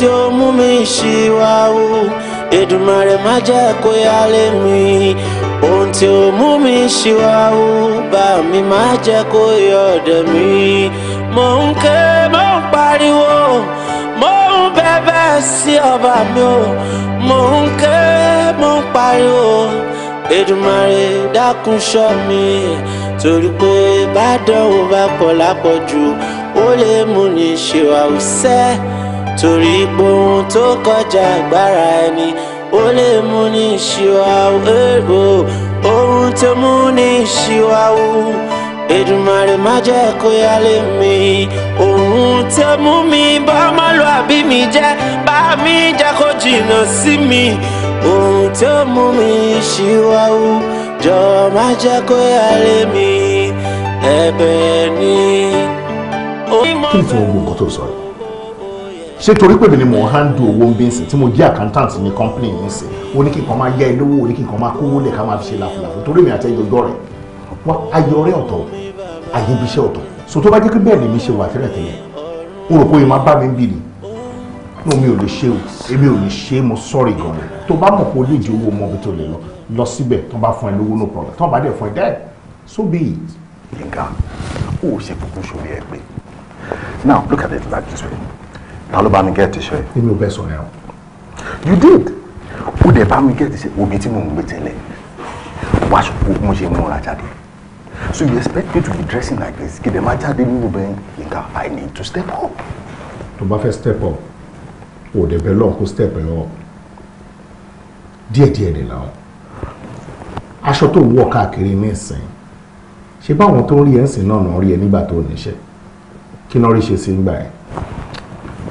tí ó mú mi ṣìwàwù Èdùmàrè má jẹ́ kó yá lé mi ohun tí ó mú mi ṣìwàwù bá mi má jẹ́ kó yọ ọ̀dẹ̀ mi mò ń ké mò ń pariwo mò ń bẹ̀bẹ̀ sí ọba mi o mò ń ké mò ń pariwo Èdùmàrè dákun ṣọ́ mi torí pé bá dánwò bá pọ̀ lápọ̀jù ó lè mú ní ṣìwàwù sẹ́ẹ̀ torí pé ohun tó kọjá agbára ẹni ó lè mú ní ìṣíwáwó èrò ohun tó mú ní ìṣíwáwó Èdùmàrè má jẹ́ kó yálé mi ohun tó mú mi bá má lọ àbí mi jẹ́ bá mi jẹ́ kó jìnnà sí mi ohun tó mú mi ìṣíwáwó jọ̀ọ́ má jẹ́ kó yálé mi ẹ̀bẹ̀ ni. kí n fún ọmọ nǹkan tó sọ yìí ṣé torí pèmí ni mò ń handle owó ń bí ń sìn tí mo jẹ́ accountant ní company ń sìn ó ní kí nǹkan máa yá ilówó ó ní kí nǹkan máa kówó lẹ̀ ká máa fi ṣe làfùlàfù torí mi àti ẹyọjọ́ rẹ̀ wá ayé ọ̀rẹ́ ọ̀tọ̀ ayé ibi iṣẹ́ ọ̀tọ̀ so tó bá jẹ́ pé bẹ́ẹ̀ lèmi ṣe wà tẹ́lẹ̀ tẹ́lẹ̀ o rò pé o máa bá mi ń bì ni no mi ò lè ṣe o èmi ò lè ṣe mo sọ́ọ̀rì gan-an tó bá mọ̀ pé o lè jẹ owó ọmọ ibi tó lè lọ lọ síbẹ̀ tó bá fún ẹ lówó no problem tó bá dẹ̀ fún ẹ dẹ́ so be it. Yinka o ò ṣe kúkú sórí ẹ pé now look at it like this way ta ló bá mi get ṣe. èmi ò bẹ́ẹ̀ sọ yẹn o. you did ó dẹ̀ bá mi gẹ́ẹ̀tì ṣe omi tí mò ń gbé tẹ́lẹ̀ wá ṣùgbọ́n mo ṣe múra jáde so you expect me to be dressing like this kí dẹ̀ máa jáde nínú bẹ́ẹ̀ nǹkan i need to step up. tó bá fẹ́ step up ò dẹ̀ bẹ́ẹ̀ lọ́n step ẹ̀ lọ díẹ̀díẹ̀ ni làwọn aṣọ tó ń wọ̀ káàkiri ní ìsìn ṣe báwọn tó ń rí ẹ̀sìn náà náà rí ẹ nígbà tó níṣẹ́ kí náà rí ṣe sí ń gbà ẹ́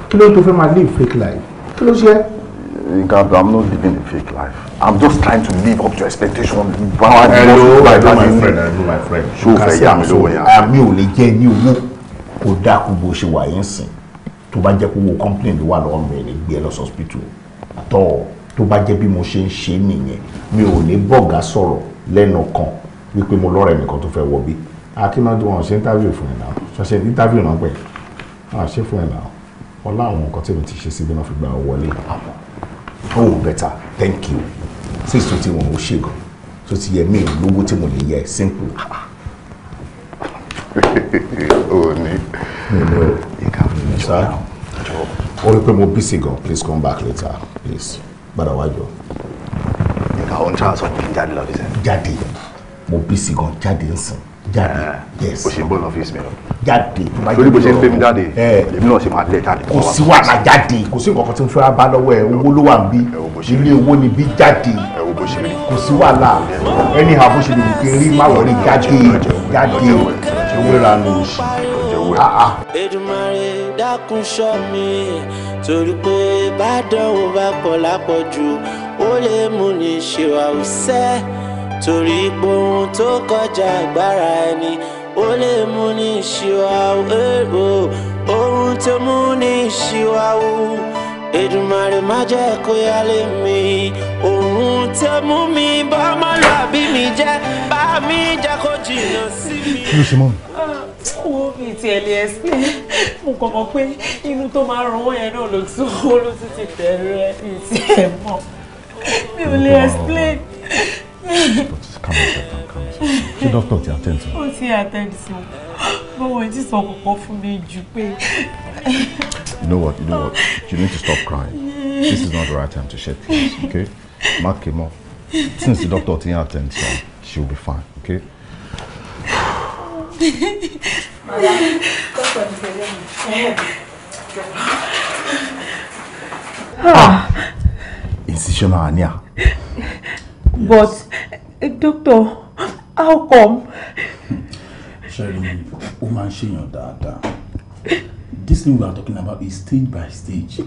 kí ló ń tó fẹ́ máa live fake life kí ló ṣe. nǹkan àbúrò i'm not living a fake life i'm just trying to live up to expectation. Hello, ni mo my friend hello my friend. ṣé o fẹ́ yá mi lówó yá. àmì ò lè jẹ́ ní owó kó dákú bó ṣe wà yín sìn tó bá jẹ́ kówó complain ló wà lọ́wọ́ mi ní gbé ẹ lọ hospital àtọ́ tó bá jẹ́ bí mo ṣe ń ṣe nìyẹn mi ò ní bọ̀gá sọ̀rọ̀ lẹ́nu kan wípé mo lọ́rẹ̀ nìkan tó fẹ́ wọ bí akínádùn ọ̀hún ṣe interview fún ẹ̀ náà ṣọṣẹ́ interview náà pẹ̀ ọ̀hún ṣe fún ẹ̀ náà ọlá àwọn nǹkan tèmi ti ṣe síbi náà fi gba wọlé àmọ́ oh better thank you six twenty one ó ṣe gan tó ti yẹ mí lówó tí mo lè yẹ simple. o sir. ìka rí pé mo busy gan please come back later please gbàdá wájú. ìka òun tí a sọ fún mi jáde lọ sẹ́yìn. jáde mo busy gan jáde ń sìn jáde yes o ṣe ń bọ̀ ní ọ́fíìsì mi lọ. jáde tó bá jẹ́ lórí bó ṣe ń pè mí jáde eh. èmi náà ṣe máa lẹ̀ jáde. kò sí wàhálà jáde kò sí nǹkan kan tí mo fẹ́ bá lọ́wọ́ ẹ̀ owó ló wà ń bí ilé owó ni bí jáde kò sí wàhálà ẹni àbó ṣe lè kí rí má wọlé jáde jáde ṣe wéra ní oṣù. Èdùmàrè dákun ṣọ́ mi torí pé bá dánwò bá pọ̀ lápọ̀jù ó lè mú ní ṣèwà òṣẹ́ torí pé ohun tó kọjá agbára ẹni ó lè mú ní ìṣíwáwó èrò ohun tó mú ní ìṣíwáwó Èdùmàrè má jẹ́ kó yá lé mi ohun tó mú mi bá má lọ àbí mi jẹ́ bá mi jẹ́ kó jìnnà sí mi. kí ló ṣe mọ́ mi. Ah, wo mi ti ẹ̀ ẹ sí mo kàn mọ̀ pé inú tó máa ràn wọ́n yẹn náà ló tún ó ló tún ti tẹ̀ rẹ mi ti ẹ̀ mọ̀ mi ò lè explain. Just calm yourself down, calm yourself. Ṣé dókítà ti attend to? Ó ti attend to. Bọ́wọ̀ ẹ ti sọ kọ̀kọ́ fún mi You know what, you know what, you need to stop crying. This is not the right time to shed tears, okay? Mark came off. Since the doctor ti attend to her, she'll be fine, okay? Ah, doctor ti tẹ̀lé mi. Incisional hernia but uh, doctor how come. Sherry, ó máa your ṣèyàn This thing we are talking about is stage by stage.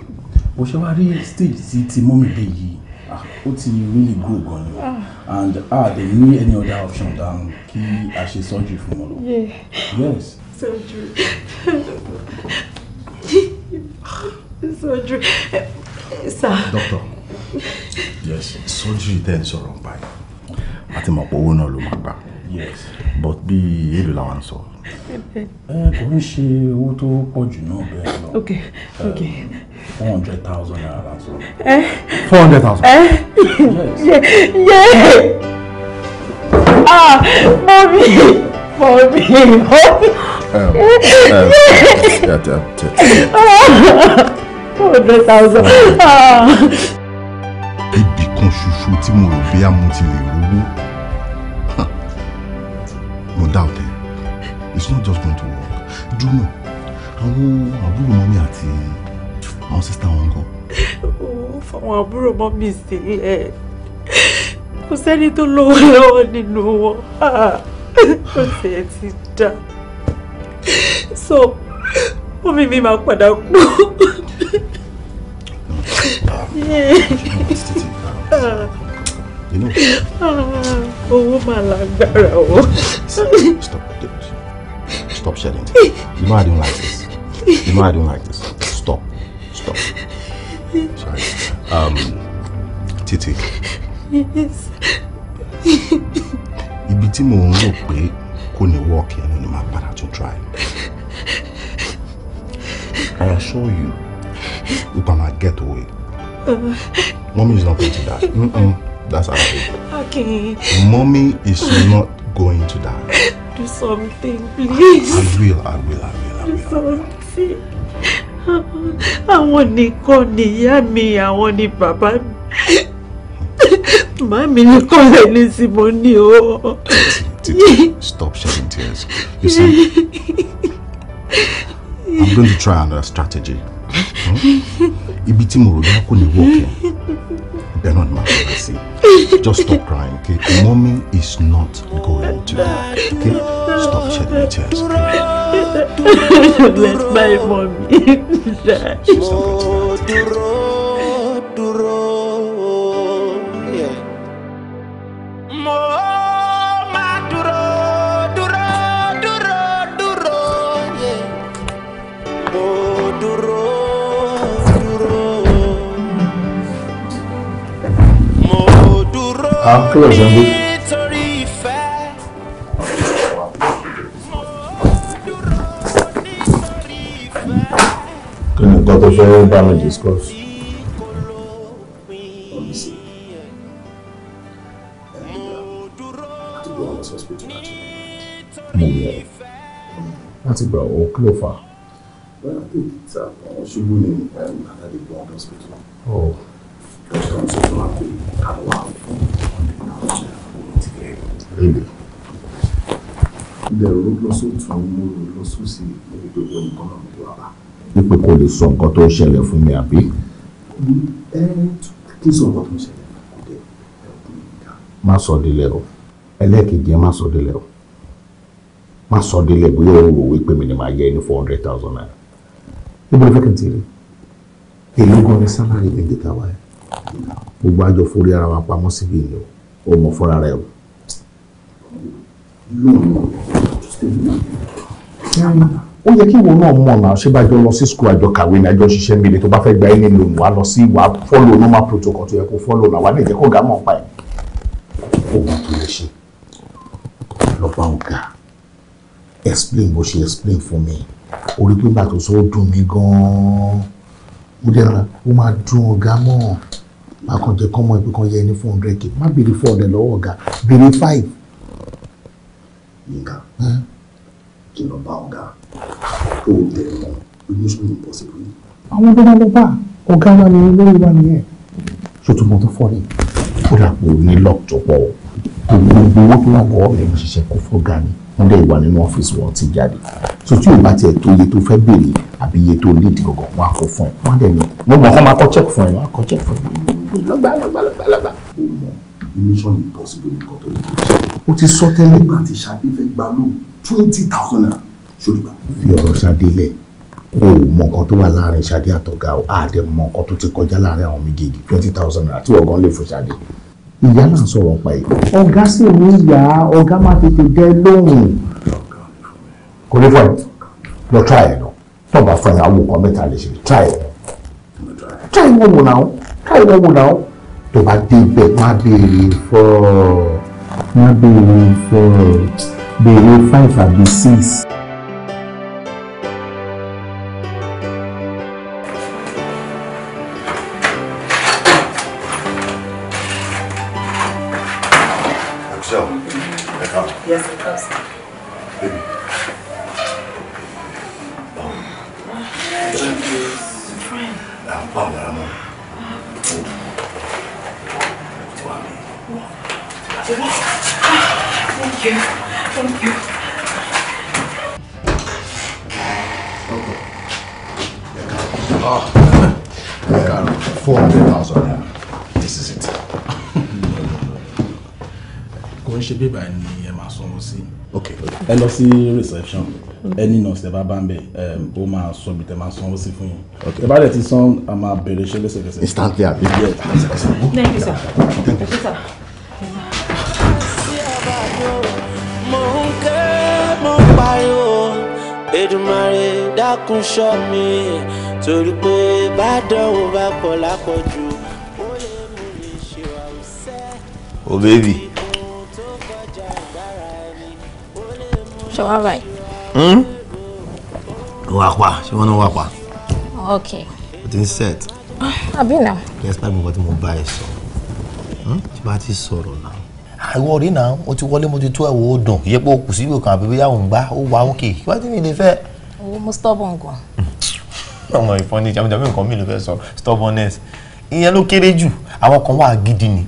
Bó ṣe wá rí stage tí ti mommy baby. yìí, ah, ó ti really good gan ni. And ah, they need any other option than key as she surgery fún wọn lọ. Yes. Surgery. surgery. Sir. Doctor yes surgery tẹ́ ń sọ̀rọ̀ nípa ẹ̀ àti mọ̀ pé owó náà ló máa gbà yes but bí èlò làwọn ń sọ. kò ń ṣe owó tó pọ̀ jù náà bẹ́ẹ̀ lọ ok ok four hundred thousand naira la sọ. four hundred thousand. yẹ yẹ ah mọ́mí mọ́mí mọ́mí. Um, um, yeah, yeah, yeah ibì kan ṣoṣo tí mo rò bí a mo no doubt ẹ it's not just going to work dúró àwọn àbúrò mọ́mí àti àwọn sísá wọn kọ́. òun fọwọ́n àbúrò mọ́mí sílẹ̀ kò sẹ́ni tó lówó lọ́wọ́ nínú wọn kò sì ẹ̀ ti dá so mọ́mí mi máa padà kú. Yeah. You know. Ah, owó máa lágbára o. Stop it. Stop shedding. You know I don't like this. You know I don't like this. Stop. Stop. Sorry. Um, Titi. Yes. Ibi tí mò ń rò pé kò ní work yẹn ni màá padà to try. I assure you, you gonna get away. Ah. Mommy is not going to die. Mm -mm. That's out of it. Okay. Mommy is not going to die. Do something, please. I, I will, I will, I will, I will. Do something. Àwọn nìkan ni ìyá mi, àwọn ni bàbá mi. Màá mi nìkan lè ní sí mo ní o. Stop shedding tears. You see, I'm going to try another strategy. Hmm? Ibi tí mo rò dáa ní wọ́ọ̀kì. They're not my legacy. Just stop crying, okay? Mommy is not going to die, okay? Stop shedding tears, okay? Bless my mommy. She's not going to die. à ń kílọ̀ sẹ́ńdé. kí ni nǹkan tó fẹ́ bá mi discuss. mo yẹ láti gbà ó kí ló fà á. Well, I think it's uh, Oshogbo in um, Adadipo Hospital. Oh. Just come to Kumasi, Kanawa èmi. ìbẹ̀rù lọ sóòtún àwọn ọmọ rẹ̀ lọ sóòsì ní gbogbo nǹkan náà ní wàhálà. wípé kò lè sọ nǹkan tó ṣẹlẹ̀ fún mi àbí. ẹ kí sọ nǹkan tó ṣẹlẹ̀ kò dé ẹkùn ìdá. má sọ délẹ̀ o ẹlẹ́ẹ̀kejì ẹ má sọ délẹ̀ o má sọ délẹ̀ bóyá o rò wípé mi ni màá yẹ ní four hundred thousand naira. níbo ló fẹ́ kí n ti rí èyí gan ni sálárì gbẹ̀ngẹ̀ tàwa ẹ̀ gbogbo àjọ forí ara wa pamọ́ síbi ìlú ó mọ fúnra rẹ̀ o lónìí ó yẹ kí ìwọ náà mọ̀ náà ṣé bá jọ lọ sí school àjọ kàwé ní àjọ ṣiṣẹ́ mi ni tó bá fẹ́ gba ẹni lòun wá lọ sí wàá fọ́lọ̀ normal protocol tó yẹ kó fọ́lọ̀ náà wàá lè jẹ́ kó gà mọ̀ pa ẹ̀. òun tó lè ṣe lọ́pàá ọ̀gá explain bó ṣe explain fún mi orí pé bàtò sọ ó dùn mí gan-an ó dẹ̀ rà ó máa dùn ọ̀gá mọ́ bákan jẹ́ kọ́mọ ìpín kan yẹ ẹni four hundred k má béèrè four hundred lọ́wọ́ ọ̀gá béèrè five Yínká kí lọ bá ọ̀gá ó bẹ̀rẹ̀ mọ́ revolution impossible. àwọn tó bá lọ bá ọ̀gá wa ni olórí wa nìyẹn. ṣòtúmọ̀ tó fọ́ ni ó là pé ní lọ́ọ̀tù pọ̀ gbogbo owó tó wà lọ́wọ́ mi ń ṣiṣẹ́ kó fọ́gà ni wọ́n dẹ̀ wà nínú ọ́fíìsì wọn ti jáde tó tí ìbá tiẹ̀ tó iye tó fẹ́ béèrè àbí iye tó léèdì gangan wọn á kó fún ẹ wọ́n dẹ̀ ní wọ́n mọ̀ kọ́ máa kọ́ check fún ẹ wọ́n á kọ́ check fún ẹ. lọ́gbà mission impossible nǹkan tó lè kọ́ ó ti sọ tẹ́lẹ̀ nígbà tí Ṣadé fẹ́ gba lóun twenty thousand naira ṣòro gbà. fi ọ̀rọ̀ Ṣadé lẹ̀ o ò mọ nǹkan tó wà láàrin Ṣadé àtọ̀gá o àdẹ mọ nǹkan tó ti kọjá láàrin àwọn méjèèjì twenty thousand naira tí ọ̀gá ń lè fún Ṣadé ìyá náà sọ̀rọ̀ pa yìí. ọ̀gá sì ní ìyá ọ̀gá máa tètè dẹ lóhùn. kò ní fọ ẹ lọ try ẹ lọ tọba fún ẹ àwọn nǹkan mẹ́ta lè ṣe try ẹ try wọn wò náà try wọn wò náà tó bá débẹ̀ má béèrè fọ́ má béèrè fọ́ béèrè five àbí six. lọ sí reception ẹni nọọsì tẹ bá bá ń bẹ um, ó máa sọ bí máa sanwó sí fún yín tẹ bá dẹ̀ ti san a máa bẹ̀rẹ̀ iṣẹ́ lẹ́sẹ̀kẹsẹ̀. instantly àbí. thank you sir. thank you sir. mo ń ké mo ń pariwo Èdùmàrè dákun ṣọ́ mi torí pé bàdánwò bá pọ̀ lápọ̀jù ó lè mú mi ṣe àwùsẹ́. o oh, baby. All right. Hmm. pa ṣé wọn náà wà pa. ok. o ti ń set. àbí nà. yes báyìí mo kàn tí mo bá ẹ sọ hmm? tí bá now. sọ̀rọ̀ náà. àìwọ What you o ti wọlé mo ti tó ẹ̀wọ̀ You dùn yẹ pé o kù síbi kan àbí bóyá òun gbá ó wà òkè kí wọ́n ti ní ilé fẹ́. owó mo stubborn gan. ọmọ ìfọ́nni jàmùjàmù nǹkan mi ló fẹ́ sọ stubbornness ìyẹn ló kéré jù àwọn kan wà gidi ni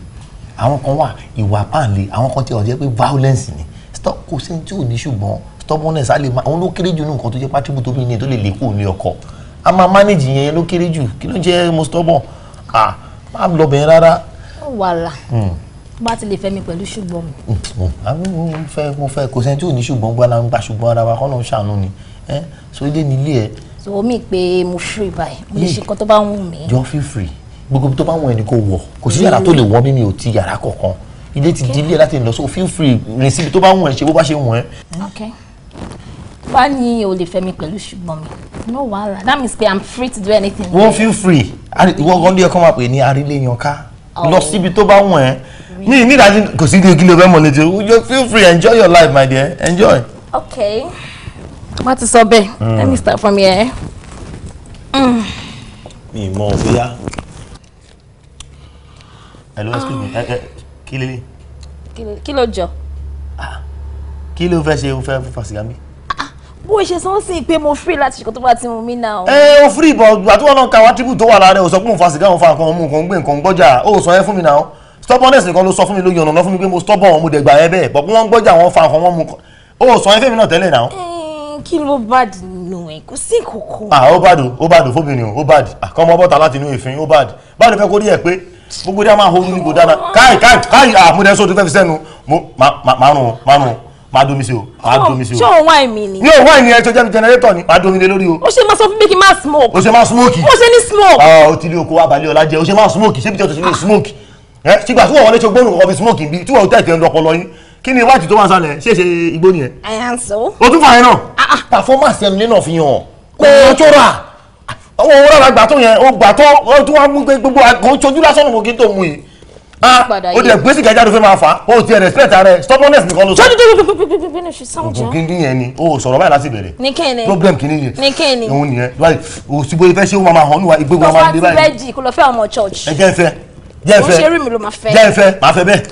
àwọn kan wà ìwà pàǹlẹ àwọn kan tí ó jẹ́ pé violence ni kò sí tí ò ní ṣùgbọ́n stubbornness á lè máa àwọn ló kéré jù ní nǹkan tó jẹ́ pátríbù tó bí ní ẹ̀ tó lè lè kó ní ọkọ a máa manage yẹn ló kéré jù kí ló jẹ́ mo stubborn ah máa lọ bẹ̀rẹ̀ rárá. wàhálà hmm. bá ti lè fẹ́ mi pẹ̀lú ṣùgbọ́n mi. Hmm, hmm. mo fẹ́ mo fẹ́ kò sẹ́ni tí ò ní ṣùgbọ́n gbọ́dọ̀ ń gba ṣùgbọ́n ara wa kọ́ ló ń ṣàánú ni so ilé ni ilé ẹ̀. so omi pé mo free báyìí mo lè ṣe nǹkan tó bá wù mí. jọ feel free gbogbo tó bá wù ẹni kò wọ kò sí yàrá tó lè ilé ti di ilé láti lọ so feel free rìn tó bá wùn ẹ́ ṣe bó bá ṣe wùn ẹ́. wá ní o lè fẹ́ mi pẹ̀lú ṣùgbọ́n mi no wahala that means pe i'm free to do anything. wọ́n feel free ìwọ gan-an máa pè ní arílẹ̀yànká lọ oh. síbi tó bá wùn ẹ́ ní ìdájí kò sí kí ló fẹ́ mọ̀ létí o feel free enjoy your life my dear enjoy. okay wọ́n ti sọ bẹ́ẹ̀ hmm. let me start from here. Hmm. mi mọ̀ bóyá kí lélẹ̀. kí ló jọ. kí ló fẹ́ ṣe o fẹ́ fa sìgá mi. Ah, bó o ṣe sọ sí pé mo free láti ṣèkọ́ tó bá ti mú mi náà. ẹ o free bọ ìgbà tí wọn náà ka wá tíbù tó wà lára rẹ o sọ pé mo fa sìgá mo fa nǹkan mo nǹkan gbé nǹkan gbọ́jà o sọ yẹn fún mi náà stubbornness nìkan ló sọ fún mi lóye ọ̀nà fún mi pé mo stubborn mo dẹ̀ gbà ẹ bẹ́ẹ̀ bọ̀ pé wọ́n gbọ́jà wọn fa nǹkan wọn mu o sọ yẹn fẹ́mi náà tẹ́lẹ̀ náà. kí ló bá dì nù ẹ kò sí kòkó. ó bàdù ó bàdù fóbìnrin o ó bàdù àkọ́mọ́ ah, bọ́ta láti inú ìfín ó bàdù bàdù fẹ́ kó rí ẹ pé gbogbo díẹ̀ máa ho ní gbòdá náà káì káì káì àmúdẹ sóòtú fẹ́ fi sẹ́nu márùn márùn máa domi sí o ma, domi sí o. ṣé òun wá èmi ni. yóò wá ìnìyẹn tó jẹ́ jẹnẹrétọ̀ ni máa domi lé lórí o. ó ṣe máa sọ fún mi kí n máa smoke. ó ṣe máa smoke. ó ṣe ní smoke. ọ ah, o ti lé oko wa balẹ̀ ọ̀la jẹ o ṣe máa smoke ṣé bí tí o ti lè smoke. ẹ sígbà tí wọ́n wọlé ṣe gbóòórùn kọ́kọ́ fi smoke bí tí wọ́n tẹ̀ tẹ̀ ń lọ́pọlọ yín kí ni ìwádìí tó wà sálẹ̀ ṣé ṣe igbó nìyẹn. àyànso. o tún fà yẹn náà. Ah, ah. performance ẹnu nínú fi hàn. pé ọjọ́ rà owó owó rárá gbà tó yẹn ó gbà tó ó tún wá mú gbogbo àgàn ojú lásán òun kí n tó mú yìí o de gbèsè gàjà ló fẹ́ máa fà á o ti respect rẹ stubbornness nìkan ló sọ. jọ́dún tó tó tó tó bínú ṣe sáwọn jẹ́. ògùn kìíní yẹn ni o sọ̀rọ̀ báyìí láti bẹ̀rẹ̀. ní kẹ́ni problem kìíní yẹn. ní kẹ́ni òun nìyẹn báyìí òsibó ifẹ́ ṣé ó máa hàn níwá ìgbégun ọmọ adé báyìí. tó bá ti bẹ́ẹ̀ jì kó lọ fẹ́ ọmọ church. ẹ jẹ́ ìfẹ́ jẹ́ ìfẹ́ òṣèré mi ló máa fẹ́. jẹ́ ìfẹ́ máa fẹ́ bẹ́ẹ̀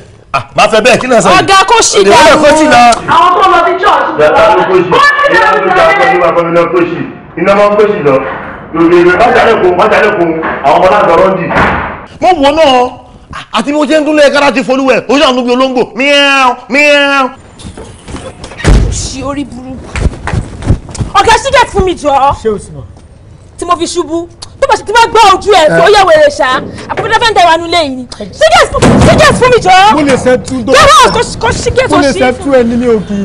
máa fẹ́ bẹ́ẹ̀ kí náà sọ yìí. ọ̀gá kò sí ìdá àwọn kò sí ìdá. àwọn tó lọ sí church. bẹ́ẹ̀ ta ló kó sí. iná ló ń jà pẹ̀lú àkọ́bí lọ kó sí. iná máa ń kó sí lọ lòlòlò májàlẹ́kùn májàlẹ́kùn àwọn ọmọ náà lọ́rọ́ dì. mo wò náà àti bí mo ṣe ń dúnlẹ̀ kára ti folúwẹ̀ ó ṣàánú bí olóńgbò míẹ́ẹ́n míẹ́ẹ́n. ṣé orí burúkú ọ̀gá ṣúgẹ̀ fún mi jọ tí mo fi ṣubú tó bá ṣe ti máa gbọ́ ojú ẹ̀ tó yẹ wèrè ṣá àpòpọ̀ dáfẹ́ ń tẹ̀ wá nílé yìí ni ṣúgẹ̀ fún mi jọ mo lè ṣe tú dọ́kítà yọ̀rọ̀ kò ṣígẹ̀ tó ṣí mo lè ṣe tú ẹ nílé òkè.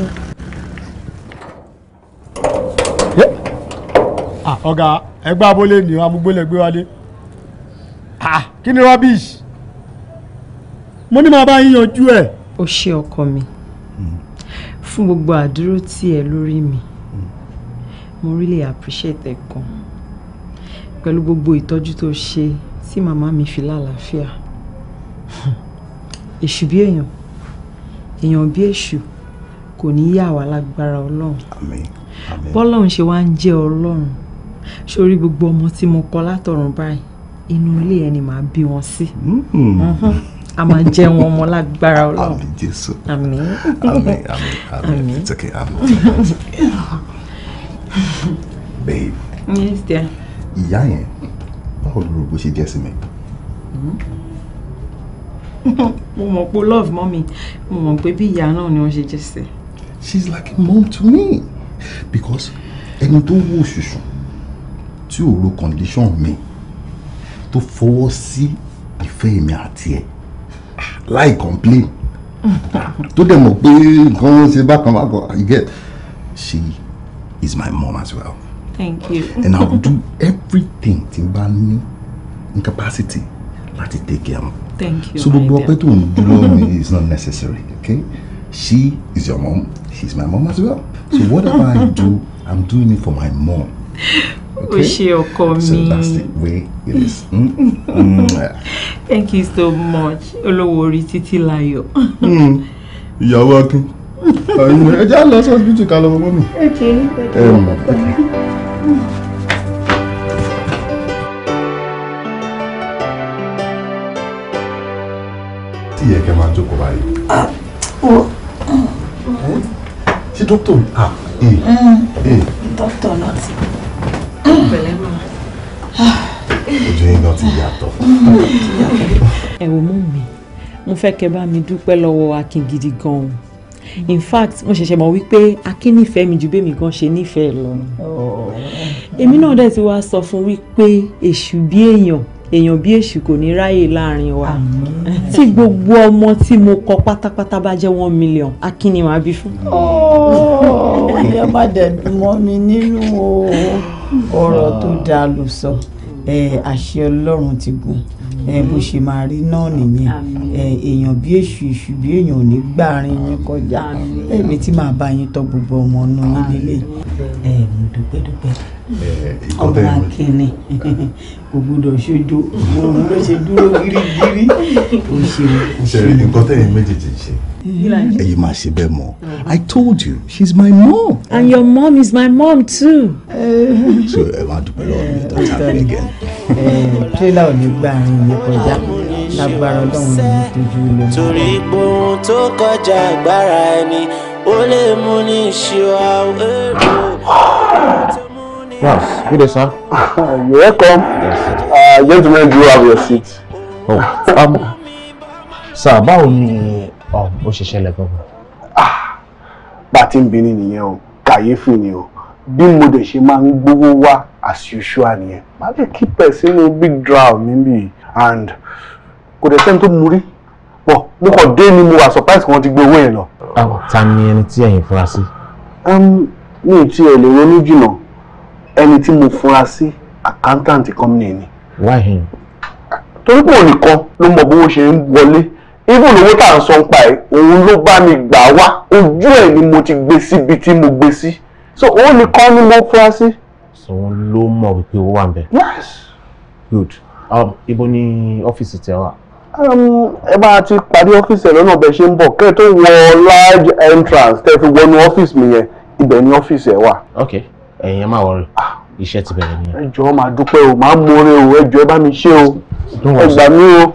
Ah, ọ̀gá ẹgbẹ́ abúlé ni amúgbélé gbé wálé ah kí ni rubbish mo ní màá bá yín yanjú ẹ̀. ó ṣe ọkọ mi fún gbogbo àdúró tí ẹ lórí mi mo really appreciate ẹ kan pẹ̀lú gbogbo ìtọ́jú tó ṣe tí màmá mi fi lálàáfíà èṣù bí èèyàn èèyàn bí èṣù kò ní yà wá lágbára ọlọ́run bọ́lọ́run ṣe wá ń jẹ́ ọlọ́run sórí gbogbo ọmọ tí mo kọ látọ̀run báyìí inú ilé ẹni màá bí wọn sí hmm. a máa jẹ wọn ọmọ lágbára Ọlọ́run àmín Jésù àmín àmín àmín àmín it's okay àmín. babe yes dear. ìyá yẹn báwo ló rògbò ṣe jẹ́ sí mi. mo mọ̀ pé love mommy mo mọ̀ pé bí ìyá náà ni wọ́n ṣe jẹ́ sí. she's like a mom to me because ẹni tó wú òṣùṣù tí ò ro condition mi tó fọwọ́ sí ìfẹ́ mi àti ẹ̀ láì complain tó dẹ̀ mọ̀ pé nǹkan ṣe bákan bákan you get she is my mom as well. Thank you. and I do everything tí n bá ní in capacity láti take care of. Thank you. So gbogbo ọpẹ́ tó ń dúró mi is not necessary, okay? She is your mom, she is my mom as well. So whatever I do, I'm doing it for my mom okay? o ṣe so that's the way it is. Mm, mm. mm. thank you so much olówó orí títí láyọ̀. Mm. ìyàwó akin ẹ já lọ sí hospital ká lọ Okay, mọ́mì. okay ẹ mọ̀ okay. tí yẹ kẹ́ máa jókòó báyìí. Ah, ṣé ah eh, mm. eh. Doctor náà ti pẹ̀lẹ́ mọ́. ojú yín náà ti yàtọ̀. ẹ wo mú mi mo fẹ́ kẹ́ bá mi dúpẹ́ lọ́wọ́ akin gidi gan-an in fact mo ṣẹ̀ṣẹ̀ mọ̀ wípé akin nífẹ̀ẹ́ mi ju bẹ́ẹ̀ mi gan ṣe nífẹ̀ẹ́ lọ. èmi náà dẹ̀ ti wá sọ fún wípé èṣù bí èèyàn èèyàn bí èṣù kò ní ráyè láàrin wa tí gbogbo ọmọ tí mo kọ pátápátá bá jẹ́ one million akínni màá bí fún. ọ̀ọ́ ẹ má dẹ̀ dùn mọ́ mi nínú o ọ̀rọ̀ ah. tó dáa ló sọ àṣẹ ọlọ́run ti gùn bó ṣe máa rí náà nìyẹn èèyàn bí èṣù èṣù bí èèyàn ò ní gbàrin yín kọjá èmi tí màá bá yín tọ́ gbogbo ọmọ ọ̀nà yín lélẹ̀ mo dúpẹ́ dúpẹ́. Eh, ọmọ akínni kò gbúdọ̀ ṣojo òun ló ṣe dúró gírígírí ó ṣe ó ṣe. ṣe nǹkan tẹ̀yìn méjèèjì ṣe ẹ̀yin máa ṣe bẹ́ẹ̀ mọ́ mm-hmm. I told you she's my mom. and your mom is my mom too. so ẹ máa dúpẹ́ lọ́wọ́ mi tó tà mí gẹ̀. tírélà ò ní gba àárín mi kọjá lágbára ọlọ́run ní ìtọ́jú ilé. torí gbohun tó kọjá agbára ẹni ó lè mú ní ìṣòwò èrò. Yes, good day, sir. You're welcome. Yes, uh, gentlemen, do you have your seat? Oh, um, sir, báwo ni oh, ó ṣe ṣẹlẹ̀ gbọ́gbọ́? Ah, bá a ti ń bini nìyẹn o, kàyéfì ni o. Bí mo dẹ̀ ṣe máa ń gbówó wá as usual nìyẹn. Má lè keep ẹ̀ sínú big draw mi bì and kò dẹ̀ sẹ́ni tó mú rí. Bọ̀ mo kàn dé ni mo wà surprise kan ti gbé owó yẹn lọ. Ta ni ẹni tí ẹ̀yin fura sí? Um, mi ò tiẹ̀ lè ronú jùlọ ẹni tí mo fura sí accountant company ni. why him. torí pé òun nìkan ló mọ bówó ṣe ń wọlé even owó tá à ń sọ ń pa ẹ òun ló bá mi gbà wá ojú ẹ ni mo ti gbé síbi tí mo gbé sí so òun nìkan ni mo fura sí. òun ló mọ wípé owó wà ń bẹ. yes. good um, ibo ni ọ́fíìsì tẹ wà. Um, ẹ bá a ti parí ọ́fíìsì ẹ lọ́nà ọbẹ̀ ṣe ń bọ̀ kẹ́ tó wọ large entrance tẹ́ fi wọnú ọ́fíìsì mi yẹn ibẹ̀ ni ọ́fíìsì ẹ wà. okay ẹ̀yin ẹ má wọrí ah, iṣẹ́ ti bẹ̀rẹ̀ nìyẹn. ẹ jọ̀ọ́ máa dúpẹ́ o máa mọre o ẹ jọ̀ọ́ ẹ bá mi ṣe o ẹ gbà mí o.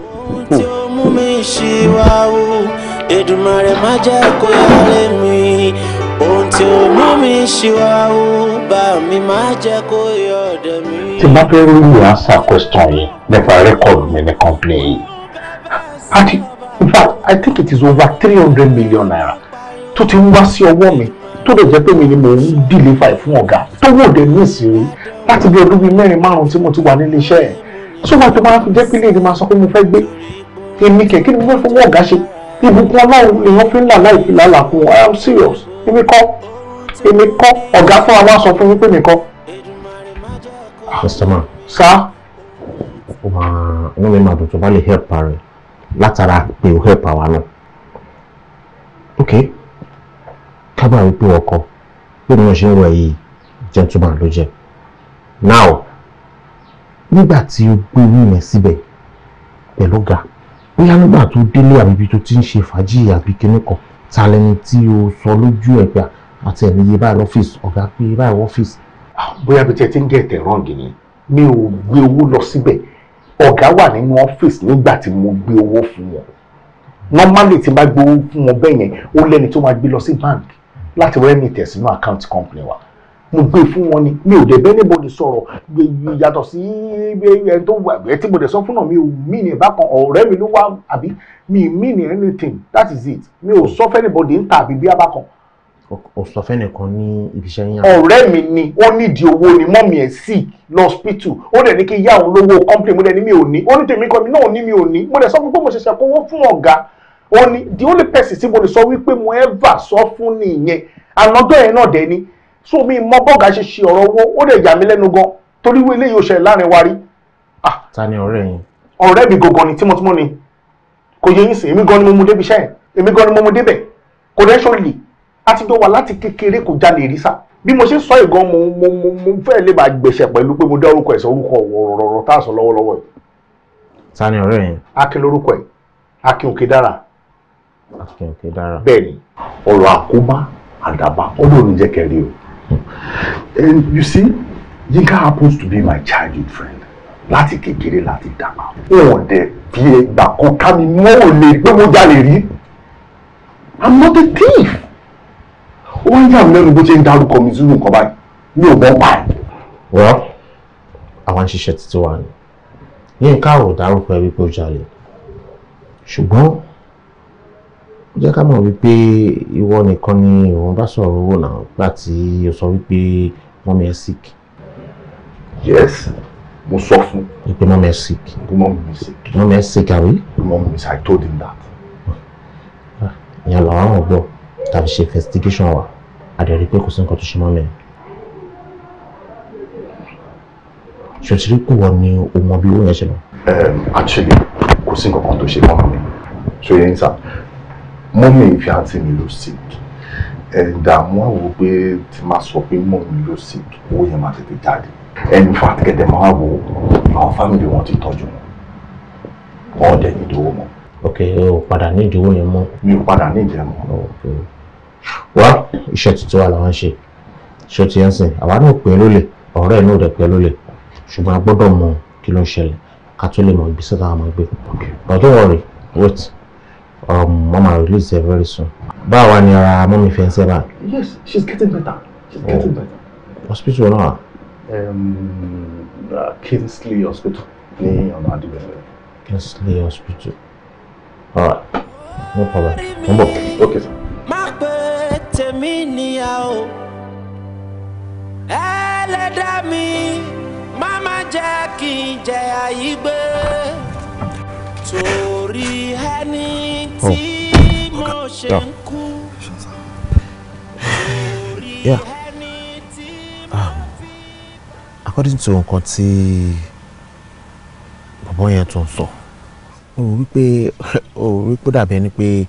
tí bá fẹ́ rí mi answer question yìí nípa rẹ́kọ̀dù mi ní complain yìí in fact I think it is over three hundred million naira tó ti ń wá sí ọwọ́ mi tó dẹ̀ jẹ́ pé mi ni mò ń dìlé fàì fún ọ̀gá tó wò dé ní ìsírí láti bí ọdún bíi mẹ́rin márùn-ún tí mo ti wà nílé iṣẹ́ ẹ̀ sọ́gbà tó máa fi jẹ́ pé léèdè máa sọ pé mo fẹ́ gbé èmi kẹ̀ kí ni mo fẹ́ fowó ọ̀gá ṣe ìbùkún ọlọ́run èèyàn fi ń là láì fi làálàá fún wọn I am serious èmi kọ́ èmi kọ́ ọ̀gá fún wa wá sọ fún yín pé mi kọ́. customer. sá. ó máa inú mi máa dùn tó bá lè help ara rẹ látara pé ó help àwa náà. okay kábà wípé ọkọ pé mo ṣe ń wọ yìí gentleman ló jẹ now nígbà tí o gbé wíìmẹ síbẹ̀ pẹ̀lú ga bóyá nígbà tó délé àbí ibi tó ti ń ṣe fàájì àbí kinní kan ta lẹni tí o sọ lójú ẹ gbà àti ẹni iye báyìí lọ́fíìsì ọ̀gá pé iye báyìí lọ́fíìsì. Ah, bóyá bí tí ẹ ti ń gé ẹ̀tẹ̀ rọ́ǹgì ni mi ò gbé owó lọ síbẹ̀ ọ̀gá wà nínú ọ́fíìsì nígbà tí mo gbé owó fún wọn normally tí n bá gbé owó fún wọn bẹ́ẹ̀ yẹn ó lẹ́ni tó máa gbé lọ sí báńkì láti remit sínú account company wa mo gbé fún wọn ni mi ò dé bẹ́ẹ̀ anybody sọ̀rọ̀ yàtọ̀ sí ẹni tó wà ẹ tí mo dẹ̀ sọ fún náà mi ò mean ní bákan ọ̀rẹ́ mi ló wá àbí mi mean ní anything that is it mi ò sọ fẹ́ anybody ń ta àbí bí abákan. ọ̀sọ̀ fẹ́ nìkan ní ibiṣẹ́ yín. ọ̀rẹ́ mi ni ó nídìí owó ni mọ́mì ẹ̀ sì lọ́spítù ó dẹ̀ ní kí yá òun lówó company mo dẹ̀ ní mi ò ní ó ní tèmi kan mi náà ní mi ò ní mo dẹ̀ sọ fún pé mo ṣẹ̀ṣẹ̀ kówó fún ọ̀gá ó ní the only person tí mo lè sọ wípé mo ever sọ fún nìyẹn ànàjọ yẹn náà dẹ̀ ni so mi mọ bọ́ọ̀gà ṣe ṣe ọ̀rọ̀ owó ó dẹ̀ yà mí lẹ́nu gan torí wí eléyìí ó ṣẹlẹ̀ láàrin wa rí. Ah. ta ni ọ̀rẹ́ yín. ọ̀rẹ́ mi gọ̀gàn ni tímọ́tímọ́ ni kò yẹ yín sìn èmi gan ni mo mu débi iṣẹ́ yẹn èmi gan ni mo mu débẹ̀ kò dẹ́ ṣó lè àtijọ́ wa láti kékeré kò jalè rí sá bí mo ṣe sọ ìgan mo mo mo mo fẹ́ lè máa gbèsè pẹ̀lú pé mo dá orúkọ ẹ̀sọ́ orúkọ ọ̀rọ̀ tá a sọ lọ́wọ́lọ́wọ́ yìí. ta ni ọ̀rẹ́ yẹn. akin lorúkọ ẹ̀ akin òkè dára bẹ́ẹ̀ni ọ̀rọ̀ àkóbá àdàbà Ọlọ́run jẹ́ kẹrí o and eh, you see Yinka happens to be my childhood friend láti kékeré láti dàgbà wọn ò dẹ̀ fi ẹgbà kan ká mi mọ́ ò lè pé mo jalè rí i'm not a thief ó wá ń yà mí lẹ́nu bó ṣe ń dárúkọ mi sínú nǹkan báyìí mi ò bọ́ pa ẹ̀. wọ́n àwọn ṣiṣẹ́ títí wa ni Yínká ò dárúkọ ẹ wípé ó jalè ṣùgbọ́n jẹ́ ká mọ̀ wípé ìwọ nìkan ni òun bá sọ̀rọ̀ owó náà nígbà tí o sọ wípé mọ́mí ẹ sick. yes mo sọ fún. wípé mọ́mí ẹ sick. wípé mọ́mí mi sick. mọ́mí ẹ sick àbí. wípé mọ́mí mi sick I told him that. Ah, ìyẹn làwọn àwọn gbọ́ tàbí ṣe investigation wa àdẹ̀rí pé kò sí nǹkan tó ṣe mọ́mí ẹ. ṣòtìrí kù wọ ni o mọ bí owó yẹn ṣe lọ. Um, actually kò sí nǹkan kan tó ṣe mọ́mí mi ṣòye ń sá mọ́mì ń fi àǹtí mi lọ sick ẹ̀ǹdà mo wá wò ó pé tí máa sọ pé mọ́mì lọ sick owó yẹn máa tètè jáde ẹni fàtìkẹ̀tẹ̀ máa wò ó àwọn fámìlì wọn ti tọ́jú wọn wọn dẹ̀ ní ìdówó mọ́. ok o padà ní ìdówó yẹn mọ́. mi ò padà ní ìdẹ̀ mọ́. wá iṣẹ́ tuntun wa làwọn ṣe ṣé o ti yẹn sìn àwa náà pè é lólè ọ̀rẹ́ ẹ̀ náà dẹ̀ pè é lólè ṣùgbọ́n a gbọ́dọ̀ mọ kí ló ń ṣẹlẹ̀ ká tó lè mọ ìgbésẹ̀ táwọn máa gbé. but don't worry wait um, mama release her very soon. But when your mọ́mi fi ń ṣe yes she's getting better she's oh. getting better. hospital náà. Um, uh, Kingsley hospital ní ọ̀nà àdìgbẹ́fẹ́. Kingsley hospital alright no problem mo ń bọ̀ sir. má pé tèmi nìyà o ẹlẹ́dàá mi Oh. Okay. Yeah. Yeah. Um, according to nǹkan tí bọ̀bọ̀ yẹn tún sọ ó wí pé ó wí pé dàbí ẹni pé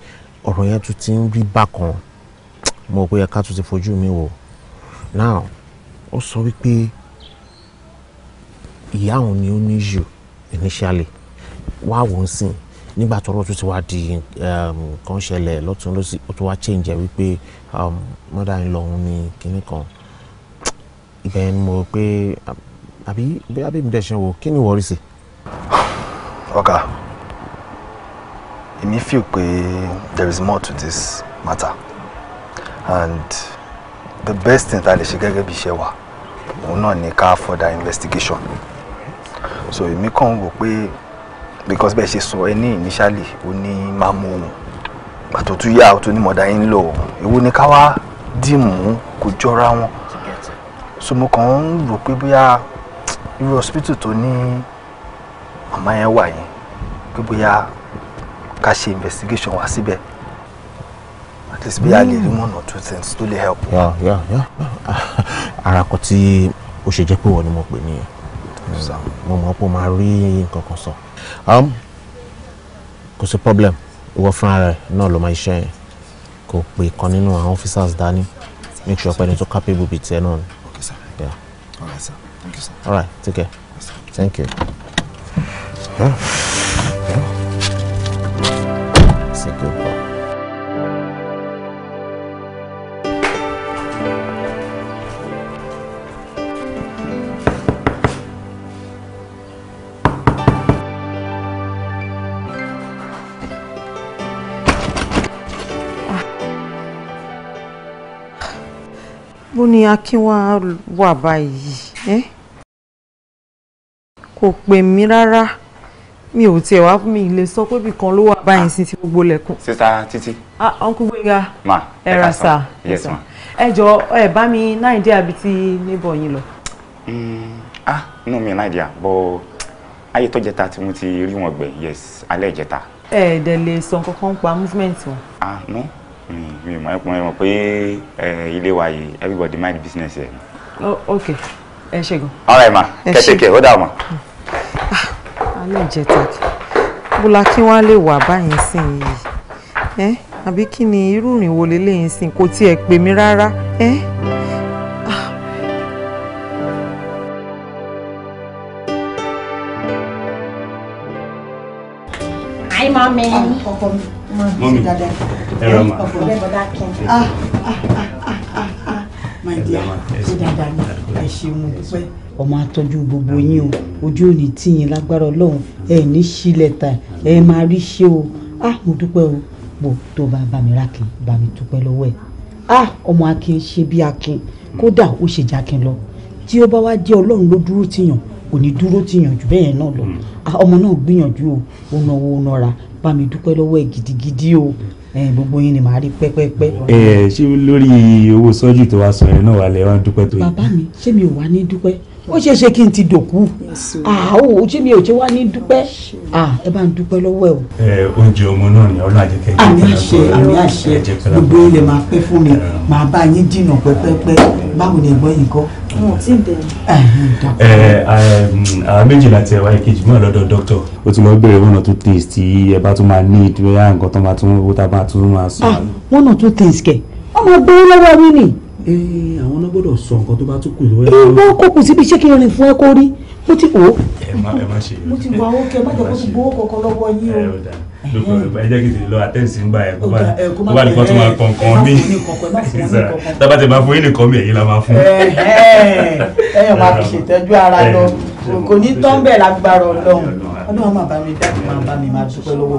ọ̀rọ̀ yẹn tún ti ń rí bákan mo kò yẹ ká tún ti fojú mi wò now ó sọ wípé ìyá òun ni ó ní yù initially wá wò ó sìn nígbà tọ́rọ̀ tún ti wá di um, nǹkan ṣẹlẹ̀ lọ́tún lọ́sí ó tún wá change wípé mọ́dà ń lọ òun ní kinní kan ibẹ̀ ni mo pé àbí bí abẹ́ mi kí ni wọ́n sí. ọ̀gá èmi feel pé there is more to this matter and the best thing ta lè ṣe gẹ́gẹ́ bí iṣẹ́ wa òun náà ni ká further investigation so èmi kàn wò pé because bẹ́ẹ̀ ṣe sọ ẹ ní initially ó ní máa mú òun pàtó tún yá ọtún ní mọ̀dá yín lọ èwo ni ká wá dìmú kò jọra wọn so mo kàn ń rò pé bóyá irú hospital tó ní màmá yẹn wà yẹn pé bóyá ká ṣe investigation wá síbẹ̀ at least bóyá lè rí one or two things tó lè help. yeah yeah yeah ara kan tí ó ṣe jẹ́ pé wọ́n ni mo pè nìyẹn mo mọ̀ pé ó máa rí nǹkan kan sọ. So. Um, kò sí problem ìwọ fúnra rẹ náà ló máa ṣiṣẹ́ yẹn kò pè kan nínú àwọn officers dání make sure pé ẹni tó capable bíi tiẹ̀ náà ni. okay sir yeah. all right sir thank you sir. all right take care yes, thank you. Yeah. Yeah. Thank you. bó ni akínwá wà báyìí ẹ́ kò pè mí rárá mi ò tiẹ̀ wá mi lè sọ pé ibì kan ló wà báyìí sí ti gbogbo lẹ̀kùn. sista títí. ah uncle gbẹ̀ngà. ma ẹ ra sa yes ma. ẹ jọ ẹ bá mi náìjíríà bíi ti neighbor yín lọ. Mm, ah inú mi náìjíríà bó ayé tó jẹta tí mo ti rí wọn gbẹ yes alẹ́ ìjẹta. ẹ ẹ̀ dẹ̀ lè sọ nǹkan kan pa movement wọn. ah no mi mọ̀ ẹ̀kún ẹ̀mọ̀ pé ilé wa yìí everybody mind business ẹ̀. Oh, ok ẹ ṣe gan. all right ma kẹ́tẹ́ kẹ́ ó dà mọ́. Ah, alẹ́ ìjẹta bùlà kí wọ́n á lè wà báyìí sí i yìí àbí kí ni irú ìrìn wo lélẹ́yìn sí i kò tiẹ̀ pè mí rárá. Eh? Hi, mommy. Um, mọ́mí ẹ̀rọ ma ọmọ atọ́jú gbogbo yín o ojú ò ní tìyín lágbára ọlọ́run ẹ ní sílẹ̀ ta ẹ máa rí ṣe o ah mo dúpẹ́ o bò tó bá bá mi rákin bá mi dúpẹ́ lọ́wọ́ ẹ̀ ah ọmọ akin ṣe bí akin kódà ó ṣe jákin lọ tí ó bá wá jẹ́ ọlọ́run ló dúró tìyàn kò ní dúró tìyàn jù bẹ́ẹ̀ náà lọ hmm. ah, ọmọ náà gbìyànjú o ó náwó ó ra bá mi dúpẹ́ lọ́wọ́ ẹ̀ gidigidi o gbogbo yín ni màá rí pẹ́pẹ́pẹ́. ẹ ṣé lórí owó sọ́jú tó wá sọ yẹn náà wà lẹ́wọ̀n dúpẹ́ tó yìí. bàbá mi ṣé mi ò wá ní dúpẹ́ ó ṣeé ṣe kí n ti dòkú àhó ṣé mi ò ṣe wá ní dúpẹ́ ẹ bá ń dúpẹ́ lọ́wọ́ ẹ o. ẹ oúnjẹ ọmọ náà ni ọlọ́run àjẹkẹ́ jẹ́ àmì àṣẹ àmì àṣẹ gbogbo ilẹ̀ máa pẹ́ fún mi máa bá yín dìnà pẹ́pẹ́pẹ́ báwo ni ẹ̀gbọ́n yìí kọ́. mo ti bẹ̀rẹ̀. ẹ àwọn méjì láti ẹwà ìkejì mọ́ lọ́dọ̀ dókítà. o ti lọ bẹ̀rẹ̀ one or two things tí ẹ bá tún máa ní ìdúró yá nǹkan tó máa tún owó tá a bá tún máa sùn. one or two things kẹ ọmọ gbé lọ́wọ́ àwọn náà gbọ́dọ̀ sọ nǹkan tó bá tún kù lórí. ìwọ kò kù síbi ṣé kí n rìn fún ẹ kó rí mo ti wò ẹ má ẹ má ṣe é. mo ti wà ó kẹ má jẹ kó ti gbowó kankan lọ́wọ́ yín o. ẹ jẹ́ kí n lọ àtẹ́sí ńgbà ẹ̀ kó bá nìkan tó máa kàn kàn mí. tábà tẹ máa fún yín nìkan mi ẹ̀yin la máa fún. ẹyọ máa fi ṣètọ́jú ara lọ kò ní tán bẹ́ẹ̀ lágbára ọlọ́run ọlọ́run máa bá mi dá máa bá mi máa dúpẹ́ lọ́wọ́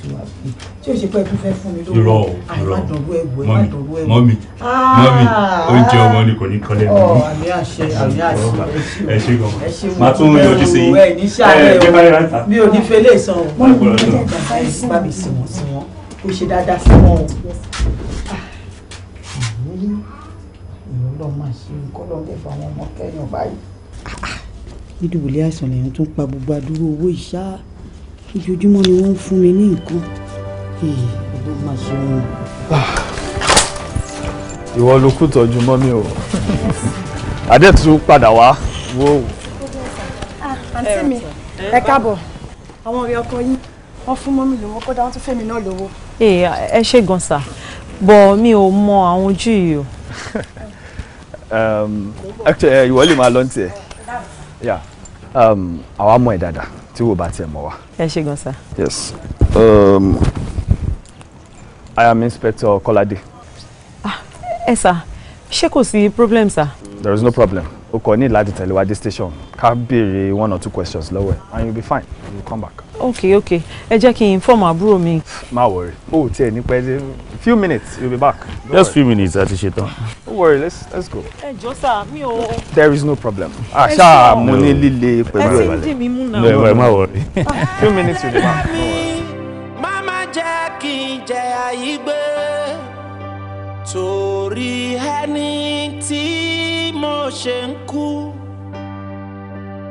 tí o ṣe pé ẹkún fẹ́ fún mi lówó irọ́ irọ́ mọ́mí mọ́mí mọ́mí oúnjẹ ọmọ ni kò ní kọ́ lẹ́nu mi. àmì àṣẹ àmì àṣẹ ẹ ṣe gan ẹ ṣe máa tún yọjú sí ẹ ní sáré o mi ò ní fẹlẹ sàn o mọ́mí mi ò ní ẹ̀ka sáyẹ̀nsì bá mi sìn wọ́n sí wọn kò ṣe dáadáa sí wọn o. àmì ah, ìrọ̀lọ́ máa ṣe nǹkan lọ́gbẹ̀ẹ́ fáwọn ọmọ kẹ́yìn báyìí. nídìbò ah, ah. lé àìsàn lèèyàn tún pa gbogbo àdúró owó ìṣáá ìjojúmọ́ ni wọ́n ń fún mi ní nǹkan ọlọ́run máa ṣe wọn. Ah. ìwọ ló kú tọ́jú mọ́ mi o adétú padà wá wò ó. àǹtí mi ẹ káàbọ̀ àwọn ọ̀rẹ́ ọkọ yín wọ́n fún mọ́mí lówó kódà wọ́n tún fẹ́mi náà lówó. ẹ ṣe gan sa bọ mi ò mọ àwọn ojú yìí o. Um, actually ìwọ lè máa lọ ní tiẹ̀ um, àwa mọ̀ ẹ́ dáadáa tí wò bá tiẹ̀ mọ̀ wá. ẹ ṣe gan sa. yes um, i am inspector Kọ́ládé. ah ẹ sà ṣé kò sí problem sà. there is no problem o kò ní láti tẹ̀lé wa dé station ká béèrè one or two questions lọ́wọ́ ẹ̀ and you be fine you come back. Okay, okay. ẹ jẹ́ kí n fọ́ọ̀mù àbúrò mi. má worry o ò tiẹ̀ ní pẹ́ few minutes you'll be back. Don't just worry. few minutes àti ṣetán. don't worry let's let's go. ẹ jọ sá mi ò. there is no problem. ah ṣá mo ní líle pẹ̀lú ẹ̀ ẹ ti ń dì mí mú náà. no ẹ má worry. few minutes you'll be back. mama jẹ́ kí n jẹ àyígbé torí ẹni tí mo ṣe ń kú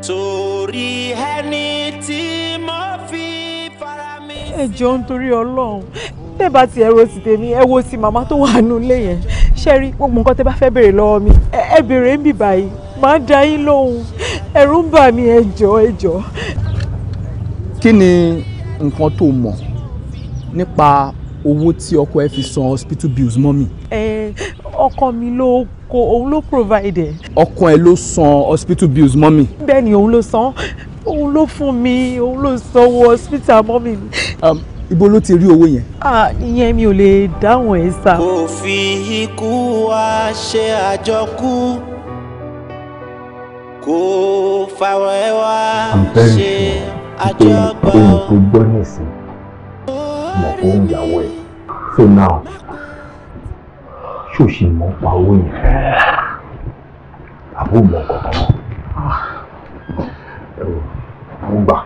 torí ẹni tí mo fi fara mi. ẹ jọ ń torí ọlọ́run tẹ́ bá ti ẹ̀rọ ti tèmi ẹ wo ti màmá tó wà nù ilé yẹn ṣe rí gbogbo nǹkan tẹ́ bá fẹ́ béèrè lọ́wọ́ mi ẹ béèrè ń bì báyìí màá dá yín lóhùn ẹ̀rù ń bà mí ẹ jọ̀ọ́ ẹ jọ̀ọ́. kí ni nǹkan tó mọ̀ nípa owó tí ọkọ ẹ fi san hospital bills mọ́ mi. ẹ ọkọ mi ló ọkọ òun ló provide. ọkọ ẹ ló san hospital bills mọ́ mi. bẹ́ẹ̀ ni òun ló san òun ló fún mi òun ló sanwó hospital mọ́ mi. ibo ló ti rí owó yẹn. ìyẹn mi ò lè dáhùn ẹ sá. kò fi ikú wá ṣe àjọkú kò fàwẹ́ wá ṣe àjọgbọ́n. àbẹ̀rẹ̀ pé ohun tó gbọ́ nìsín mọ̀ fún ìyàwó ẹ̀ so now ṣòṣì mọ̀ pa owó yẹn àbó mọ̀ kankan mọ́ mo gbà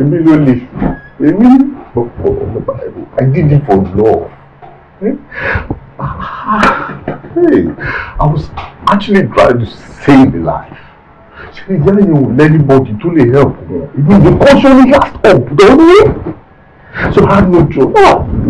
èmi ló le èmi I did it for love. Eh? Hey, I was actually trying to save a life. Ṣé ìyá yẹn ò lẹ́nìbọ̀dì tó lè help wọn? Ìlú ìdíkọ́ṣọ́ ní last up, don't you? So I had no choice.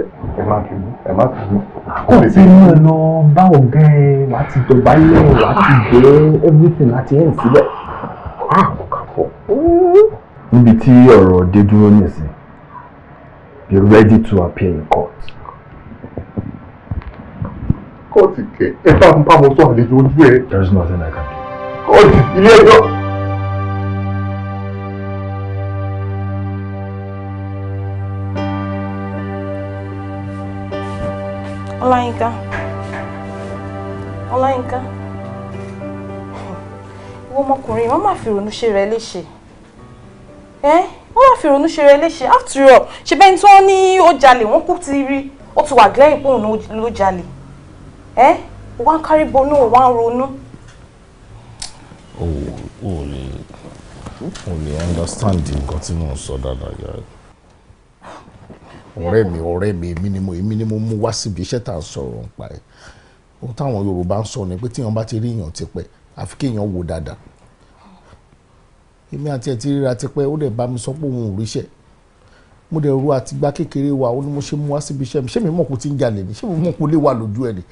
ẹ má kí mi ẹ má kí mi. kò tí ń lọ bá ọ̀gá ẹ wàá ti dọ̀bálẹ̀ wàá ti gbé everything láti ẹ̀ síbẹ̀. Ah, níbi tí ọ̀rọ̀ dé dúró nìsín be ready to appear in court. kóòtù kẹ ẹ bá ń bá mo sọ àlejò ojú ẹ. there is nothing I can do. kóòtù ilé ẹjọ́. Ọláyínká. Ọláyínká. Ìwọ ọmọkùnrin, wọ́n máa fi ìrònú ṣe rẹ léṣe. Ẹ́ wọ́n máa fi ìrònú ṣe rẹ léṣe. After all, ṣe bẹ́ẹ̀ tí wọ́n ní ó jalè, wọ́n kú ti rí. Ó ti wà glẹ́yìn pé òun ló jalè. Ẹ́ wọ́n á kárí bonú, wọ́n á ronú. O ò lè o ò lè understand nǹkan tí mò sọ dáadáa yára ọ̀rẹ́ mi ọ̀rẹ́ mi èmi ni mo èmi ni mo mú wá síbi iṣẹ́ tá à ń sọ̀rọ̀ nípa ẹ̀ ohun táwọn Yorùbá ń sọ ni pé tíyan bá ti rí èèyàn tipẹ́ àfi kéèyàn wò dáadáa èmi àti ẹ̀ ti ríra tipẹ́ ó dẹ̀ bá mi sọ pé òun ò ríṣẹ́ mo dẹ̀ ru àtìgbà kékeré wa ó ní mo ṣe mú wá síbi iṣẹ́ mi ṣé mi mọ̀ kó ti ń jalè ni ṣé mi mọ̀ kó lè wà lójú ẹ̀ ni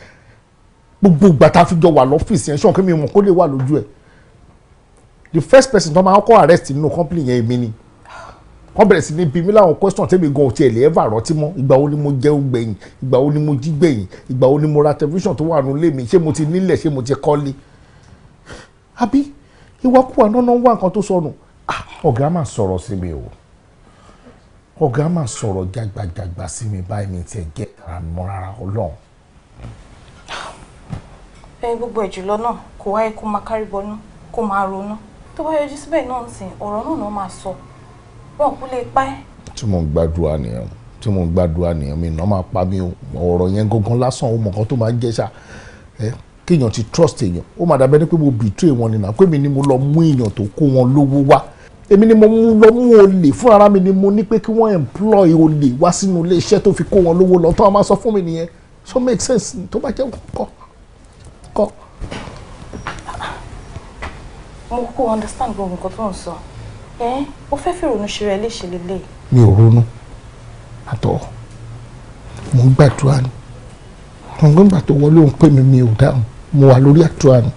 gbogbo ìgbà tá a fi jọ wà lọ́fíìsì yẹn ṣọ́n kí mi mọ̀ kó lè wà lójú ẹ̀ the first person tó máa kọ́ arrest nínú company yẹn èmi ni wọ́n bẹ̀rẹ̀ sí ní bí mi láwọn question tẹ́mi gan ọtí ẹ̀lẹ́ ẹ̀fà rántí mọ́ ìgbà wo ni mo jẹun gbẹ̀yìn ìgbà wo ni mo jí gbẹ̀yìn ìgbà wo ni mo ra tẹlifíṣàn tó wà nílé mi ṣé mo ti nílẹ̀ ṣé mo ti kọ́lé. àbí ìwakùwà náà wá nǹkan tó sọnù ah, ọ̀gá máa sọ̀rọ̀ sí mi o ọ̀gá máa sọ̀rọ̀ jágbàjàgbà sí mi báyìí mi tiẹ̀ gẹ́ àmọ́ rárá ọlọ́run. ẹ gbogbo ìjùlọ náà kò wáyé kó máa kárí kó máa ronú tó bá yọjú síbẹ̀ náà ń sìn ọ̀rọ̀ náà náà máa sọ wọn kú lè pa ẹ́. tí mo ń gbàdúrà nìyẹn tí mo ń gbàdúrà nìyẹn mi náà máa pa mi o ọ̀rọ̀ yẹn gangan lásán o mọ̀ kan tó máa ń jẹ́ ṣá ẹ kéèyàn ti trust èèyàn ó máa dàbẹ́ ni pé mo betray wọn nìyẹn pé mi ni mo lọ mú èèyàn tó kó wọn lówó wá èmi ni mo lọ mú olè fún ara mi ni mo ní pé kí wọ́n employ olè wá sínú ilé iṣẹ́ tó fi kó wọn lówó lọ tó wọn máa sọ fún mi nìyẹn so make sense tó bá jẹ́ kọ́ kọ́. mo kò understand gbogbo nǹkan tó ń sọ ẹ o fẹ́ fèrònú ṣe rẹ léṣe lélẹ̀. mi ò ronú àtọ̀ mo ń gbàdúrà ni àwọn gbàgbà tó wọlé òun pè mí mi ò dáhùn mo wà lórí àdúrà ni.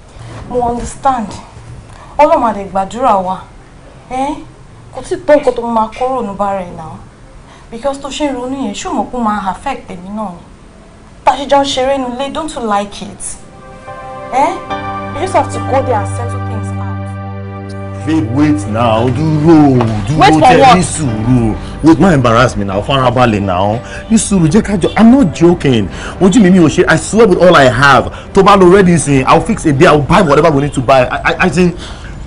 mo understand ọlọ́run àdè gbàdúrà wa kò tí ì tó nǹkan tó máa kúrò ní bára ẹ̀ náà because tó ṣe ń ronú yẹn ṣó mọ̀ pé máa affect èmi náà ni tá ń ṣeré nílé don't you like it? Eh? you just have to go there and settle babe wait now dúró dúró tẹ ní sùúrù wait má embarrass me now farabalẹ̀ now You sùúrù jẹ́ ká i'm not joking ojú mi mi ò ṣe i swear with all i have tó bá lo ready sin i fix a day I'll buy whatever we need to buy i i, I think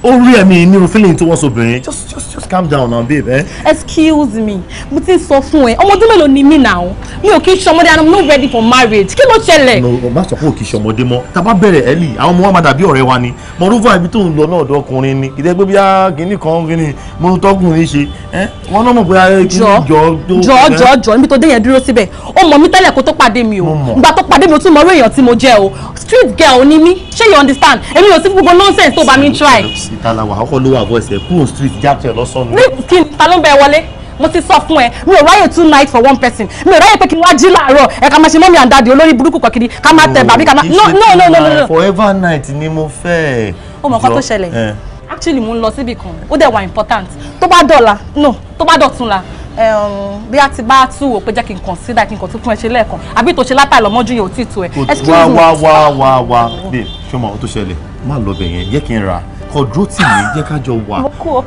ó rí ẹ̀mí nírú feeling tí wọ́n sọ obìnrin just just just calm down now babe. Eh? excuse me mo ti sọ fún ẹ ọmọ ọdún mélòó ni mí náà mi ò kí ṣọmọdé i'm not ready for marriage kí ló ṣẹlẹ̀. no má sọ pé ò kí ṣọmọdé mọ́ tá a bá bẹ̀rẹ̀ early àwọn ọmọ wa máa dàbí ọ̀rẹ́ wa ni moreover ibi tó ń lọ náà ọ̀dọ́kùnrin ni ìdẹ́ gbé bíyà kínní kan kínní mo ń tọ́kùnrin ṣe eh? wọn náà mọ̀ bóyá jọ jọ eh? jọ jọ níbi tó dé yẹn dúró síbẹ̀ ó mọ̀ mí tẹ́lẹ̀ kó tó pàdé mi o ìgbà tó pàdé mi o tún mọ̀ orí èèyàn tí mo jẹ́ o street girl ni mí ṣé you understand èmi ò sí gbogbo nonsense tó bá mi try ìtàlàwà àkọ́kọ́ ló wà voice ẹ̀ kúrò street jápẹ́ lọ́sàn-án. kí ni ta ló ń bẹ wọlé mo ti sọ fún ẹ mi ò ráyè two night for one person mi ò ráyè pé kí n wá jí láàárọ̀ ẹ ká máa ṣe mọ́mí àǹdáde olórí burúkú kan ká máa tẹ̀ bàbí ká máa oh, no no no no no. forever night ni mo fẹ́. ó mọ̀ nǹkan tó ṣẹlẹ̀ actually mo ń lọ síbi kan ó dẹ̀ wà important tó bá dọ̀la no tó bá dọ̀túnla um, bí a ti bá tú o pé jẹ́ kí n consider kí n kàn tún fún ẹ ṣe lẹ́ẹ̀kan àbí tó ṣe látàlọ́ mọ́jú yẹn ò tí ì tó ẹ. wá wá wá wá wá babe ṣé mọ̀ ohun tó ṣẹlẹ̀ má lọ bẹ̀ yẹ kí n ra kọ dúró tì mí jẹ́ ká jọ wà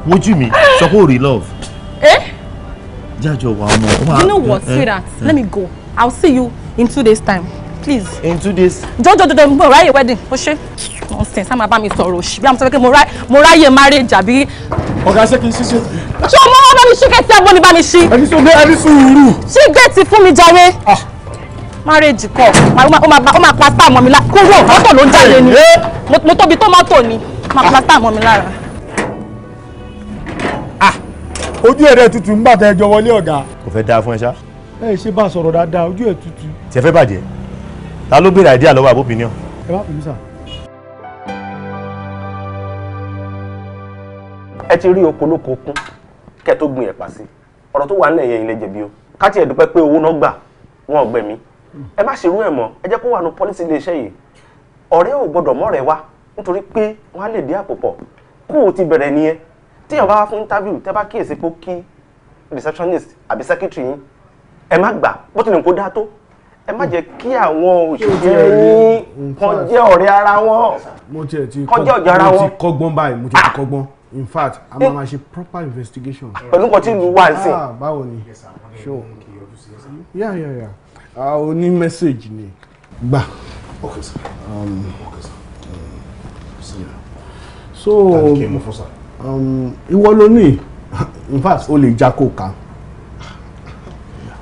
wojú mi sọ pé o rí love. jẹ́ àjọ wà ọmọ you know what say that let me go i will see you in two days time please. in two days. jọjọ jọjọ mo ráyè wedding ó ṣe nonsense á máa bá mi sọ̀rọ̀ òṣì bí àwọn sọ pé mo ráyè marriage àbí. ọ̀gá ṣé kí n ṣiṣẹ́. ṣé ọmọ wa bá mi ṣí gẹ̀ẹ́tì agbóni bá mi ṣí. ẹni sọ pé ẹni sùúrù. ṣí gẹ̀ẹ́tì fún mi jàre marriage kọ ó máa pa sáà mọ́ mi lá kúrò mọ́tò ló ń jáde ni mo tóbi tómátò ni ma plata mọ́ mi lára. Ah, ojú ẹ̀rẹ́ tutù ń bàtà ẹjọ́ wọlé ọ̀gá. kò fẹ́ dáa fún ẹ ṣá. ẹ ṣe bá a sọ̀rọ̀ dáadáa ojú ẹ̀ tutù. tí ẹ fẹ́ bàjẹ́ ta ló béèrè àìdíà lọ́wọ́ àbópinion. ẹ má bínú sà. ẹ ti rí oko lóko kún kẹ́ tó gbin ẹ̀pà sí ọ̀rọ̀ tó wà nílẹ̀ yẹn ilé jẹ̀bi o ká tiẹ̀ dúpẹ́ pé owó náà gbà wọn ò gbẹ̀mí ẹ má ṣerú ẹ̀ mọ́ ẹ jẹ́ kó wà ní pọ́lísì iléeṣẹ́ yìí ọ̀rẹ́ ò gbọ́dọ̀ mọ́rẹ̀ wá nítorí pé wọ́n á lè dé àpòpọ̀ kó o ti bẹ̀rẹ̀ nìyẹn téèyàn bá wá fún interview tẹ́ bá kíyèsí pé kí receptionist àbí secretary yín ẹ má gbà bó tilẹ̀ kó dá tó ẹ má jẹ́ kí àwọn òṣìṣẹ́ yín kan jẹ́ ọ̀rẹ́ ara wọn kan jẹ́ ọ̀jẹ̀ ara wọn. mo ti kọ́gbọ́n báyìí mo ti ah! kọ́gbọ́n in fact a máa ṣe proper investigation. pẹ̀lú nǹkan tí ìlú wà sí. Ah, báwo ni sure yeah yeah yeah ah, oní mẹ́sàgì ni gbà. okay sir. Um, okay, sir so um, ìwọ ló ní in fact o lè já kó ka.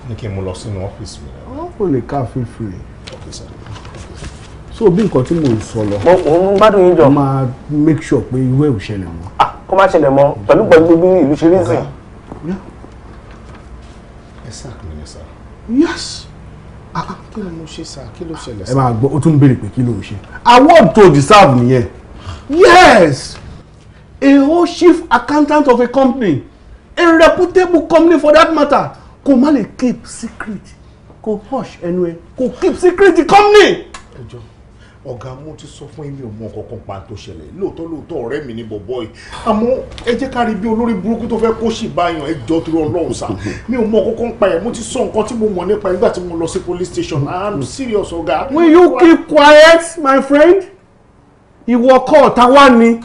ní kí n mú lọ sínú ọ́fíìsì mi. o lè ká feel free. okay so bí nǹkan tí mo sọ lọ. mo mo ń gbádùn yín jọ. máa make sure pé irú ẹ̀ ò ṣẹlẹ̀ mọ́. ah kó má ṣẹlẹ̀ mọ́ pẹ̀lú pẹ̀lú bí ìlú ṣe rí sìn. Ah, ẹ sáà kò yes ah, kí ló mo ṣe sá kí ló ah, ṣẹlẹ̀ sá. ẹ máa gbọ́ o tún béèrè pé kí ló ń ṣe award tó deserve nìyẹn. Yes, a whole chief accountant of a company, a reputable company for that matter, kò má lè keep secret, kò hush ẹnu ẹ, kò keep secret the company. Ẹjọ́ ọ̀gá mo ti sọ fún mi ò mọ kankan pa tó ṣẹlẹ̀ lóòótọ́ lóòótọ́ ọ̀rẹ́ mi ni bọ̀bọ́ yìí àmọ́ ẹ jẹ́ ká rí bí olórí burúkú tó fẹ́ kó sì báyàn ẹ jọ torí ọlọ́run sá mi ò mọ kankan pa ẹ̀ mo ti sọ nǹkan tí mo mọ̀ nípa ẹ̀ nígbà tí mo lọ sí police station I am serious ọ̀gá. Will you keep quiet my friend? ìwọ kọ́ ọ̀tá wá ni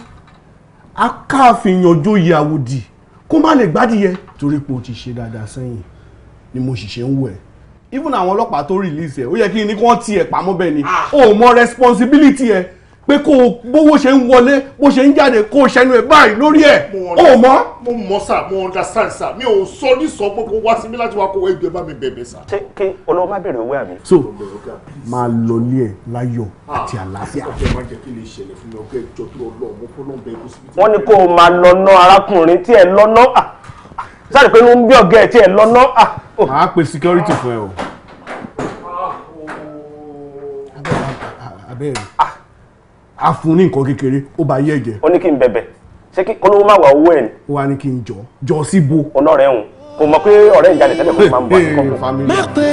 a káàfihàn joyè àwòdì kó má lè gbádìyẹ torí pé o ti ṣe dáadáa sẹ́yìn ni mo sì ṣe ń wẹ̀. even àwọn ọlọ́pàá tó release ẹ̀ ó yẹ kí ni kí wọ́n ti ẹ̀ pamọ́ bẹ́ẹ̀ ni ah. o mọ responsibility ẹ̀ pé kó o bówó ṣe ń wọlé bó ṣe ń jáde kó o ṣẹnu ẹ báyìí lórí ẹ o mọ. mo mọ sá mo understand sá mi ò sọ ní sọ pé kó wá sí mi láti wá kó ẹgbẹ bá mi bẹ̀bẹ̀ sá. ṣé kí olówó má bèrè owó àmì. so máa lọ ilé ẹ láyọ̀ ah. àti àlàáfíà. wọ́n ní kó o máa lọ́nà arákùnrin tí ẹ lọ́nà ah, sáré pé ń bí ọ̀gá ẹ̀ tí ẹ a fún ní nǹkan kékeré ó bá yẹ jẹ. ó ní kí n bẹ̀bẹ̀ ṣé kí kólówó má wà owó ẹ̀ ni. ó wá ní kí n jọ jọ sí bo. ọ̀nà rẹ̀ ń kò mọ̀ pé ọ̀rẹ́ ìjà nìtẹ́lẹ̀ kò máa ń bọ̀ àkọ́kọ́. má pé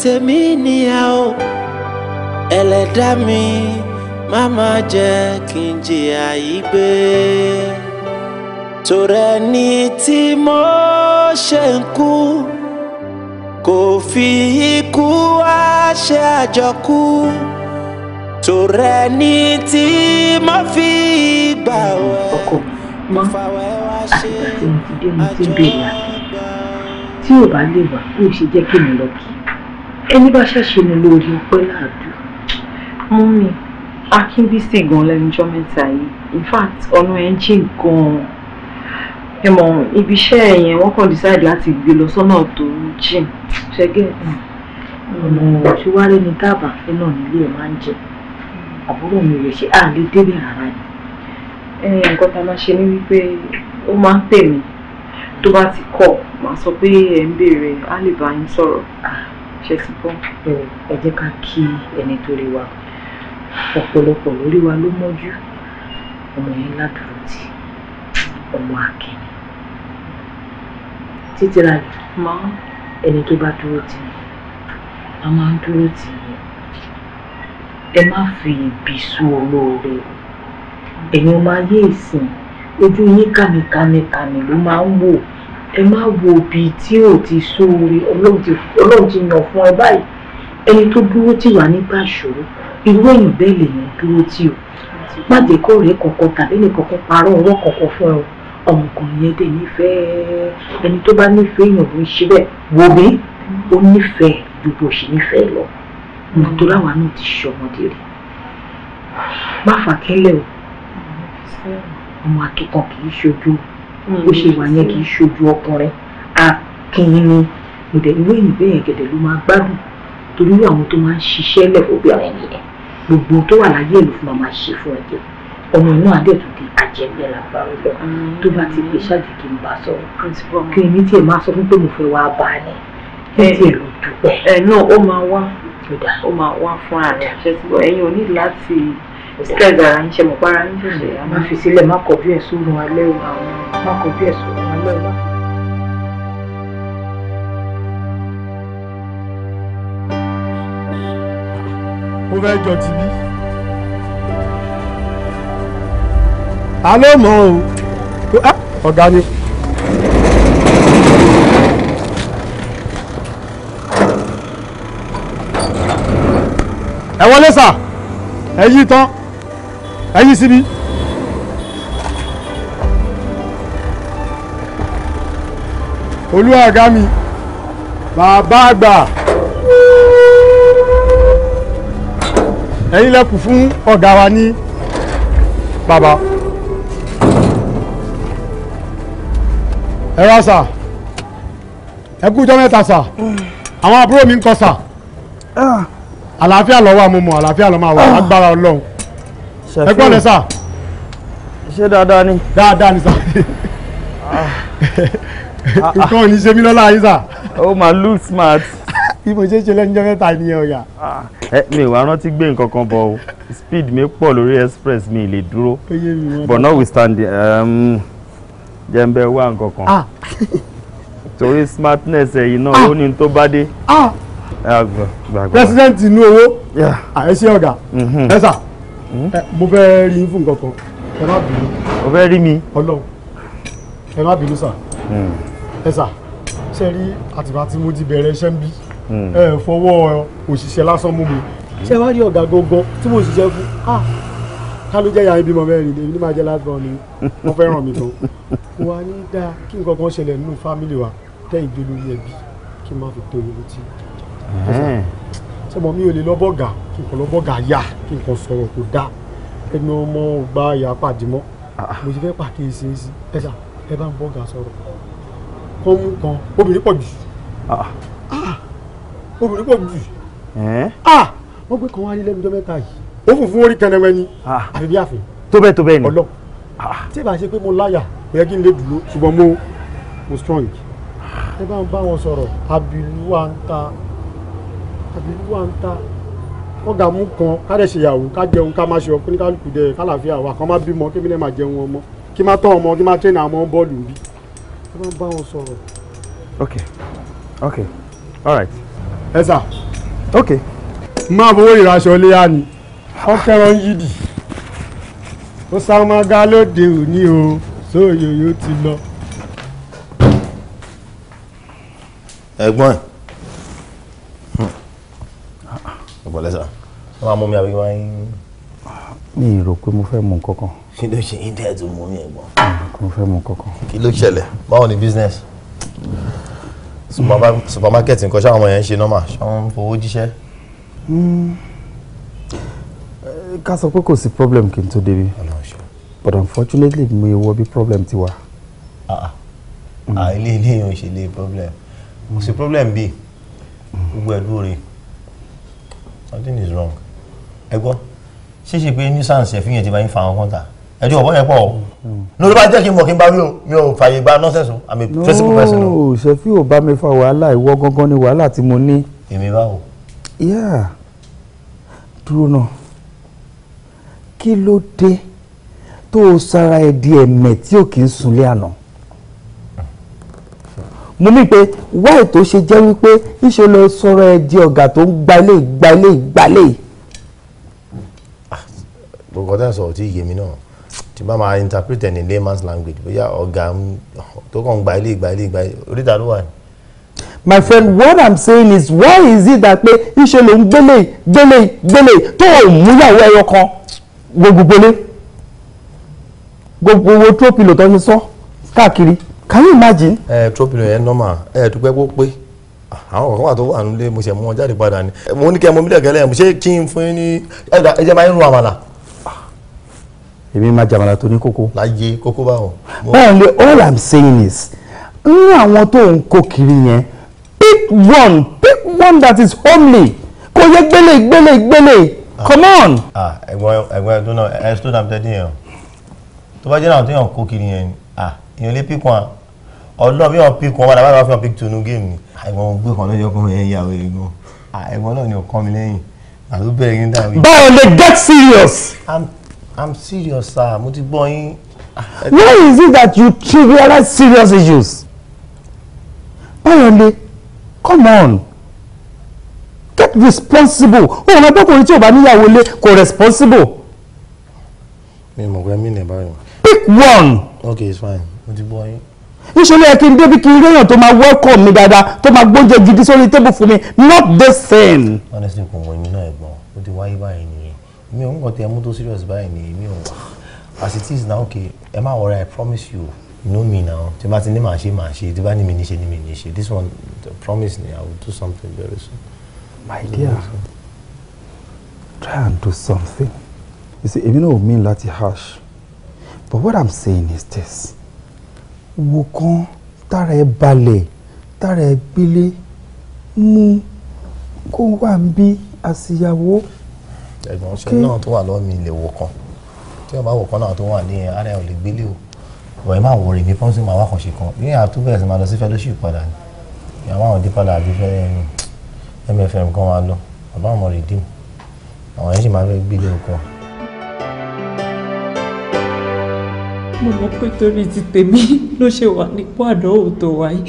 tèmi nìyà o ẹlẹ́dá mi má má jẹ́ kí n jìyà yìí gbé torẹ́ ni tí mo ṣe ń kú kò fi ikú wá ṣe àjọkú tòrẹ ní tí mo fi gbà wẹ̀. ọkọ mọ àgbà tí mo ti dé mo ti béèrè àgbà tí ò bá lè wà ó ṣe jẹ́ kí mi lọ kí ẹni bá ṣàṣe ni lórí ọpẹ́ láàdú. mú mi akínbísí gan lẹ́nujọ́ mẹ́ta yìí in fact ọ̀nà ẹ̀ ń jìn gan-an ẹ mọ̀ ibi iṣẹ́ yẹn wọ́n kàn decide láti gbé lọ sọ́nà tó jìn ṣẹ́gẹ́ ọmọ òṣùwárẹ́ ni dábàá fẹ́ náà nílé ẹ̀ máa ń jẹ àbúrò mi rẹ̀ ṣé à lè débẹ̀ rárá ni. nǹkan tá a máa ṣe ni wípé ó máa ń pè mí tó bá ti kọ̀ máa sọ pé ẹ̀ ń béèrè á lè bá yín sọ̀rọ̀ ṣe ti bọ́. ẹ jẹ́ ká kí ẹni tó rí wa ọ̀pọ̀lọpọ̀ lórí wa ló mọ́jú ọmọ yẹn ládùúró tí ọmọ akẹ́ni títí ra ẹni tó bá dúró tì mí a máa ń dúró tì mí ẹ má fi ibi sú olóore ẹ̀yin ọmọ ayé ìsìn ojú yín kàmìkàmìkàmì ló máa ń wò ẹ má wo ibi tí ò ti sóore ọlọ́run ti yàn fún ẹ báyìí ẹni tó dúró tì wá nígbà ìṣòro irú èèyàn bẹ́ẹ̀ lèèyàn dúró tì o má jẹ́ kó rèé kankan tàbí ní kankan parọ́ ọwọ́ kankan fún ẹ o ọmọkùnrin yẹn dé nífẹ̀ẹ́ ẹni tó bá nífẹ̀ẹ́ èèyàn ló ń ṣe bẹ́ẹ̀ wò mí ó nífẹ̀ẹ́ gbogbo òṣì nífẹ̀ẹ́ lọ mo tó láwa náà ti ṣọmọdé rẹ má fà kẹ́lẹ́ o ọmọ akẹ́kọ̀ọ́ kì í ṣojú hmm. bó ṣe wà yẹn kì í ṣojú ọkùnrin akínní ni ìdẹ̀lú èyí bẹ́ẹ̀ gẹ̀dẹ̀ ló máa gbádùn torí àwọn tó máa ń ṣiṣẹ́ lẹ́kọ̀ọ́ bí àwọn ènìyàn gbogbo tó wà láyé ìlú fún wa máa ṣe fún ẹ̀jẹ̀ ọmọ inú àdẹ̀tún di àjẹgbẹ́ làbárò lọ hmm. tó bá ti pè ṣáàjì kí n bá sọ̀rọ̀ kí n ní tiẹ̀ máa sọ fún pé mo fẹ́ wá bá a ní kí n tiẹ̀ lọ dúpẹ́. ẹ náà ó máa wá ó máa wá fún ara ṣe ti gbọ́ ẹ̀yin ò ní láti stress ara ń ṣe mọ̀ para ń ṣe. má fi sílẹ̀ má kọ̀ bí ẹ̀sùn rún alẹ́ o má kọ̀ bí ẹ̀sùn rún alẹ́ o. ó fẹ́ jọ tìbí. aló mọ́ ọ̀gá ni. ẹ wọlé sà ẹ yí tán ẹ yí síbi. olúwa ọ̀gá mi bàbá àgbà ẹ̀yin lẹ́kùn fún ọ̀gá wa ní bàbá. ẹ wá sà ẹ kú ọjọ́ mẹ́ta sà àwọn àbúrò mi ń kọ́ sà. Ah àlàáfíà lọ́wọ́ àmúmọ̀ àlàáfíà lọ́ máa wà lágbára ah. ọlọ́run ẹgbọ́n lẹ sà. ṣé dáadáa ni. dáadáa ni sà. ikán ah. ni ṣe mí lọ́la yín sà. ó máa look smart. ìmọ̀ ṣe ṣe lẹ́nu mẹ́ta nìyẹn ọ̀yà. Ah. ẹ mi ò wá rántí gbé nǹkan kan bọ̀ o speed mi pọ̀ lórí express mi lè dúró but notwithstanding um, jẹ́ ń bẹ wá nǹkan kan torí smartness ẹ̀yìn náà ó ní tó bá dé president Tinubu àyẹ̀sí ọ̀gá mm-hmm. ẹ sà mo fẹ́ rí fún nǹkan kan ẹ má bínú. o fẹ́ rí mi. ọlọ́run ẹ má bínú sà mm. ẹ sà ṣe rí àtìgbà tí mo ti bẹ̀rẹ̀ iṣẹ́ ń bí mm. ẹ fọwọ́ òṣìṣẹ́ lásán mú mi ṣe wá rí ọ̀gá gógó tí mo ṣiṣẹ́ fún ká ló jẹ́ ìyá ibi mọ̀ mẹ́rin èmi ní máa jẹ́ last ni wọ́n fẹ́ràn mi gan wà á ní dáa kí nǹkan kan ṣẹlẹ̀ nínú fámìlì wa tẹ́ ìdólórí ẹbí kí n má fi tó ìrètí sọmọ mi ò lè lọ bọ́gà kí n kàn lọ bọ́gà yá kí n kàn sọ̀rọ̀ kò dáa ẹnu ọmọ ọgbà ìyá pàdé mọ́ mo ti fẹ́ pàkíyèsí ẹ sà ẹ bá ń bọ́gà sọ̀rọ̀ kọ́ mú kan obìnrin pọ̀ jù ah, obìnrin pọ̀ jù ah, wọ́n gbé kan wá ní lẹ́nu ọjọ́ mẹ́ta yìí ó funfun orí kẹnẹwẹ ni ah. àfi bí àfin tó bẹ́ẹ̀ tó bẹ́ẹ̀ ni ọlọ́ tí ìbá ṣe pé mo láyà kò yẹ kí n lè dúró ṣùgbọ́n mo mo strong ẹ bá ń bá wọn sọ̀rọ̀ abilu wa ń ta àbí wà ń ta ọ̀gá mú kan ká dẹ̀ ṣèyàwó ká jẹun ká má ṣe ọkùn ní kálukú dẹ̀ kálàáfíà wà kán má bímọ kí mi má jẹun ọmọ kí má tọ́ ọmọ kí má tẹ́nà àwọn bọ́ọ̀lù bí. ẹ má bá wọn sọ̀rọ̀. ok ok alright. ẹ sà. ok. máa fowó ìraṣọ léyà ni ọkẹrọ ń yídì ó sámágá lóde òní o sóyòyò ti lọ. ẹ̀gbọ́n ẹ̀. ọ̀bọ̀ lẹ́sà wọ́n máa mú mi àbí wọ́n á yín. mi ì rò pé mo fẹ́ mú nǹkan kan. kí ló ṣe yín dẹ́ẹ̀ tó mú mi ẹ̀gbọ́n. mo fẹ́ mú nǹkan kan. kí ló ṣẹlẹ̀ báwo ni business supermarket nǹkan ṣáwọn ọmọ yẹn ń ṣe normal ṣáwọn fowó jíṣẹ́. Hmm. ká sọ pé kò sí problem kí n tó débi but unfortunately mo wọ bí problem ti wà. Ah, ah. Ah, ilé ilé yẹn ò ṣe lè problem kò sí problem bíi hmm. gbogbo ẹ̀ lóore something is wrong ẹ gbọ́ ṣíṣe pé nuisance ẹ̀ fi yẹn ti bá yín fa àwọn kọ́ńtà ẹ jọ ọ̀bọ̀n yẹn pọ̀ o lórí bá jẹ́ kí n mọ̀ kí n bá rí o mi ò fààyè gba nọ́sẹ̀sì àmì fẹ́sìkò fẹ́sìkò. no ṣẹ́fí ò bá mi fa wàhálà ìwọ gangan ni wàhálà tí mo ní. èmi báwo. yá dúró náà kí ló dé tó o sara ẹ di ẹ̀mẹ̀ tí ò kì í sunlé àná mo mí pé wáì tó ṣe jẹ́ wípé iṣẹ́ lọ sọ̀rọ̀ ẹ di ọ̀gá tó ń gba ilé gba ilé gba ilé. gbogbo ọ̀dà sọ̀rọ̀ tí yèmí náà tí bá máa interpret ẹ̀ ní layman's language bóyá ọ̀gá tó kàn gba ilé gba ilé gba ilé oríta ló wà ní. My friend, what I'm saying is why is it that pé iṣẹ́ ló ń gbélé gbélé gbélé tó ò múyàwó ẹyọ kan gbogbo gbélé gbogbo owó tó pilò tó ń sọ káàkiri can you imagine. ẹ tropilo yẹn normal ẹ dúpẹ́ kó pé àwọn kan wà tó wà nílé mo ṣe mú wọn jáde padà ni mo ní kí ẹ mọ mílíọ̀nù kẹlẹ́ mo ṣe kí n fún yín ní ẹ jẹ́ máa ń rún àmàlà. èmi máa jàmàlà tó ní kókó. láyé kókó báwo. báyọ̀ all i'm saying is ní àwọn tó ń kó kiri yẹn pick one pick one that is homely kò yẹ gbélé gbélé gbélé ah. come on. Ah, ẹ̀gbọ́n ẹ̀gbọ́n ẹ̀dùn náà ẹ̀ ṣó dàm tẹ́tí yẹn o tó bá jẹ́ náà tó yàn kó kiri yẹn ni ìyẹn ah, lè pick one ọ̀nà bí wọ́n pick wọn padà fi wọ́n pick tunu game ni. àìmọ̀ gbé kan lójú ọkùnrin ẹ̀yìn ìyàwó yìí gan àìmọ̀ náà ni ò kàn mí lẹ́yìn àló bẹ̀rẹ̀ yín dàbí. báwo lè get serious. i'm i'm serious sir mo ti gbọ́ yín. why is it that you trivialize serious issues. báwo lè come on get responsible òun ọ̀nà bọ́kùnrin tí ò bá níyàwó lé kò responsible. mi ò mọ̀ pé mi nì báyìí. pick one. okay it's fine mo ti gbọ́ yín níṣẹ́ ló yẹ kí n débi kí n réyàn tó máa welcome mi dáadáa tó máa gbóúnjẹ gidi sórí tébù fún mi not the same. honestly kò wọ èmi náà ẹ̀gbọ́n ó ti wáyé báyìí nìyẹn mi ò ń kàn tẹ ẹ mú tó serious báyìí nìyẹn mi ò as it is now okay ẹ má wọra i promise you you know me now tí bá ti ní màá ṣe màá ṣe tí bá ní mi ní ṣe ní mi ní ṣe this one the promise ni i will do something very soon. my dear try and do something you see èmi náà ò mean láti harsh but what i'm saying is this wò kan tára ẹ balẹ̀ tára ẹ gbélé mú kó wà ń bí àṣìyàwó. ẹ̀gbọ́n ṣe náà tó wà lọ́mí ilé wò kan tí ọba wò kan náà tó wà ní ara ẹ ò lè gbélé o ìwà ẹ máa wọ rèmí pọ́ńsì máa wá kan ṣe kan ní àtúbẹ̀rẹ̀ sí máa lọ sí fellowship padà ni ìyàwó àwọn òdí padà àbí fẹ́ mfm kan wá lọ bàbá àwọn rìdíìmù àwọn yẹn sì máa fẹ́ gbélé o kan. mo mọ̀ pé torí ti tèmi ló ṣe wà nípò àdánwò tó wáyé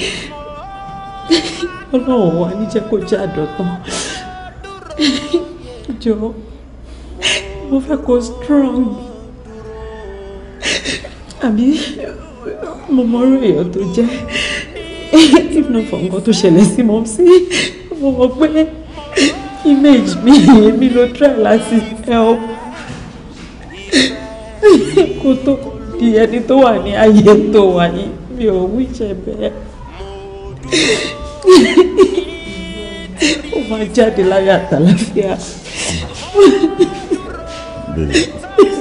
ọlọ́run wa níjẹ́ kó jẹ́ àdọ́tán jọ mo fẹ́ kó strong àbí mo mọrú èèyàn tó jẹ́ if not for nǹkan tó ṣẹlẹ̀ sí mọ́ sí mo mọ̀ pé image mi èmi ló try láti help. di ẹni tó wà ní ayé tó wà yìí mi ò wí ṣe bẹ́ẹ̀ ó máa jáde láyé àtàlàfíà. Baby, please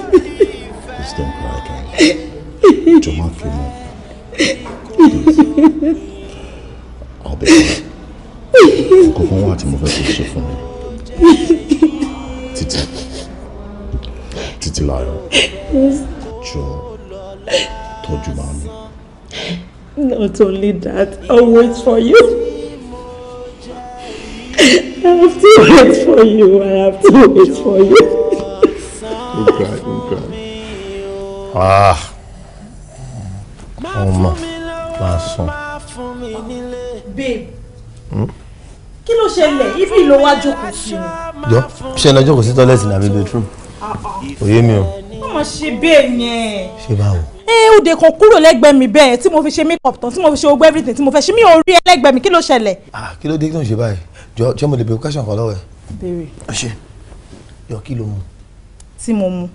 don't cry, darling. Jọ̀wọ́ kí mo. Please. I'll Kò fún wa tí mo fẹ́ kó ṣe fún mi. Títí. Títí láyọ̀. Jọ̀ọ́ tọ́jú máa mi. Not only that, I'll wait for you. I have to wait for you. I have to wait for you. Ó ga, ó ga. Ah! Ọmọ, my son, Babe. Hmm? kí ló ṣẹlẹ̀ ibi ló wá jókòó sí mi. jọ ṣe lọ jókòó sí tọ́lẹ̀tì ní àbí bedroom ah, ah. òye mi o. wọ́n mọ̀ ṣe bẹ́ẹ̀ yẹn. ṣé báwo ẹ òde kan kúrò lẹ́gbẹ̀ẹ́ mi bẹ́ẹ̀ tí mo fi ṣe make up tán tí mo fi ṣe gbogbo everything tí mo fẹ́ ṣe mi ò ẹlẹ́gbẹ̀ẹ́ mi kí ló ṣẹlẹ̀. kí ló dé kí ló ń ṣe báyìí jọ jọ mo lè bèrè question kan lọ́wọ́ ẹ. béèrè. ó ṣe jọ kí ló mu. tí mo mu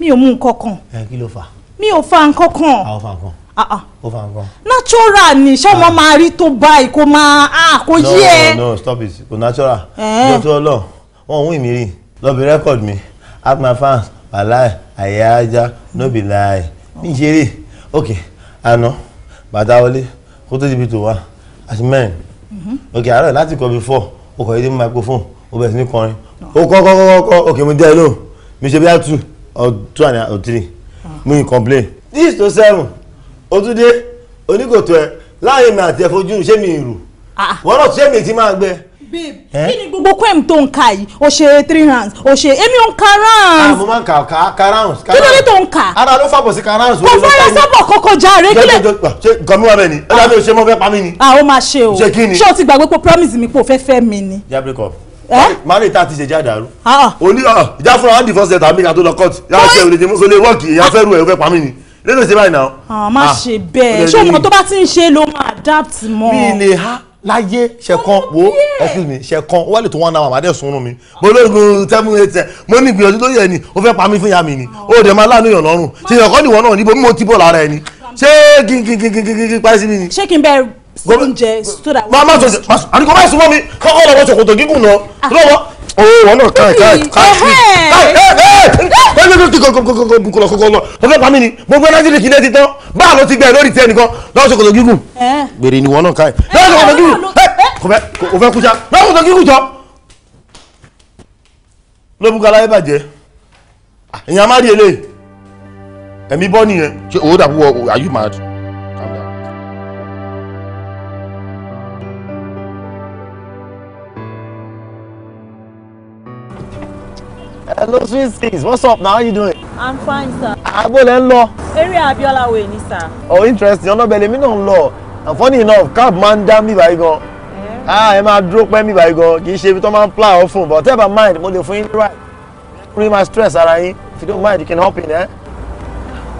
mi ò mu nǹkan kan. ẹ kí ló fà. mi ò fa nǹkan kan. àwọn fa nǹkan ah, ah. ó fa nǹkan. natural ni ṣé ọmọ ah. máa rí tó báyìí kó máa kó yí ẹ. no no stop it kò natural. ní ọtún ọlọ wọn òun ìmírí lọ bí rẹkọd mi ask my fans wàhálà àyè ajá no be lie mi ṣeré ok àná bàtà wọlé kó tó dìbò tó wá àti mẹ́rin mhm. ok àárọ̀ láti kọ́ bí four o kọ̀ yéé mú microphone o bẹ̀rẹ̀ sí ní kọrin ah. o kọ́ kọ́ kọ́ kọ́ ok mo dẹ́ ẹ lóhùn mi ṣe bí i two or two and or three ah. mo complain this to seven o tún dé oníkòtò ẹ láàrin mi àti ẹ̀fọ́jú ṣé mi ì rù ah. wọ́n náà ṣé mi ti máa gbẹ babe eh? kí ni gbogbo kwem tó ń ka yìí o ṣe three rounds o ṣe èmi ò ń ka rounds. àmọ́ ah, máa ń ka ka ka rounds. kí ló dé tó ń ka. ara ló fàbọ̀ sí ka rounds. kò fọ́nrẹ́ sábọ̀ kọ́kọ́ jàre kílẹ̀. ṣe gọmi wa bẹ́ẹ̀ ni ẹ dábẹ́ o ṣe mọ́ fẹ́ pa mí ni. a ah, ó máa ṣe o ṣe kí ni. ṣé o ti gbàgbé pé promise mi pé o fẹ́ fẹ́ mi ni. jábẹ́ kọ́ eh? mari ta ti ṣe jáde àrùn. oní ìjà ah, fún wa divorce letter mi ká tó lọ court yàrá ṣe òde jẹmú sọlé wọ́ọ̀kì ìyá fẹ́rù ẹ̀ ó fẹ́ pa mí ni lẹ́nu ìṣe báyìí náà. má ṣe bẹ́ẹ̀ ṣé ọkàn tó bá ti ń ṣe ló máa adapt mọ́. mi lè ha láyé ṣẹkan wo excuse me ṣẹkan ó wá lè tó wọn náà àmàdé sunrun mi mo lóògùn tẹmú etí ẹ mo ní ìgbìyànjú tó yẹ ni ó fẹ́ pa mí fún ìyá mi ni ó dẹ̀ máa láàánú èèyàn lọ́rùn ṣe èèyàn kọ́ nìwọ náà níbo mímọ́ tí bò lára ẹni ṣé kí n kí n kí n kí n kí n kí n parí sí mi ni. ṣé kí n bẹ oúnjẹ so that. máa má sọ àdìgbò má sùn mọ́ mi kọ́kọ́ lọ́wọ́ ṣòkòtò gígùn náà ah. lọ́wọ́ Oh, owó wọn náà káì káì káì káì káì ti kòkòkòkòkòkòlò kòkòlò wọn fẹ́ pa mí ni gbogbo ẹnájì lè kílẹ̀ ti tán báà ló ti gbẹ lórí tiẹ̀ nìkan lọ́wọ́ ṣòkòtò gígùn gbèrè ni wọn náà káì lọ́wọ́ ṣòkòtò gígùn kò fẹ́ kú sá lọ́wọ́ ṣòkòtò gígùn jọ. ló mú kala ibàjẹ́ èèyàn ah, má rí eléyìí ẹ̀mí bọ́ nìyẹn. ṣé owó dàbí wọ are you mad. Hello, sweet things. What's up now? How you doing? I'm fine, sir. Agbole ń lọ. Eré Abiola way ni, sir. Oh, interesting. Ọ̀nà bẹ̀lẹ̀ mi náà ń lọ. And funny enough, cab máa ń dá mi báyìí gan. Eh? Ah, ẹ máa dúró pẹ́ mi báyìí gan. Kì í ṣe ibi tó máa ń plow off fún. But never mind, mo lè fún yín right. Free my stress ara yín. If you don't mind, you can hop in, eh?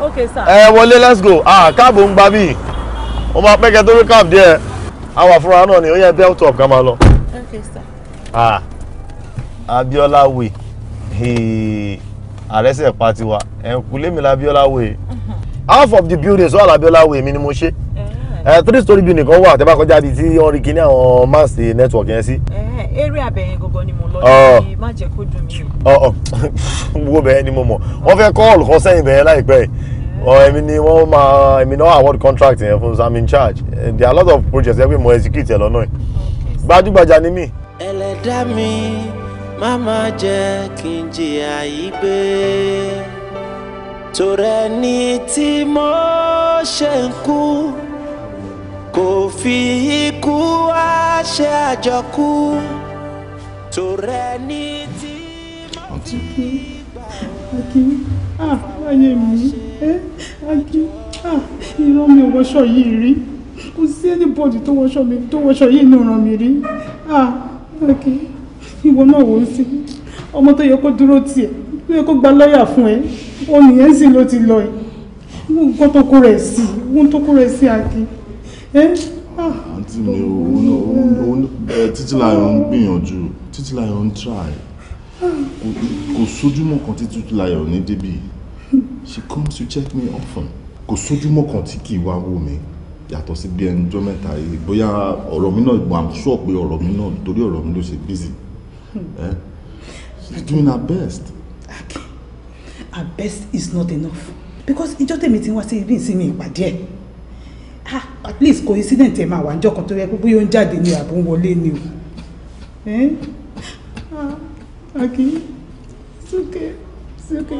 Okay, sir. Ẹ eh, wọlé, let's go. Ah, cab ò ń gbà mí. Mo máa pẹ́ kẹ́ cab díẹ̀. Àwa fúnra náà ni ó yẹ belt up ká máa lọ. Okay, sir. Ah, Abiola way. He àrẹsẹ̀ pa tiwa ẹ̀kúlé mi labiola way half of the buildings wà labiola way mi ni mo ṣe eh. Eh, three story building kan wà tẹ́bá kọjá di tí wọ́n rí kíní àwọn mass network yẹn sí. eré eh, abẹ́yẹn gangan ni mo lọ ní oh. má jẹ́ kó dùn mí o. Oh, oh. gbogbo bẹ́ẹ̀ ni mo mọ̀ wọ́n fẹ́ kọ́ọ̀lù kan sẹ́yìn bẹ́ẹ̀ láìpẹ́ èmi ni wọ́n máa èmi náà award contract yẹn fún sam in charge there are a lot of projects ẹ pé mo execute ẹ lọ́nà ẹ̀ gbajúgbajà ni mí. ẹlẹ́dàá mi má má jẹ́ kí n jìyà yìí gbé torẹ́ ní tí mo ṣe ń kú kò fi ikú wá ṣe àjọkú torẹ́ ní tí mo ṣe ń kú kí ah ayé mi ẹ eh, ah irọ́ mi ò wọṣọ yìí rí kò sí anybody tó wọṣọ mi tó wọṣọ yìí ní ọ̀ràn mi rí ah Okay ìwọ náà wò ó sí ọmọ tó yẹ kó dúró tiẹ̀ tó yẹ kó gba lọ́ọ̀yà fún ẹ ó nìyẹn sì ló ti lọ ẹ nǹkan tó kó rẹ̀ sí nǹkan tó kó rẹ̀ sí àkí. Ah. àǹtí mi ò títí láyọ̀ ń gbìyànjú títí láyọ̀ ń try kò sójúmọ́ kan tí títí láyọ̀ ní débì she comes to check me often kò sójúmọ́ kan tí kì í wá wò mí yàtọ̀ sí bí ẹnjọ́ mẹ́ta yìí bóyá ọ̀rọ̀ mi náà I'm sure pé ọ̀rọ̀ mi náà torí ọ̀rọ̀ mi ló ṣe busy Hmm. Eh? She's doing her best. Okay. Her best is not enough. Because ìjọ́ tèmi ti wá sí ibi me, but ẹ̀. Ah, at least coincident ẹ̀ máa wà níjọ́ kan tó yẹ pé bóyá ó ń jáde ni àbó ń wọlé Eh? Ah, Aki, it's okay, it's okay.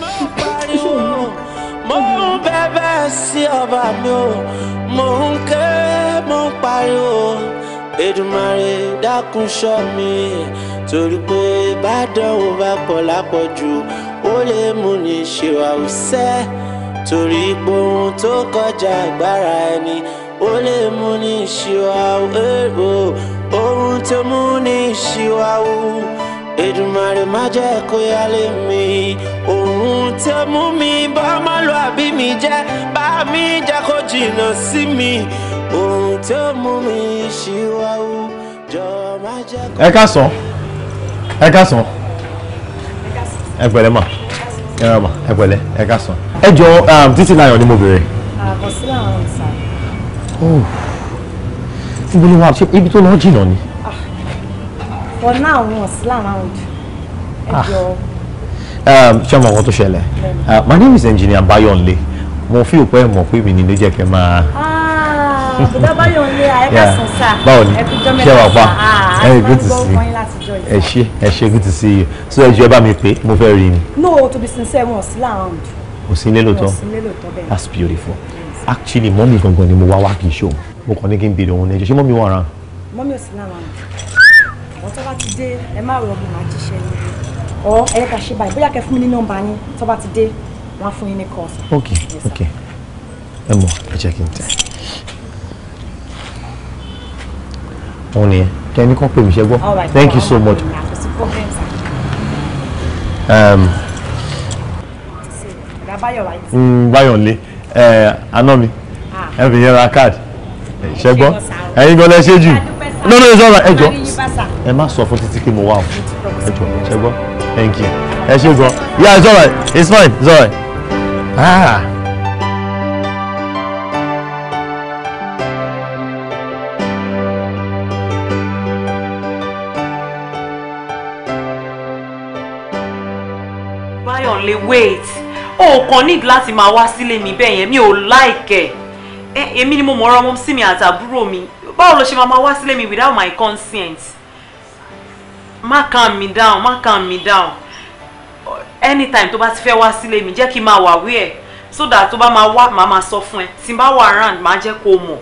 Mo pariwo, mo ń mi o, mo ń mo ń pariwo. Edumare, dákun ṣọ́ mi torí pé bádánwò bá pọ̀ lápọ̀jù ó lè múni ṣìwà òṣẹ́ torí pé ohun tó kọjá agbára ẹni ó lè múni ṣìwà òhèrò ohun tó múni ṣìwà ò Èdùmàrè má jẹ́ kó yálé mi ohun tó mú mi bá ọmọlúàbí mi jẹ́ bá mi jà kó jìnnà sí mi ohun tí ó mú mi ṣíwáwú jọ má jẹ́ kó. ẹ ká sọ ẹ ká sọ ẹ pẹ̀lẹ́ mà ẹ rà mà ẹ pẹ̀lẹ́ ẹ ká sọ. ẹ jọ um, títí láyọ̀ ni mo béèrè. àkọsílẹ̀ ah, àwọn ọ̀sán. ibi ni wàá ṣe ibi tó lọ jìnnà ni. Ah, for now wọn sí làround ẹ ah. jọ um, ṣé ọmọ nǹkan tó ṣẹlẹ̀ uh, my name is engineer Bayonle mo fi òpẹ́ mọ̀ pé mi ni ló jẹ́ kẹ́ máa. Yeah, ní Ayẹ́kẹ̀sán sá. Báwo ah, good to see you. Ẹ she? Ẹ she good to see you. So ẹ jọ ẹ bá pay. pé mo fẹ́ No, to be sincere, wọn ò sí láàrún. Kò sí nílò tán. That's beautiful. Yes. Actually, mommy, gangan ni mo wá wá kì í ṣó. Mo kàn ní kí n bèrè òun ní ẹjọ́. Ṣé mọ́mí wà rán? Mọ́mí ò sí láàrún. Wọ́n tọ́ bá ti dé, ẹ má rọ̀ mi máa jíṣẹ́ ni. Ọ̀ ẹ kà ṣe báyìí, bóyá kẹ fún mi ní Okay, okay. I'm mọ̀, ẹ jẹ́ kí wọn nìyẹn kẹ́ni kan pè mí ṣẹ́gbọ́ thank you so much. Um, mm, Báyọ̀lé àná mi ah. ẹ fi yẹn ra káàdì ṣẹ́gbọ́ ẹ̀yin gan-an ẹ ṣe jù no no it's alright ẹ jọ ẹ má sọ fún títí pé mo wà o ẹ jọ ṣẹ́gbọ́ thank you ẹ ṣe gan-an yeah it's all right. it's fine it's all right. Ah. lè wait o kàn need láti máa wá sílé mi bẹ́ẹ̀ yẹn mi ò like ẹ̀ èmi ni mo mọ̀ ọ́rọ́ ọmọ sí mi àtàbúrò mi báwo lo ṣe máa wá sílé mi without my consent má calm me down má calm me down anytime tó bá ti fẹ́ wá sílé mi jẹ́ kí n máa wà wí ẹ̀ so that tó bá máa wá màá máa sọ fún ẹ tí n bá wà around màá jẹ́ kó o mọ̀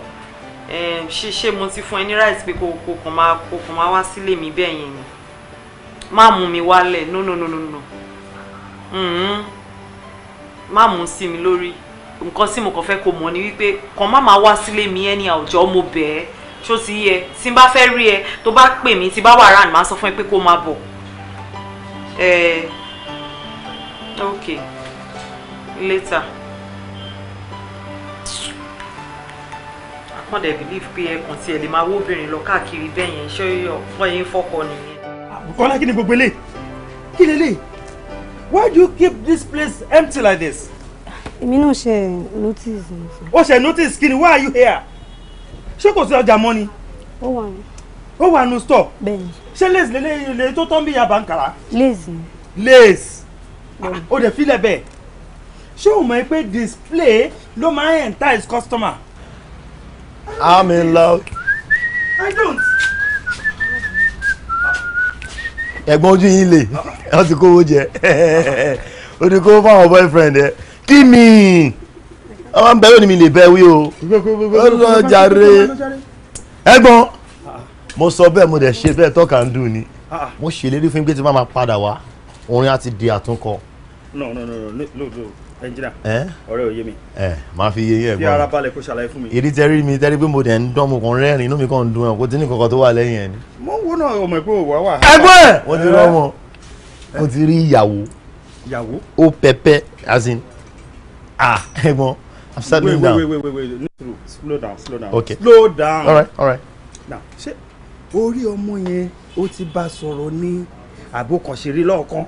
ṣe ṣe mo ti fún ẹ ní rice pé kò kò kàn máa wá sílé mi bẹ́ẹ̀ yẹn ni má mú mi wálẹ̀ no no no no no. Mm-hmm. má mú sí mi lórí nǹkan tí mo kàn fẹ́ kó mọ̀ ni wípé kàn má máa wá sílé mi ẹni àwùjọ mo bẹ̀ ẹ́ ṣó ti yẹ tí n bá fẹ́ rí ẹ tó bá pè mí tí bá wà rán màá sọ fún ẹ pé kó máa bọ̀ ẹ eh, ok later kàn dẹ̀ believe pé ẹkùn tiẹ̀ lè máa wóbìnrin lọ káàkiri bẹ́ẹ̀ yẹn ṣé ọ̀pọ̀ yẹn fọ́kọ nìyẹn. Bọ́lá kí ni gbogbo eléyìí kí lélẹ́yìí why do you keep this place empty like this. èmi náà ṣe notice. ó ṣe notice kí why are you here ṣé kò sí ọjà mọ́ ni. ó wà ní. ó wà ní store. bẹ́ẹ̀ni. ṣé lace lè lè tó tán bí yaba nkàrà. lace ni. lace ah, ó dẹ̀ filẹ̀ bẹ́ẹ̀ ṣé o mọ̀ pé display ló máa ń entice customer. I'm in love. I don't ẹ̀gbọ́n ojú yín lè wọ́n ti kówó jẹ ó ní kó fáwọn boyfriend ẹ kí mi ọmọ bẹ́ẹ̀ lónìí mi lè bẹ́ wí o ó lọ jàre ẹ̀gbọ́n mo sọ bẹ́ẹ̀ mo dẹ̀ ṣe bẹ́ẹ̀ tọ́ka ń dùn ni mo ṣèlérí fún pé tí wọ́n máa padà wá orin á ti di àtúnkọ ẹnjìnà eh? ọ̀rẹ́ ò yé mi. ẹ eh, máa fi yeye ẹ gbọ́n fi ara balẹ̀ kó ṣàlàyé fún mi. èdè tẹ́rí mi tẹ́rí pé mo dẹ̀ ń dán mo kàn rẹ́rìn inú mi kàn ń dun ẹ̀ mo ń wo náà ọmọ ẹ pé eh. ti rí ìyàwó. ó pẹpẹ as in ah ẹ̀gbọ́n i'm settling down. wait wait wait wait no slow down slow down. okay slow down. all right all right. now ṣé orí ọmọ yẹn ó ti bá sọ̀rọ̀ ní àbókànṣeré lọ́ọ̀kan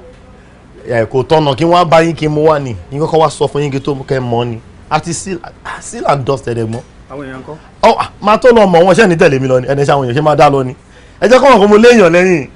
kò tọ́nà kí wọ́n á bá yín kí mo wà ní yín kọ́kọ́ wá sọ fún yín kí tó kẹ́ mọ́ ni àti seal and dust ẹ̀dẹ̀gbọ́n. àwọn èèyàn kọ́. ọ máa tó lọ mọ wọn ṣẹ́ni tẹ̀lé mi lọ ni ẹni ṣe àwọn èèyàn ṣe máa dá lọ ni ẹ jẹ́ kọ́ wọn kó mo léèyàn lẹ́yìn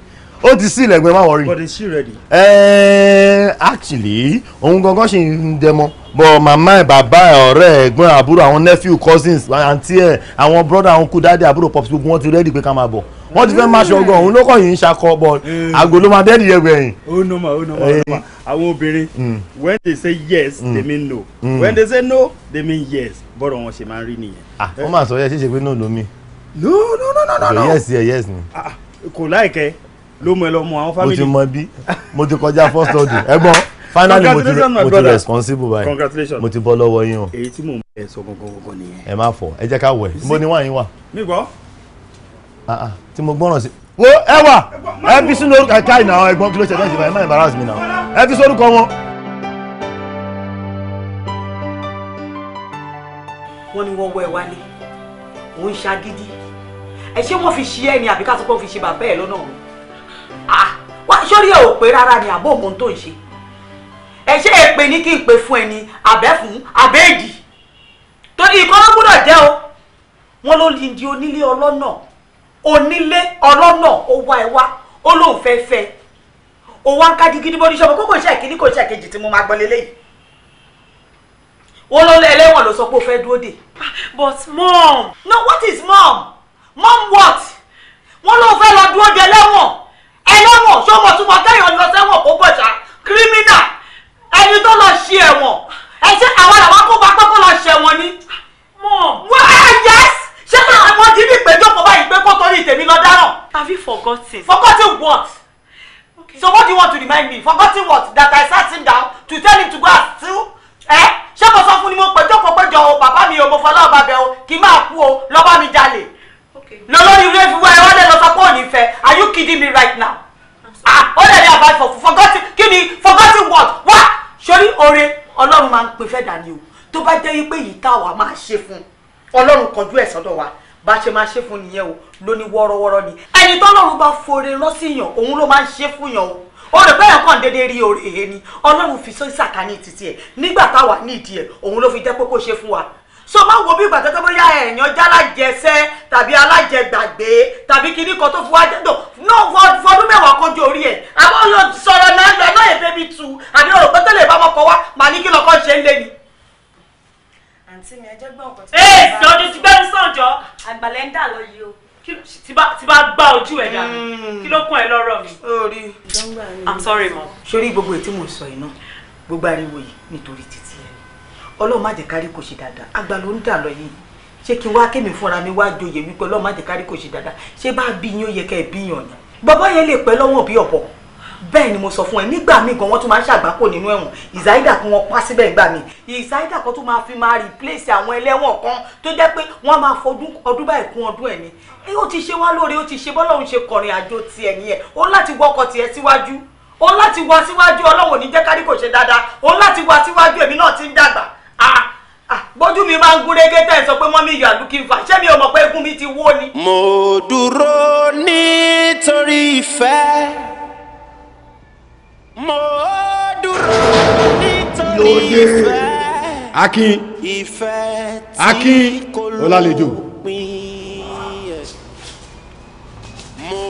ó ti seal ẹ̀gbẹ́ má wọrí. but is she ready. ẹẹ actually òun gangan ṣì ń dẹmọ bọ màmá ẹ bàbá ẹ ọ̀rẹ́ ẹ̀gbọ́n àbúrò àwọn nephew cousins àǹtí ẹ àwọn brother àwọn kú dáadé àbúrò pops gbogbo wọn ti ready pé ká máa bọ̀ wọ́n ti fẹ́ máa ṣọ̀gọ̀ òun ló kàn yín ṣakọ bọ̀ hmm. àgọ́ ló máa dẹ́ẹ̀dì yẹ gbẹ̀yìn. ó normal ó normal ó normal hmm. àwọn obìnrin hmm. when they say yes they mean no when they say no they mean yes bọ́rọ̀ wọn ṣe máa ń rí nìyẹn. wọ́n máa sọ yẹ ṣíṣe pé no lómi. no no no no no. yes yeah, yes ni. kò láìkẹ́ ló mọ ẹ lọ mọ àwọn family. mo ti mọ bí mo ti kọjá first order ẹ̀gbọ́n finally mo ti responsible báyìí congratulations mo ti bọ́ lọ́wọ́ yín o. èyí tí mò ń bẹ sọ gangan gangan nìyẹn. ẹ má fọ ẹ jẹ́ ká wẹ̀ níbo ni wàá yín wà. mi gbọ́ Ah, ah. tí mo gbọ́ràn sí. wo ẹ wà ẹ fi sínú orúkọ ẹ káyìn náà ẹ̀gbọ́n kí ló ṣe fẹ́ ṣe báyìí má embarrass mi náà ẹ fi sórúkọ wọn. wọ́n ní wọ́n wọ́ ẹ wálé òun ṣagídí ẹ ṣé wọ́n fi ṣí ẹ ni àbí ká sọ pé wọ́n fi ṣe bàbá ẹ lọ́nà òun ah, wá sórí ẹ ò pé rárá ni àbó òun tó ń ṣe ẹ ṣé èpè ní kí n pè fún ẹ ní àbẹ́ fún àbẹ́ èdì torí jẹ́ o wọ́n ló lindi onílé ọlọ́nà onílé ọlọ́nà ó wá ẹ wá ó lóun fẹ́ fẹ́ ó wá ń ká digidi bọ́dí ṣọ́ọ̀bù kókò iṣẹ́ ìkíní kò iṣẹ́ ìkejì tí mo máa gbọ́ lélẹ́yìí wọ́n lọ́lẹ́ ẹlẹ́wọ̀n ló sọ pé ó fẹ́ dúró dè ah, but mom no what is mom mom what wọ́n ló fẹ́ lọ dúró dè ẹlẹ́wọ̀n ẹlẹ́wọ̀n ṣọ́mọ̀ tó mọ̀ kẹ́yìn lọ sẹ́wọ̀n kó gbọ̀ṣà kírímínà ẹni tó lọ ṣe ẹ̀wọ̀n ẹ ṣe àwọn làwọn kó bá pẹ́ kó lọ ṣẹ̀wọ̀n ni mom why yes ṣé pé àwọn ti ní ìpéjọpọ̀ báyìí pé kó torí tèmi lọ dáràn. have you forgotten. forgotten what. okay so what do you want to remind me forgotten what that I sat him down to tell him to go and steal. ẹ eh? ṣé kò sọ fún ni mo péjọpọ̀ péjọ o bàbá mi o mo fọlá ọba bẹ o kì í máa kú o lọ́ba mi jalè. lọ́lọ́rì ilé fi wá ẹ wá lẹ́ lọ sọ pé òní fẹ́ are you kidding me right now. ah ó lè rí for, forgotten kí ni forgotten what wá sórí oore ọlọ́run máa ń pè fẹ́ dàní o tó bá jẹ́ wípé yìí tá àwa máa ṣe fún un ọlọ́run kọjú ẹ̀ sọ́dọ̀ wa bá ṣe máa ṣe fún nìyẹn o ló ní wọ́rọ́wọ́rọ́ ni ẹni tọ́lọ́run bá fore lọ́sìyàn òun ló máa ń ṣe fún yàn o o rẹ̀ bẹ́ẹ̀ kàn déédéé rí oore èhe ni ọlọ́run fi sọ́sàkà ní títí ẹ̀ nígbà táwa ní ìdí ẹ̀ òun ló fi jẹ́ pé kó ṣe fún wa so máa wo bí ìgbà tó tọ́bọ́ yá ẹ̀yàn jálàjẹsẹ́ tàbí alájẹgbàgbé tàbí kíní kan tó fi wá jẹ́dọ̀ náà fọdún mẹ́wàá kọjú orí ẹ̀ àmọ́ lọ sọ̀rọ̀ náà lọ náà èfé mi tu àbí ọ̀rọ̀ pẹ́tẹ́lẹ̀ ìbámu ọkọ̀ wa màá ní kí lọ́kọ́ ṣe ń lé ni. àǹtí mi ẹ jẹ́ gbọ́n ọ̀pọ̀ tí kàlẹ́ndà lọ yìí o tí bá gbá ojú ẹ dànù hmm. kí ló kún ẹ lọ́rọ̀ mi. orí i'm sorry mom. sórí gbogbo ètí mò ń sọ yìí náà gbogbo ariwo yìí nítorí títí ẹ ọlọ́run má jẹ́ kárí kò ṣe dáadáa àgbà ló ń dà lọ yìí ṣé kí n wá kémi fúnra mi wá joyè wípé ọlọ́run má jẹ́ kárí kò ṣe dáadáa ṣé bá bí yín ó yẹ ká ẹ bí yàn ni. bàbá yẹn lè pẹ́ lọ́wọ́ bí ọ̀pọ̀ bẹ́ẹ̀ ni mo sọ fún ẹ nígbà míì gan wọ́n tún máa ń ṣàgbákò nínú ẹ̀wọ̀n ìzáídà kan wọ́n pa síbẹ̀ nígbà míì ìzáídà kan tún máa fi máa replace àwọn ẹlẹ́wọ̀n kan tó jẹ́ pé wọ́n máa fọdún ọdún báyìí kún ọdún ẹ̀ ni ó ti ṣe wá lóore ó ti ṣe bọ́lọ́run ṣe kọrin àjò tiẹ̀ nìyẹn ó láti wọkọ̀ tiẹ̀ síwájú ó láti wá síwájú ọlọ́wọ̀n ní jẹ́ kò ṣe dáadáa ó láti mo dúró nítorí ìfẹ́ akin akin ọlálejò. mo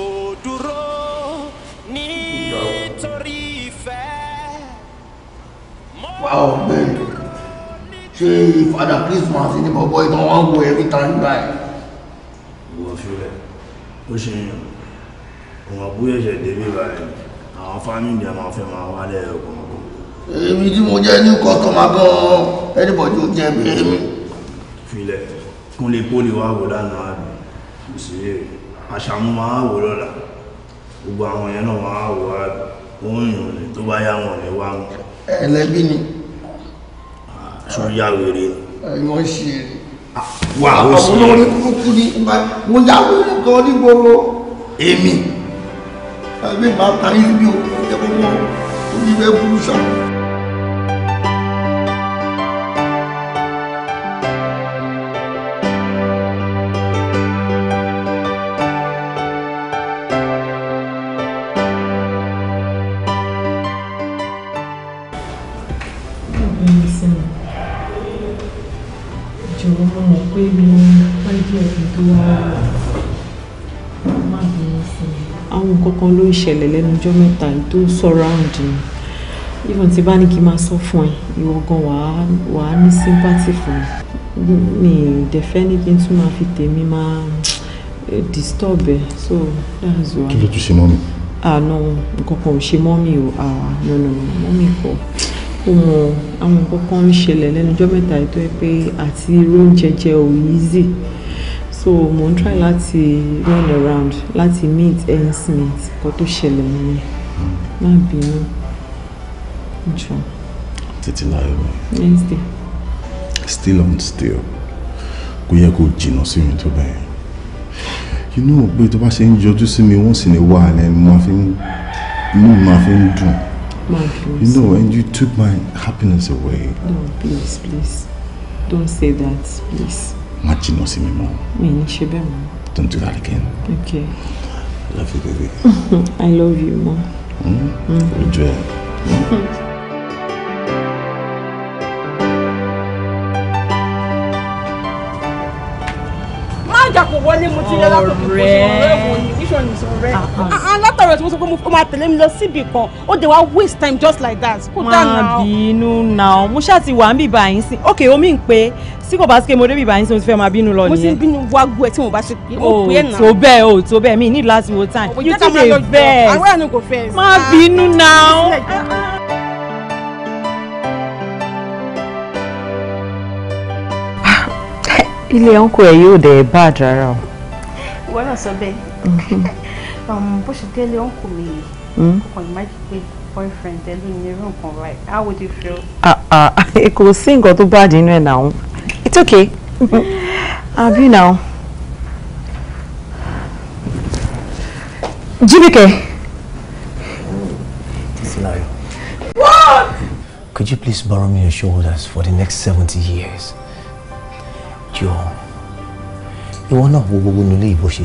dúró wow man ṣe father christmas ní bọ̀bọ̀ ìtàn wọn wo every time guy. wọ́n fi rẹ̀ ó ṣe ohun àbúyẹ̀ṣẹ̀ débi báyìí àwọn fámìlì ẹ̀ máa fẹ́ máa wálẹ̀ ọ̀gbọ̀n. èmi tí mo jẹ́ ní kọ́tọ̀ máa gan-an ẹnìbọ̀dì ó jẹ́ bẹ́ẹ̀ mi. filẹ̀ kúnlẹ̀ pólì wá wò lánàá àbí kò sí àṣàmú máa wò lọ́la gbogbo àwọn yẹn náà máa wò àbí òun tó bá yá wọn ní wá mú. ẹlẹ́bí ni. tó ah, yá wèrè. ẹ̀wọ̀n ṣe é. Ah, wà á ó sì. àwọn olórí kúkú ni wọ́n yá wọ́n gan ní gbogbo. èmi àbí màá parí síbi òkú ìjẹ́kọ̀ọ́ ìṣẹ̀lẹ̀ lẹ́nu ọjọ́ mẹ́ta yìí tó surround mi even tí bá ní kí n máa sọ fún ẹ ìwọ gan wàá ní sympathy fún mi mi ìdẹ̀fẹ́ ní tún máa fi tèmi máa eh, disturb ẹ so that's why. kí ló tún ṣe mọ́ mi. àná ah, nǹkan kan ò ṣe mọ́ mi o ah, no no no mọ́ mi kọ́ ohun àwọn nǹkan kan ń ṣẹlẹ̀ lẹ́nu ọjọ́ mẹ́ta yìí tó yẹ pé àti irú oúnjẹ jẹ ò easy so mo ń try láti run around láti meet ends meet nǹkan tó ṣẹlẹ̀ nìyẹn má bínú jù. títí láyé mi. wednesday. still on still kò yẹ kó jìnnà sí mi tó bẹ́ẹ̀ inú òpè tó bá ṣe ń yọjú sí mi wọ́n sì ní wà á lẹ́nu máa fi ń inú máa fi ń dùn. You know, and you took my happiness away. No, please, please. Don't say that, please má jìnnà see me mọ́. mi ní ṣe bẹ́ẹ̀ mọ́. don't do that again. okay. love you baby. I love you mọ́. Hmm? Hmm. ojú ẹ̀. dàpọ̀ wọlé mo ti rẹ lápò kí mo ṣe ọ̀rẹ́ wo ni níṣọ ni sọ rẹ. Ah, ah. ah, látọ̀rọ̀ tí mo sọ pé mo máa tẹ̀lé mi lọ síbì kan ó dé wá waste time just like that kó dà náà. máa bínú náà mo ṣáà ti wà ń bìbà yín sí ok omi ń pe tí kò bá sí pé mo dé bìbà yín sí mo ti fẹ́ máa bínú lọ nìyẹn. mo ti ń bínú wágbó ẹ tí mo bá ṣe pé mo pé ẹ̀ oh, náà. o tó bẹ́ẹ̀ o oh, tó bẹ́ẹ̀ mi ní láti wo time. you too dey vex. àwọn bínú náà. ilé ọ̀nkọ ẹ̀ yóò dẹ̀ bá àdára o. ìwọ náà sọ bẹ́ẹ̀ mm-hmm. um, bó ṣe délé ọ̀nkọ mi mm. kò ìmájì pé boyfriend ẹ ló ní irú nǹkan right how would you feel. Ah, ah, kò sí nǹkan tó bá dínú ẹ̀ náà it's okay àbí náà. Jimike. Tisilayo. What? Could you please borrow me your shoulders for the next 70 years? jọ ìwọ náà wo gbogbo nílé ìbò ṣe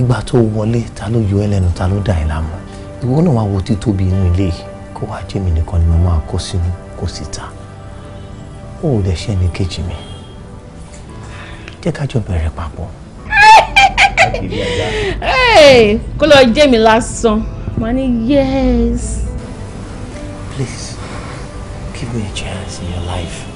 ìgbà tó wọlé ta ló yọ ẹlẹ́nu ta ló dà ẹ́ láàmú ìwọ náà wá wo títóbi inú ilé kó wá jẹ́mi nìkan ni mo máa kó sínú kó síta ó ò lè ṣẹ́ni kejì mi jẹ́ ká bẹ̀rẹ̀ papọ̀. kó lọ jẹ́ mi lásán mo ní yes. please give me a chance in your life.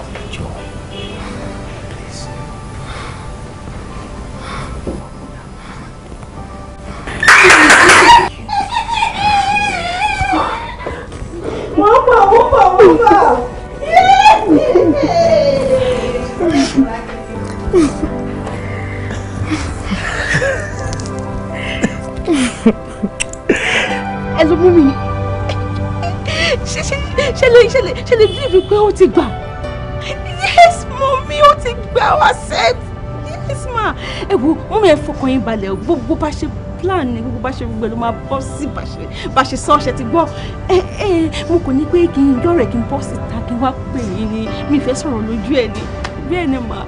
rí pé ó ti gbà. yes mọ́mí ó ti gbà wá set yes ma ẹ wo mọ́mí ẹ fọkàn yín balẹ̀ gbogbo bá ṣe plan ni gbogbo bá ṣe gbogbo ló máa bọ́ sí bá ṣe sọ ṣe ti gbọ́ ẹ ẹ mo kò ní pé kí n yọ̀rẹ̀ kí n bọ́ síta kí n wá pè yín ni mi fẹ́ sọ̀rọ̀ lójú ẹ̀ ni bẹ́ẹ̀ ni ma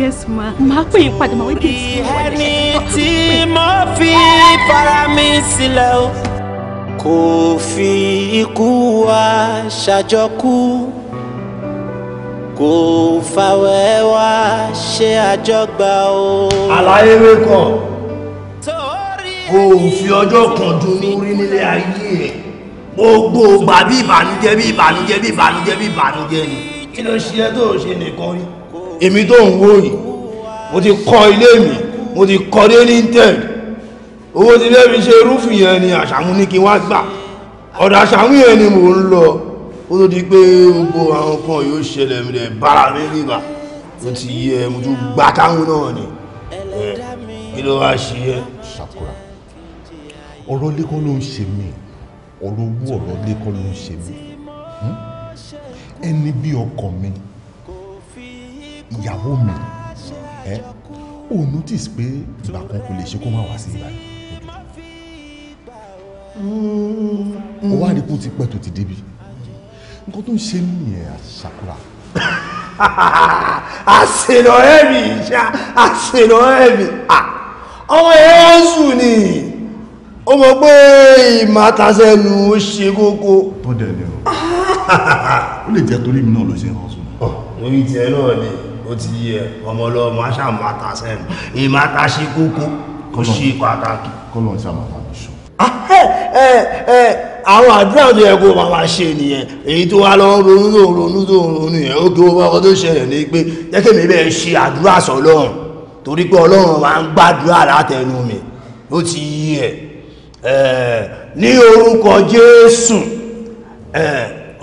yes ma ma pè é padà ma wé kí n sì wọlé ṣe tó ma pè ẹni tí mo fi fara mi sílẹ̀ o kò fi ikú wa ṣàjọkú kò fàwẹ́ wa ṣe àjọgbà o. àlàyé rẹ kàn kò fi ọjọ́ kan dunnú rí nílé ayé ẹ̀ gbogbo ìgbà bí ìbànújẹ́ bí ìbànújẹ́ bí ìbànújẹ́ bí ìbànújẹ́ ni kí ló ṣe ẹ́ tó ṣe nìkan rí èmi tó ń wò yìí mo ti kọ́ ilé mi mo ti kọ́ dé ní tẹ̀lé owó ti lẹ́bi ṣe rúfin yẹn ni àṣàmú ní kí wá gbà ọ̀dọ̀ àṣàmú yẹn ni mò ń lọ ó tó di pé gbogbo àwọn kan yóò ṣẹlẹ̀ rẹ̀ bára mi nígbà ó ti yẹ mo gbà táwọn náà ni kí ló wá ṣe yẹ. ṣàkóra ọ̀rọ̀ lẹ́kọ́ ló ń ṣe mí ọ̀rọ̀ owó ọ̀rọ̀ lẹ́kọ́ ló ń ṣe mí hmm? ẹni bí ọkọ mi ìyàwó mi ẹ ò notice pé ìgbà kan kò lè ṣe kó má wá sí ìbàdàn ó wá rí kó ti pẹ́ tó ti débi nǹkan tó ń ṣe nìyẹn àṣàkúrà. àṣèlọ ẹ̀mí ìṣá àṣèlọ ẹ̀mí ọmọ yẹn ń sùn ni ó mọ̀ pé ìmọ̀tàṣẹ́nu ó ṣe kókó. tó dẹ̀ ni o ó lè jẹ́ torí mi náà ló ṣe ń sùn. orí tiẹ̀ náà ni ó ti yẹ ọmọ ọlọ́mọ aṣáàmù àtàṣẹ́nu ìmọ̀tàṣe kókó ó ṣe pàtàkì. kọ́lọ̀ ń ṣàmàtà àwọn àdúrà tó yẹ kó wà wá ṣe nìyẹn èyí tó wá lọ́wọ́ ronú tó ronú tó ronú yẹn ó tó wọ́kọ́ tó ṣẹlẹ̀ ní pé jẹ́kẹ̀mí bẹ́ẹ̀ ṣe àdúrà sọ́lọ́run torí pé ọlọ́run wa ń gbàdúrà látẹnu mi ó ti yí ẹ̀ ní orúkọ Jésù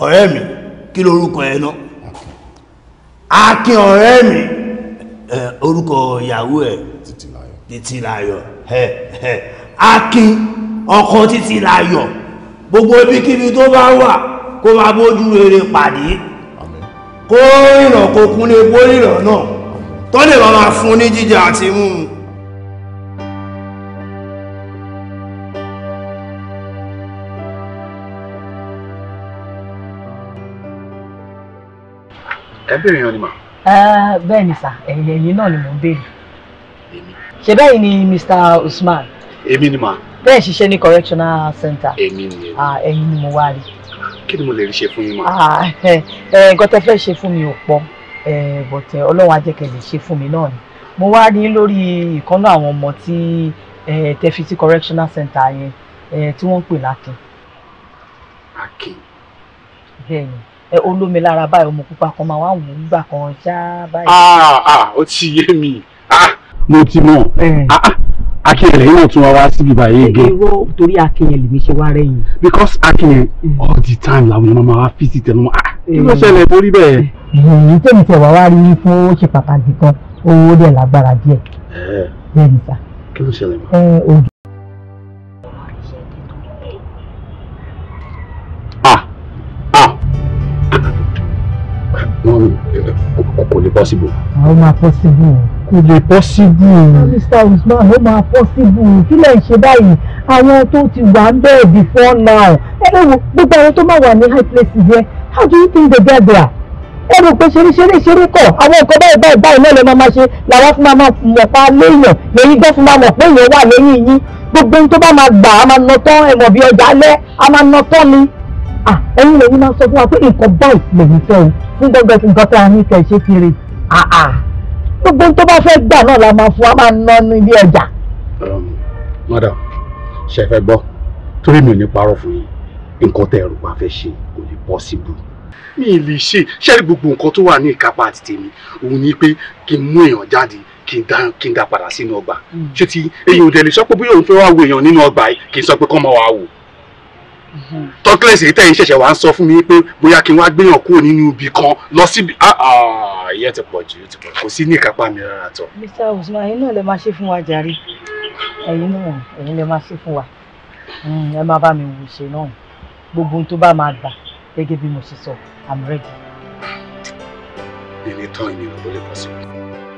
ọ̀rẹ́ mi kí lórúkọ ẹ náà akin ọ̀rẹ́ mi orúkọ ìyàwó ẹ̀ títílayọ̀ akin ọkọ títí láyọ̀ gbogbo ibikíbi tó bá wà kó máa bójú rere pàdé kó ìrọ̀ kó kún lè bó ìrọ̀ náà tó lè máa fún ní jíjẹ àti mímu ẹ ń béèrè yan ni mà. bẹ́ẹ̀ ni sà ẹ̀yìn ẹ̀yìn náà ni mò ń béèrè. ṣe bẹ́ẹ̀ ni Mr. Usman. èmi ni mà bẹ́ẹ̀ ṣiṣẹ́ ní correctional center èmi ni ẹ̀yin ni mo wá rí. kí ni mo lè rí ṣe fún yín mọ́. nǹkan tẹ́ fẹ́ ṣe fún mi ò pọ̀ bọ̀tẹ̀ ọlọ́run ajẹ́kẹ̀ lè ṣe fún mi náà ni mo wá rí lórí ìkànnà àwọn ọmọ tí tẹ́ fi sí correctional center yẹn tí wọ́n ń pè lákin. akin. bẹ́ẹ̀ni ẹ olómi lára báyìí ọmọ pupa kan máa wá wò ó gbà kan já báyìí. Ah, ah, ó ti yé mi ah, mo ti mọ̀ akínyẹn lẹ́yìn náà tún wá wá síbi báyìí gan. irọ́ torí akínyẹn lèmi ṣe wá rẹ́yìn. because akínyẹn mm. all the time làwọn èèyàn máa wá fíìsì tẹnu mọ́ ah kí ló eh. ṣẹlẹ̀ torí bẹ́ẹ̀. èyí tèmi tẹ̀ wá wá rí fún ó ṣe pàtàkì kan owó dẹ̀ lágbára díẹ̀. Eh. bẹ́ẹ̀ ni sà. kí ló ṣẹlẹ̀ mọ́. Eh, ah ah mọ́mí kò lè possible. àwọn máa possible kò lè Mr Usman ó máa pọ́síbù kí lẹ̀ ṣe báyìí àwọn tó ti wà ń bẹ́ẹ̀ before now ẹ ẹ wo gbogbo àwọn tó máa wà ní high places yẹn how do you think they get there? ẹ rò pé ṣeré ṣeré ṣeré kọ àwọn nǹkan báyìí báyìí báyìí náà lè máa máa ṣe làwọn fún máa mọ̀ pa léèyàn lẹ́yìn gbọ́ fún máa mọ̀ pé èèyàn wà lẹ́yìn yín gbogbo ohun tó bá máa gbà á máa nà tán ẹ̀mọ̀ bíi ọjà alẹ́ á máa nà tán ni ẹ̀yin lèyìn máa sọ fún wa pé nǹkan báyìí lèyìn fẹ́ o fún gbọ́gbẹ́ gọ́tà yín kẹ̀ ṣe kiri gbogbo tó bá fẹ́ gbà náà la máa fún wa máa ná ní ilé ọjà. Um, madam ṣe fẹ́ gbọ́ torí mi ò ní parọ́ fún yín nǹkan tẹ́ ẹ̀rù bá fẹ́ ṣe kò lè possible mi ì lè ṣe ṣẹ́rí gbogbo nǹkan tó wà ní ìkápá àti tèmi òun ni pé kí n mú èèyàn jáde kí n dá kí n dá padà sínú ọgbà hmm. ṣé ti eyín ò dẹ̀ lè sọ pé bóyá òun fẹ́ wá wo èèyàn nínú ọgbà yìí kì í sọ pé kọ́ máa wá wò tọ́kílẹ̀sì èyí tẹ̀yìn ṣẹ̀ṣẹ̀ wá ń sọ fún mi pé bóyá kí n wá gbéyàn kúrò nínú ibì kan lọ síbi ah, ah, ìyẹn ti pọ̀ jù ti pọ̀ kò sí ní ìkápá mi rárá tọ̀. Mr. Usman ẹ̀yin náà lè máa ṣe fún wa jàre ẹ̀yin náà ẹ̀yin lè máa ṣe fún wa hmm, ẹ máa bá mi wò ṣe náà gbogbo ohun tó bá máa gbà gẹ́gẹ́ bí mo ṣe sọ I'm ready. èmi tán ìnira ló lè bọ́ sí i.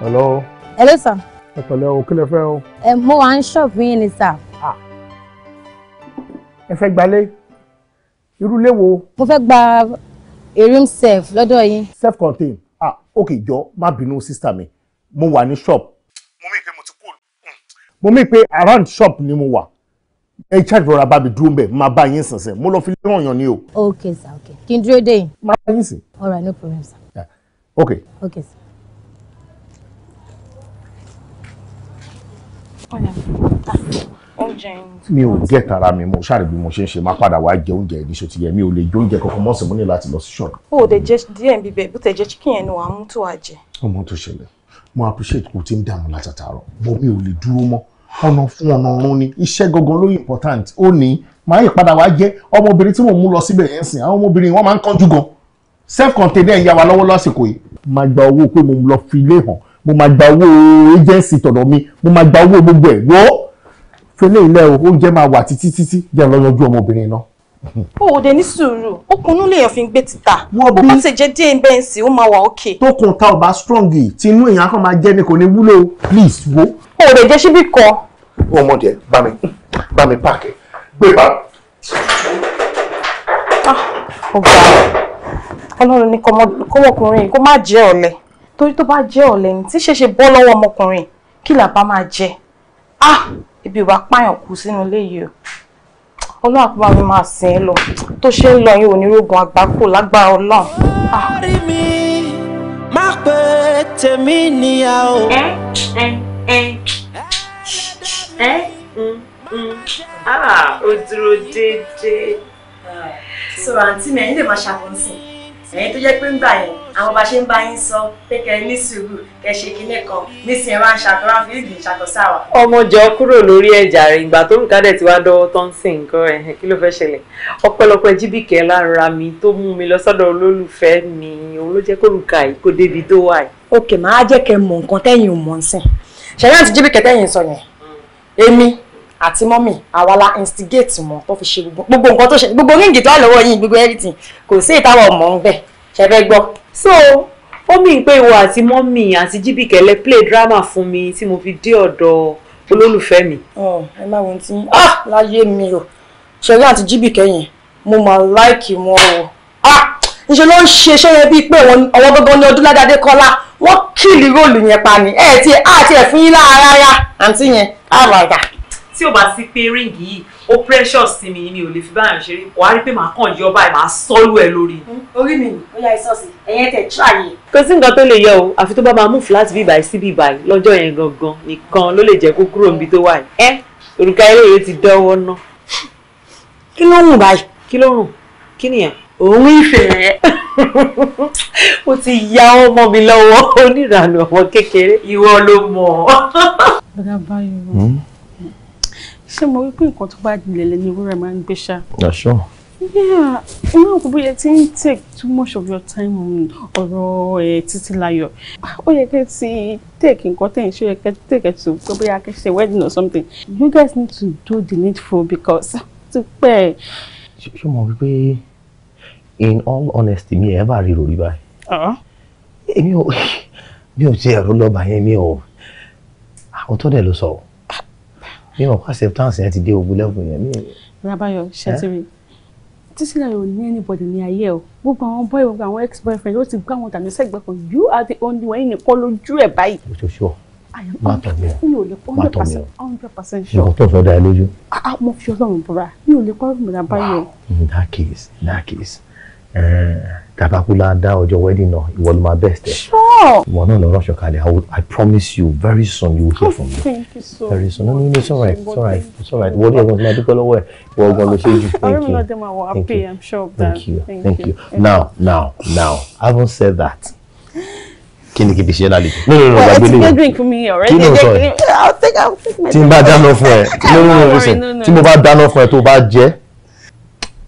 hello. hello sir. ẹ pẹ̀lẹ́ o kí lẹ fẹ́ o. ẹ mo wà ń ṣọ́ọ̀bù yín ni sir. Ah. ẹ fẹ́ gbalé irú ilé wo. mo fẹ́ gba a room self lọ́dọ̀ yín. self contained ah ok jọ má bínú sister mi mo wà ní shop. mo mí pé mo ti kú. Hmm. mo mí pé around shop ni mo wà ẹ charge rọra bá mi dúró mbẹ máa bá yín sìnsìn mo lọ fi lé ọyàn ni o. ok sir Okay. kí n dúró dé yìí. máa bá yín sìn. all right no problem sir. Yeah. Okay. ok sir. Ah. mi ò gẹ́ tara mi mo ṣáà bí mo ṣe ń ṣe máa padà wá jẹ oúnjẹ ní ṣòtì yẹn mi ò lè jẹ oúnjẹ kankan mọ́sàn mo ní láti lọ sí ṣọ́ọ̀bù. o ò dé jẹ díẹ̀ ń bíbẹ̀ bó tẹ̀ jẹ́ chicken yẹn ni wàá mú tó wàá jẹ. ọmọ tó ṣẹlẹ̀ mo appreciate kò tí ń dààmú látàtàrọ̀ bọ́ mi ò lè dúró mọ́ ọ̀nà fún ọ̀nà ọ̀run ni iṣẹ́ gangan ló important ó ní máa yí padà wá jẹ́ ọmọbìnrin tí mò ń mú lọ síbẹ̀ yẹn sìn self contained ẹ̀ ń yá wa lọ́wọ́ lásìkò yìí máa gba owó pé mo lọ fi mo máa gba owó agency tọ̀dọ̀ mi mo máa gba owó gbogbo ẹ̀ wọ́ fẹlẹ́ ilẹ̀ o oúnjẹ máa wà títí títí jẹ́ lọ́yọ́jú ọmọbìnrin náà. o ò dé ní sùúrù okùnú lèèyàn fi ń gbé títà bó bá ṣe jẹ́ díẹ̀ ń bẹ́ẹ̀ sí ó máa wà òkè. tó kun ta ọba strong yìí tí inú èèyàn kan máa jẹ́ ni kò ní wúlò please wo. o ò lè jẹ́ síbí kan. ọmọdé bá mi bá mi páàkì gbé e bá. Ah, ọlọ́run ní kọ́mọkùnrin kó má jẹ́ ọ̀lẹ torí tó bá jẹ́ ọ̀lẹ ni tí ṣẹ̀ṣẹ̀ bọ́ lọ́wọ́ ọmọkùnrin kí là máa jẹ ah ibi ìwà pààyàn kù sínú ilé o ọlọ́run àpò bàbá máa sìn ẹ́ lọ tó ṣe ń lọ yín onírógun àgbákò lágbára ọlọ́run. orí mi má pé tèmi níyà o. ẹ ẹ ẹ ẹ ah o dúró déédéé. so àǹtí mi ẹ̀yin lè máa ṣàkóso ẹ̀yin tó jẹ́ pé ń gbà yẹn àwọn bá ṣe ń bá yín sọ pé kẹ ní sùúrù kẹ ṣe kinní kan nísìnyí wá ń ṣàtọ́ wá fi ìgbìn ṣàtọ́ sáwà. ọmọ jọ kúrò lórí ẹja rẹ ìgbà tó rùkà dẹ̀ ti wá dọ́wọ́ tó ń sìn nǹkan ẹ̀ kí ló fẹ́ ṣẹlẹ̀ ọpẹ́lọpẹ́ jíbìkẹ́ lára mi tó mú mi lọ sọ́dọ̀ olólùfẹ́ mi òun ló jẹ́ kó rùkà yìí kó débi tó wà yìí. òkè máa jẹ́ kẹ́ mọ̀ nǹkan tẹ́yìn ò mọ̀ ń sìn ṣẹ̀yìn àti jíbìkẹ́ tẹ́yìn sọ yẹn mm. èmi àti mọ́mì àwa la instigate wọn tó fi ṣe gbogbo nǹkan tó ṣe gbogbo ríǹgì tó wà lọ́wọ́ yìí gbogbo everything kò sí ìtawọ̀ ọmọ ń bẹ̀ ṣe fẹ́ gbọ́. so ó mì pé ìwọ àti mọ́mì àti jíbìkẹ́lẹ́ play drama fún mi tí mo fi dé ọ̀dọ̀ olólùfẹ́ mi. ẹ má wo ti láyé mi o ṣẹlẹ àti jíbìkẹ́ yẹn mo máa láìkì wọn o ah, níṣẹ́ ló ń ṣe iṣẹ́ yẹn bíi pé ọwọ́ gbogbo ní ọdún ládàdé kọ́lá wọ́n kìlì róòlù yẹn pa ni ẹ̀ tí ẹ̀ fún yín lára rárá àǹtí yẹn àràrà. Ah, tí ò bá sí pé ríǹgì yìí ó precious sí mi mi ò lè fi báyọ̀ ṣeré wàá rí pé màá kàn yọ báyìí màá sọ́lù ẹ lórí. orí mi ò yá ìsọ̀sì ẹ̀yẹn tẹ̀ tíra yẹn. kò sí nǹkan tó lè yọ o àfi tó bá máa mú flat bíbà sí bíbà yìí lọ́jọ́ yẹn gangan nìkan ló lè jẹ́ kó kúrò níbi tó wà yìí. ẹ òrùka eléyìí ti dánwọ́ ná. kí ló rùn báyìí kí ló rùn kí nìyẹn òun ìfẹ́ ó ti ya ọmọ mi lọ́wọ́ onírànú ọmọ kékeré ìwọ ló mọ̀. bàdá báyọ̀ hmm? ṣé mo rí pé nǹkan tó bá gbìlẹ̀ lẹ́ni wúrà máa ń gbé ṣá. àṣọ. yeah inú òkú bóyá ti ń take too much of your time on ọ̀rọ̀ ẹ̀ títí láyọ̀ ah, ó yẹ kẹ́ ti take nǹkan tẹ̀ ń ṣe yẹ kẹ́ take ẹ̀ tó pé bóyá kẹ́ ṣe wedding or something you guys need to do the needful because to pẹ́. ṣé mo rí in all honesty mi ẹ̀ bá rí rò rí báyìí. Uh-huh. èmi ò mi ò tiẹ̀ rò lọ́ba yẹn mi ò àwọn tó dẹ̀ ló sọ̀rọ̀ mi ò pa acceptance yẹn ti dé ogun level yẹn. rabayo ṣètìrì tísílẹ̀ ò ní anybody ní ayé o gbogbo àwọn boy gbogbo àwọn ex boyfriend ó ti gbọ́ àwọn tàbí sẹ́gbẹ́ kan you are the only one yìí nìkan lójú ẹ̀ báyìí. oṣooṣù má tọ̀ mí o má tọ̀ mí o hundred percent sure. mo tọ̀ sọ dá ẹ lójú. Ah, ah, mo fi ọlọ́run bọ̀ra mi ò lè kọ́ ọ̀rọ̀ mi rà báyìí in that case in that case. Uh, tabakula dá ọjọ́ wedding náà ìwọ ló máa best ẹ. sure. ìwọ náà lọ ránṣọ kalẹ̀ i will i promise you very soon you will hear from me. thank you so very soon no no no it's alright it's alright it's alright ìwọ náà gbọ́dọ̀ máa dúpẹ́ lọ́wọ́ ẹ̀ ìwọ ọgbọ́n ló ṣe jù thank you thank you i'm sure of that thank you thank you now now now having said that kí ni kí fi ṣe lálejò. no no no gbàgbé lè yẹn kí ni o sọ yẹn tí n bá dáná fún ẹ no no no no, no. mo bá dáná fún ẹ tó bá jẹ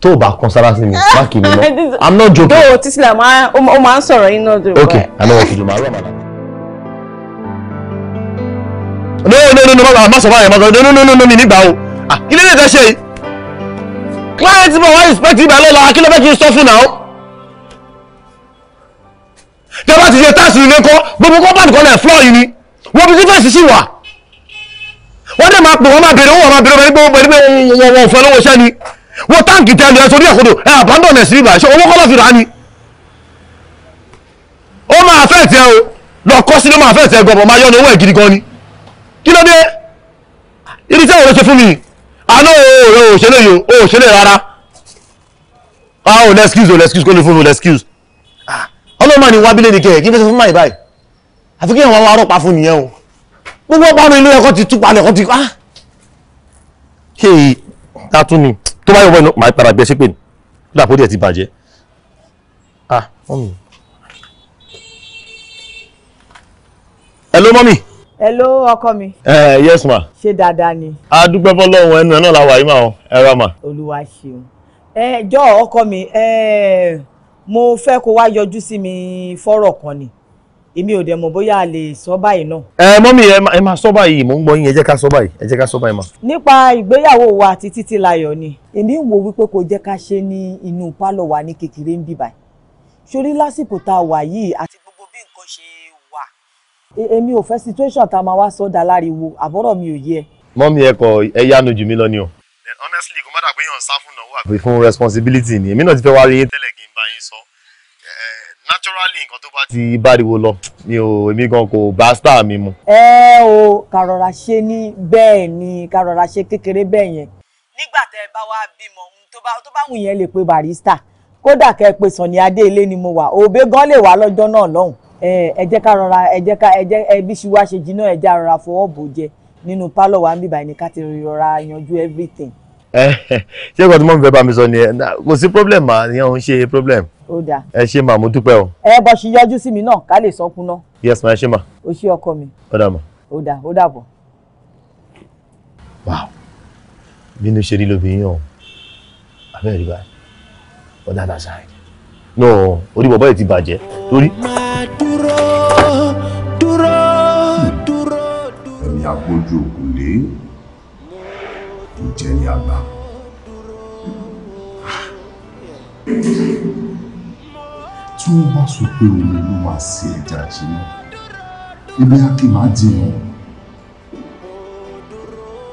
tó o bá kàn sára sí mi má kì í lọ i'm not joking. dóò títí là máa ó máa ń sọ̀rọ̀ yín náà dùn. ok àná wọ́n kìjọ máa rọ̀ no, no no no no má sọ báyìí má sọ no no no no mi nígbà o ah, kí ló dé tẹ ṣe yìí client mo wọ́n respect ibà lọ́la kí ló fẹ́ kí n sọ fún náà. tẹ bá ti ṣe táàsì ilé kọ gbogbo kọ́pàdì kan lẹ̀ fúlọ̀ yìí ni wọ́n fi sífẹ̀sì sí wà wọ́n dẹ̀ máa pè wọ́n máa bèrè owó wọn máa bèrè owó wọn pẹ̀lú pé wọ́n fẹ́ lọ́wọ́ iṣẹ́ ni wo táǹkì tẹ́lẹ̀ ẹ̀ sórí ẹ̀kọ́dọ̀ ẹ̀ àbádọ́n ẹ̀ sí ibà ṣe owó kọ́lọ́ fi rà á ni ó máa fẹ́ tẹ́ o lọ kọ́ sí ló máa fẹ́ tẹ́ gbọ̀bọ̀ máa yọ́nu owó ẹ̀ gidi gan ni kí ló dé ibi tí òun ṣe fún mi àná òòrè òṣèlè yìí òṣèlè rárá ah ò lẹ́skíùs ò lẹ́skíùs kó lè fún mi lẹ́skíùs ah, ọlọ́mọ ni wábílẹ̀ ní kẹ́ kí fẹ́sẹ̀ fún máa ìbáyìí àfi kí àwọn arọ́pàá fún nìyẹn o gbogbo ọpọlọ ilé ẹ̀kọ́ ti túpalẹ̀ ẹ̀kọ́ ti ah hey tatú ni tó bá yọ bọ́ọ̀nù máa padà bẹ́ẹ̀ ṣépè ní láàpọ̀ díẹ̀ ti bàjẹ́ ah mọ́mì. hello mọ́mì. hello ọkọ mi. ẹ yes ma. ṣé dáadáa ni. a dúpẹ́ fọlọ́run ẹnu ẹ̀ náà la wà yìí mà ọ́ ẹ ra mà. olúwa ṣeun ẹ ọkọ mi mo fẹ́ kó wá yọjú sí mi fọ́rọ̀ kan ni èmi ò dẹ̀ mọ̀ bóyá a lè sọ báyìí náà. ẹ mọ́mí ẹ máa sọ báyìí mò ń gbọ́ yín ẹ jẹ́ ká sọ báyìí ẹ jẹ́ ká sọ báyìí mà. nípa ìgbéyàwó wa àti títí layọ̀ ni èmi ń wo wípé kò jẹ́ ká ṣe ní inú pálọ̀ wa ní kékeré ń bì báyìí sórí lásìkò tá a wà yìí àti gbogbo bí nǹkan ṣe wà. E, èmi ò fẹ́ situation tá a máa wá sọ́dà láriwo àbọ̀rọ̀ mi ò yẹ. mọ́mí ẹ kọ ẹ yánu jù mí lọ ni o. honestly kò má dà pé yàn sá fún ni èmi náà ti naturally nǹkan tó bá ti báriwo lọ mi ò èmi gan kò bá star mi mu. ẹ o karora ṣe ní bẹ́ẹ̀ ni kàrọ̀rà ṣe kékeré bẹ́ẹ̀ yẹn. nígbà tẹ bá wá bímọ tó bá wù yẹn lè pe barista kódà kẹ pe Sànní Adé ilé ni mo wà òbí gan lè wá lọ́jọ́ náà lọ́hùn ẹ jẹ́ ká rọra ẹ jẹ́ ká ẹ jẹ́ ẹbí ṣe wá ṣe jiná ẹ jẹ́ àrọ̀rà fọwọ́ bò jẹ nínú pálọ̀ wa ń bíbá ẹni ká ti rọra yanjú everything. ṣé ìgbà tí mo ń fẹ́ bá mi sọ nìyẹn kò sí problem ma ni ò ṣe problem ó dáa. ẹ ṣe mà mo dúpẹ́ o. ẹ bọ́ ṣe yọjú sí mi náà ká lè sọ kúná. yes ma ẹ ṣe mà. o ṣé ọkọ mi. ó dà mà. ó dà ó dà bọ̀. wow bínú ṣe rí lóbi yín o abẹ́rẹ́ rí báyìí on the other side. no orí bọ̀bọ̀ yìí ti bàjẹ́ lórí. ẹ̀mí àpọ́njú òkú lé àgbà. Thank ah. you tí wọ́n bá sọ pé omi ló máa ṣe ẹja jìnnà ibi akí máa dìnnà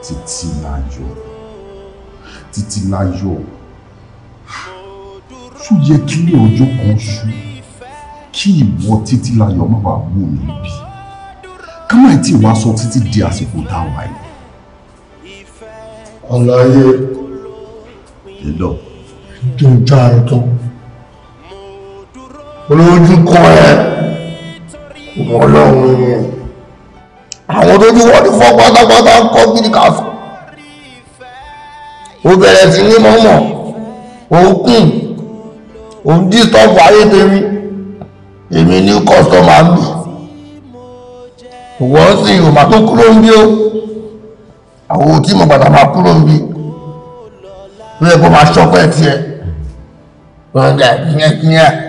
títí láyọ̀ títí láyọ̀ ṣó yẹ kí ní ọjọ́ kan ṣú kí ìwọ títí láyọ̀ má bàa wù mí bí ká má tí wàá sọ títí di àsìkò táwa yìí. àlàyé. ìdọ̀. ìdọ̀ ìjà ẹ̀tọ́ olójú kan ẹ ọmọ ọlọ́run àwọn tó ti ti fọ́ pátápátá ń kọ́ gidi káfọ́ ó bẹ̀rẹ̀ sí ní mọ́mọ́ òun kùn òun dìstọ́pù ayé tèmi èmi ní kọ́sítọ́mà ń bì ìwọ́n sì ìrùmà tó kúrò ń bí ó àwọn òtí mọ̀ gbàdà máa kúrò ń bí lóyè kó máa ṣọ́pẹ́ tiẹ̀ gbọ̀ngàn kíyẹ́kíyẹ́.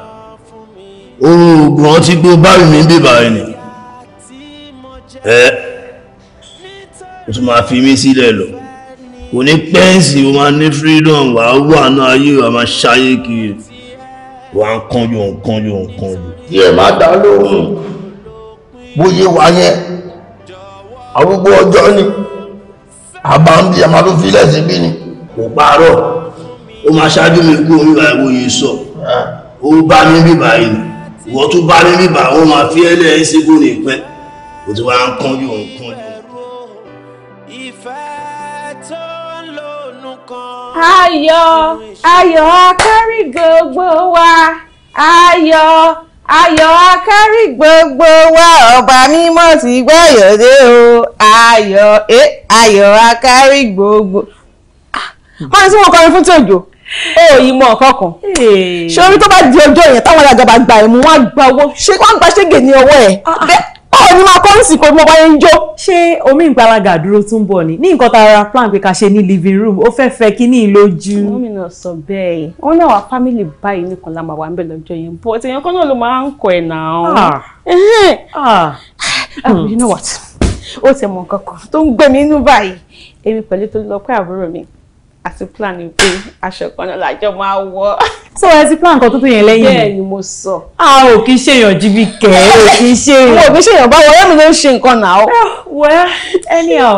oògùn ọtí gbó báyìí mi bèbà ẹni ẹ́ o tún máa fi mí sílẹ̀ lọ kò ní pẹ́ǹsì o máa ní freedom wà á wà náà ayé wà máa ṣayé kiri wà á kánjú kánjú kánjú. yẹ má dá lóhùn bóyá wà yẹn arúgbó ọjọ́ ni àbá ń bí a máa tó filẹ̀ síbí ni kò parọ́ ó máa ṣáájú mi kú omi báyìí wòye sọ ó bá mi bí báyìí ìwọ tó bá rí níbà ó máa fi ẹlẹ́ ṣégún ní ìpẹ́ ó ti wá ń kánjú òun kánjú. ayọ̀ ayọ̀ akárí gbogbo wa ayọ̀ ayọ̀ akárí gbogbo wa ọba mímọ́ ti gbọ́yọ̀dé o ayọ̀ eh, ayọ̀ akárí gbogbo. Ah, wọ́n ní sí kọrin fún tòjò ó yí mọ ọkọọkan ṣé orí tó bá di ọjọ́ yẹn táwọn alága bá gba ẹmu wọn á gba owó ṣé wọn á gba ṣége ní ọwọ́ ah, ah. ẹ ọ ní máa kọ́ ń sì kó mọ́ báyẹn ń omi ìgbàlaga àdúró tún bọ̀ ni ní nǹkan tá a ra plan pé ká ṣe ní living room ó fẹ́ fẹ́ kí ní ìlójú. gómìnà sọ bẹ́ẹ̀ wọn náà wà fámìlì báyìí nìkan la máa wà ń bẹ̀ lọ́jọ́ yẹn bọ́ ọ̀tẹ̀ yẹn kọ́ náà ló máa ń kọ ẹ̀ ah. you know what ó tẹ̀ mọ́ nǹkan kan tó ń gbẹ̀mí inú báyìí èmi pẹ̀lú tó lọ pé àbúrò mi àti plan ni pé aṣọ kan náà làjọ máa wọ̀. so ẹ ti plan nǹkan tuntun yẹn lẹ́yìn mi. bẹ́ẹ̀ ni mo sọ. a ò kì í ṣèyàn jíbi kẹ́ ẹ ò kì í ṣèyàn. mo ò kì í ṣèyàn báwo ọ̀rẹ́ mi ló ń ṣe nǹkan náà. Oh, ah, well anyhow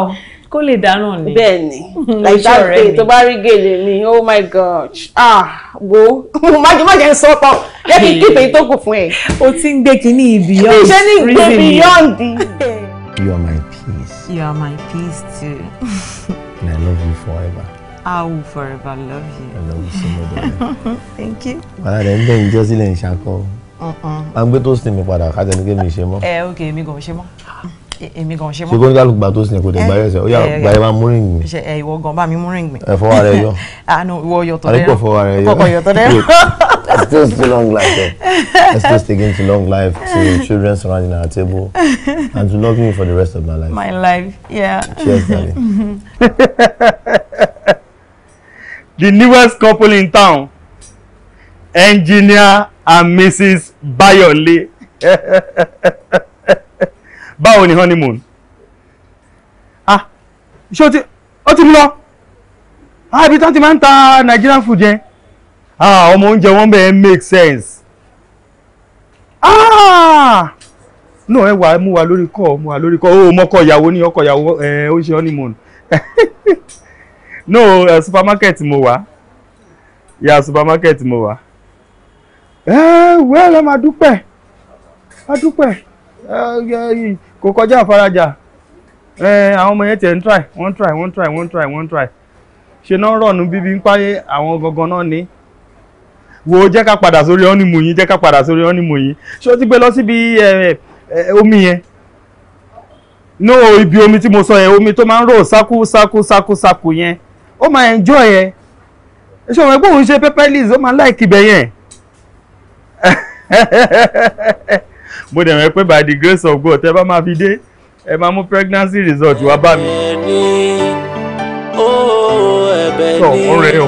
kó lè dáná ni. bẹ́ẹ̀ ni hmm, like that day tó bá rí gèlè mi oh my god ah wo má jẹ́ má jẹ́ ń sọ tán jẹ́ kí n kíkè tó kù fún ẹ. o ti ń gbé kínní beyond reason. ṣé ní gbé beyond my peace. you are my peace too. and I love you forever. I will forever love you. I love you so much. Thank you. Ara rẹ̀ ń bẹ̀ ń jẹ́ sílẹ̀ ń ṣakọ́. Máa ń gbé tóòsì mi padà ká jẹ́ ní kí mi ṣe mọ́. Ẹ ok, èmi gan ṣe mọ́. Èmi gan ṣe mọ́. Ṣé kó ní kálukú gba tóòsì yẹn kó dẹ̀ gba ẹsẹ̀? Ó yà gba ẹ máa mú ring mi. Ṣé ẹ ìwọ gan bá mi mú ring mi? Ẹ fọwọ́ ara ẹ yọ. Àánú ìwọ yọ tó dẹ́rọ. Àdìpọ̀ fọwọ́ ara ẹ yọ. Kọ̀kọ̀ yọ tó dẹ́rọ. Let's toast to long life. Let's eh. toast again to long life to children surrounding our table and to love you for the rest of my life. My life, yeah. Cheers, darling. the newest couple in town engineer and mrs bayonle báwo ni honeymoon ah ṣé o ti o ti lọ ah ibi tí wọ́n ti máa ń ta nigerian food yẹn ah ọmọ oúnjẹ wọn bẹ́ẹ̀ make sense ah no ẹ wà mú wa lórí kọ́ mú wa lórí kọ́ o mọ́kọ ìyàwó ní ọkọ ìyàwó ẹ eh, ó ṣe honeymoon no uh, supermarket mo wà ya supermarket mo wà. ẹ eh, wẹ́ẹ̀lẹ́ máa dúpẹ́ máa dúpẹ́ eh, kò kọjá àfarajà àwọn ọmọ yẹn tẹ̀ ń try wọ́n try wọ́n try wọ́n try wọ́n try ṣe náà rọ̀nù bíbí ń páyé àwọn gangan náà ni wo jẹ́ ká padà sórí ọ́nìmù yín jẹ́ ká padà sórí ọ́nìmù yín ṣé o ti gbé lọ síbi omi yẹn no ibi omi tí mo sọ yẹn omi tó máa ń rò sákú sákú sákú sákú ó máa enjoy ẹ ṣé òun ẹgbẹ́ òun ṣe pepper leaves ó máa like ibẹ̀ yẹn. mo dẹ̀ mọ̀ pé by the grace of God tẹ́ bá máa fi dé ẹ máa mú pregnancy result wá bá mi. sọ ọ̀rẹ́ o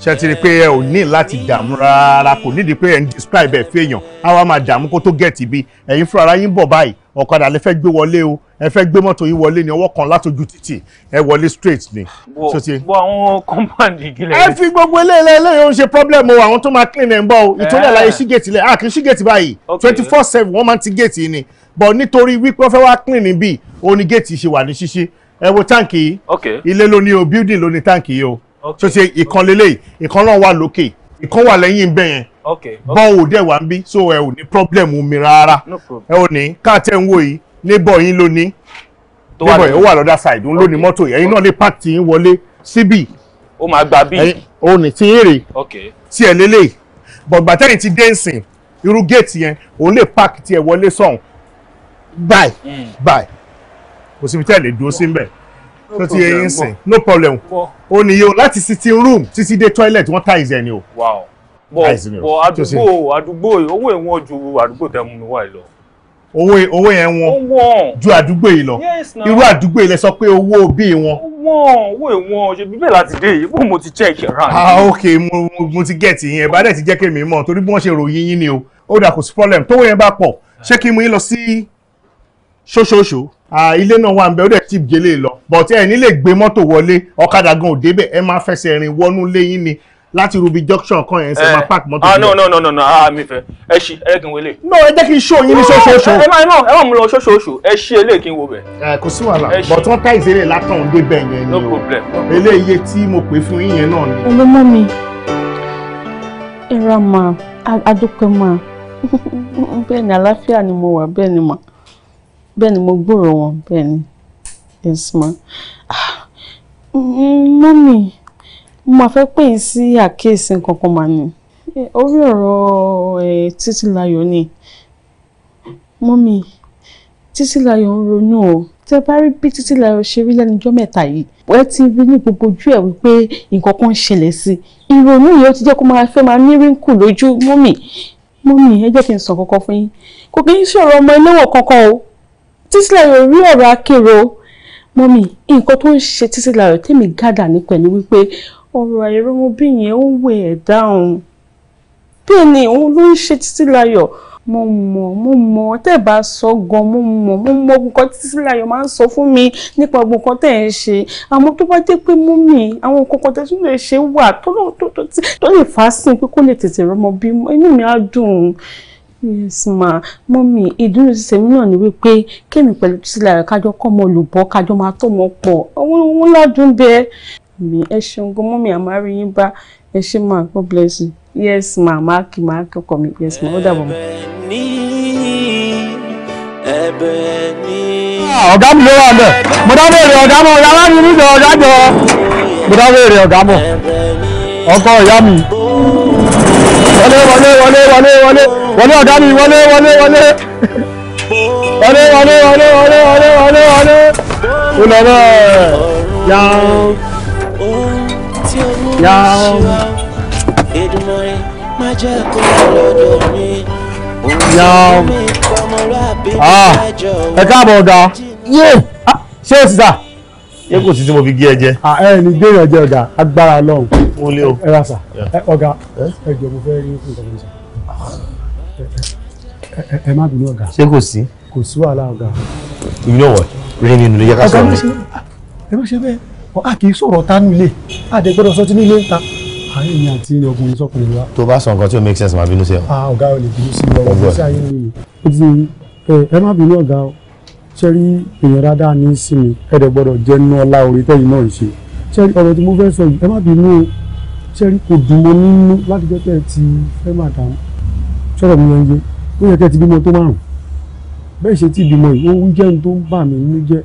ṣe ti rí i pé ẹ ò ní láti dààmú rárá kò nídìí pé ẹ ń describe ẹ fẹ́yàn á wá máa damu, kó tó get ibi ẹ̀yin fúnra ara yín bọ̀ báyìí ọ̀kadà lè fẹ́ gbé wọlé o ẹ fẹ́ gbé mọ́tò yìí wọlé ní ọwọ́ kan látọjú títì ẹ wọlé straight ni. bọ àwọn compound ìgilẹ̀. ẹ fi gbogbo eléyìí eléyìí ó ń ṣe problem o àwọn tó máa clean ẹ̀ ń bọ̀ o eh. ìtòlẹ̀ láyé sí gèètì lẹ̀ àkì sí gèètì báyìí twenty four seven wọ́n máa ń ti gèètì ni but nítorí wípé wọ́n fẹ́ wá clean níbí o ní gèètì ṣe wà ní ṣíṣí ẹ wo táǹkì yìí ilé ló ní o building ló ní táǹkì yìí o tó ṣe ìkan lélẹ́yìí ìkan náà wà lókè ìkan wà lẹ́yìn bẹ́yẹn bọ́ọ̀ ò dẹ̀ wá ń bí so ẹ ò ní problem omi rárá ẹ ò ní káàtẹ́ ń wò yìí neighbor yín ló ní neighbor yìí ó wà lọ́dà side ń ló ní mọ́tò yìí ẹ̀yin náà lè park tí yín wọlé síbì. ó máa gba bíi. ó ní tí yín rè tí ẹ lélẹ̀ bọ̀gbà tẹ́yìn ti dé nsìn irú géètì yẹn òun lè park tí ẹ wọlé sọ̀hún báyìí hmm. báyìí kò síbi tẹ́ ẹ lè dúró sí mbẹ̀ tó ti yẹ yín sìn no problem ó níye o láti sitting room títí dé toilet wọ́n tiles ẹ̀ ni o. Wow bọ̀ bọ̀ àdúgbò àdúgbò owó ìwọ̀n ju àdúgbò tẹ́ mú mi owó yẹn wọ́n ju àdúgbò yìí lọ irú àdúgbò yìí lẹ sọ pé owó bí wọn. owó ìwọ̀n ṣe bíbẹ̀ láti dé yìí bó mo ti check ra. ah ok mo ti get yẹn bá dẹ̀ ti jẹ́ kémi mọ̀ torí bí wọ́n ṣe ròyìn yín ni o ó dà kò sí problem tówó yẹn bá pọ̀ ṣé kí n yín lọ sí ṣóṣóṣó ilé náà wà ń bẹ ó dẹ̀ tí gélé e lọ but ẹ̀ ní gbé mọ́tò wọlé ọ̀kadà gan ò ẹ máa fẹsẹ̀ rìn wọnú léyìn ni láti rubi junction kan yẹn ṣe eh. máa park mọ́tò yẹn. Ah, no no no no no ah, ah mi fẹ́ ẹ ṣí ẹ kí n wọlé. no ẹ jẹ́ kí n ṣó yín ní ṣoṣooṣo. ẹ má ẹ má ẹ má mú lọ ṣoṣooṣo ẹ ṣí eléyìí kí n wo bẹ̀. ẹ eh, kò sí wàhálà but wọn táìsì eré látàn ń débẹ̀ yẹn ni o no problem. eléyìí tí mo pè fún yín yẹn náà ni. hello mami ìra ma adúpẹ́ ma bẹ́ẹ̀ ni àlàáfíà ni mo wà bẹ́ẹ̀ ni mo gbòòrò wọn bẹ́ẹ̀ ni yes mami. Ah, mm, mo máa fẹ́ pè é sí àkíyèsí nǹkan mà ní orí ọ̀rọ̀ ẹ̀ títílayọ̀ ni mọ́mí títílayọ̀ ń ronú o tẹ bá rí bí títílayọ̀ ṣe rí lẹ́nujọ́ mẹ́ta yìí wẹ́ ti rí ní gbogbo ojú ẹ̀ wípé nǹkan kan ń ṣẹlẹ̀ sí i ìrònú yìí ó ti jẹ́ kó máa fẹ́ máa ní ríńkù lójú mọ́mí mọ́mí ẹ jẹ́ kí n sọ kọ́kọ́ fún yín kò kí n ṣọ̀rọ̀ ọmọ ẹlẹ́wọ̀n kankan o títílayọ̀ rí ọ̀rọ̀ akérò mọ́mí nǹkan tó ń ṣe títílayọ̀ tèmi gádà ní pẹ̀lú wípé ọ̀rọ̀ àìrọ́mọ bí yẹn ó wẹ̀ ẹ̀ dáhùn bẹ́ẹ̀ ni òun ló ń ṣe títí láyọ̀ mo mọ̀ mo mọ̀ tẹ́ ẹ bá sọ gan mo mọ̀ mo mọ̀ nǹkan títí láyọ̀ máa ń sọ fún mi nípa gbogbo nǹkan tẹ́ ẹ ń ṣe àmọ́ tó bá dé pé mú mi àwọn nǹkan kan tẹ́ tún lè ṣe wà tó lè fà á sí pé kó lè tètè rọ́mọ bí inú mi á dùn yes ma mọ́mí ìdúró ṣiṣẹ́ mi náà ni wípé kémi pẹ̀lú títí láyọ̀ kájọ kọ́ ọmọ olùbọ́ kájọ máa tọ́ ọmọ pọ̀ òun ládùn bẹ́ẹ̀ mi ẹ ṣeun gan mọ́mí àmọ́ àrí yín bá ẹ ṣe máa God bless you yes ma máa kì máa kọ́kọ́ mi yes ma ó dàbọ̀ mọ́. Ah, ọ̀gá mi ló wà ń bẹ̀ mo dábọ̀ èrè ọ̀gá mọ̀ ọ̀gá wà ní nílò ọ̀gá jọ mo dábọ̀ èrè ọ̀gá mọ̀ ọkọ ìyá mi wọlé wọlé wọlé wọlé wọlé wọlé ọ̀gá mi wọlé wọlé wọlé wọlé wọlé wọlé wọlé wọlé wọlé wọlé ó lọ bẹ́ẹ̀ yàrá ẹ káàbọ̀ ọ̀gá ṣé o ti sà. ṣé kò sí tí mo fi gé ẹ jẹ. Ah, ẹ ní gbé yàn jẹ ọ̀gá agbára Ọlọ́run. mo lé o. ẹ ra sà ọ̀gá eh? ẹ jọ mo fẹ́ rí nǹkan mi sà. ẹ má bínú ọ̀gá. ṣé kò sí. kò sí wàhálà ọ̀gá. you know what rí nínú ilé yẹ ká sọ̀rọ̀. ọ̀gá ẹ má ṣe bẹ́ẹ̀ a kì í sọ̀rọ̀ tánú ilé a dẹ̀ gbọ́dọ̀ sọ tí nílé ń ta àárín àti ọkùnrin sọkùnrin wa. tó bá sọ nǹkan tí ó make sense máa bínú sí ẹ. a ọ̀gá ò lè bínú sí ọ ọ̀gá sí ayé nìyí. ó ti ẹ ẹ má bínú ọ̀gá o ṣe rí èèyàn dáadáa ní sinmi ẹ dẹ̀ gbọ́dọ̀ jẹ́ ní ọlá orí tẹ́yìn náà ń ṣe ṣe rí ọ̀rọ̀ tí mo fẹ́ sọ yìí ẹ má bínú o ṣe rí kò dùn mo nínú láti jẹ́ tẹ́ ti fẹ́ máa dà wọ́n ṣọ́rọ̀ mi yẹn ó yẹ kẹ́ ti bímọ tó márùn-ún bẹ́ẹ̀ ṣe ti bímọ yìí ó ń jẹ́ ní tó ń bà mí nínú jẹ́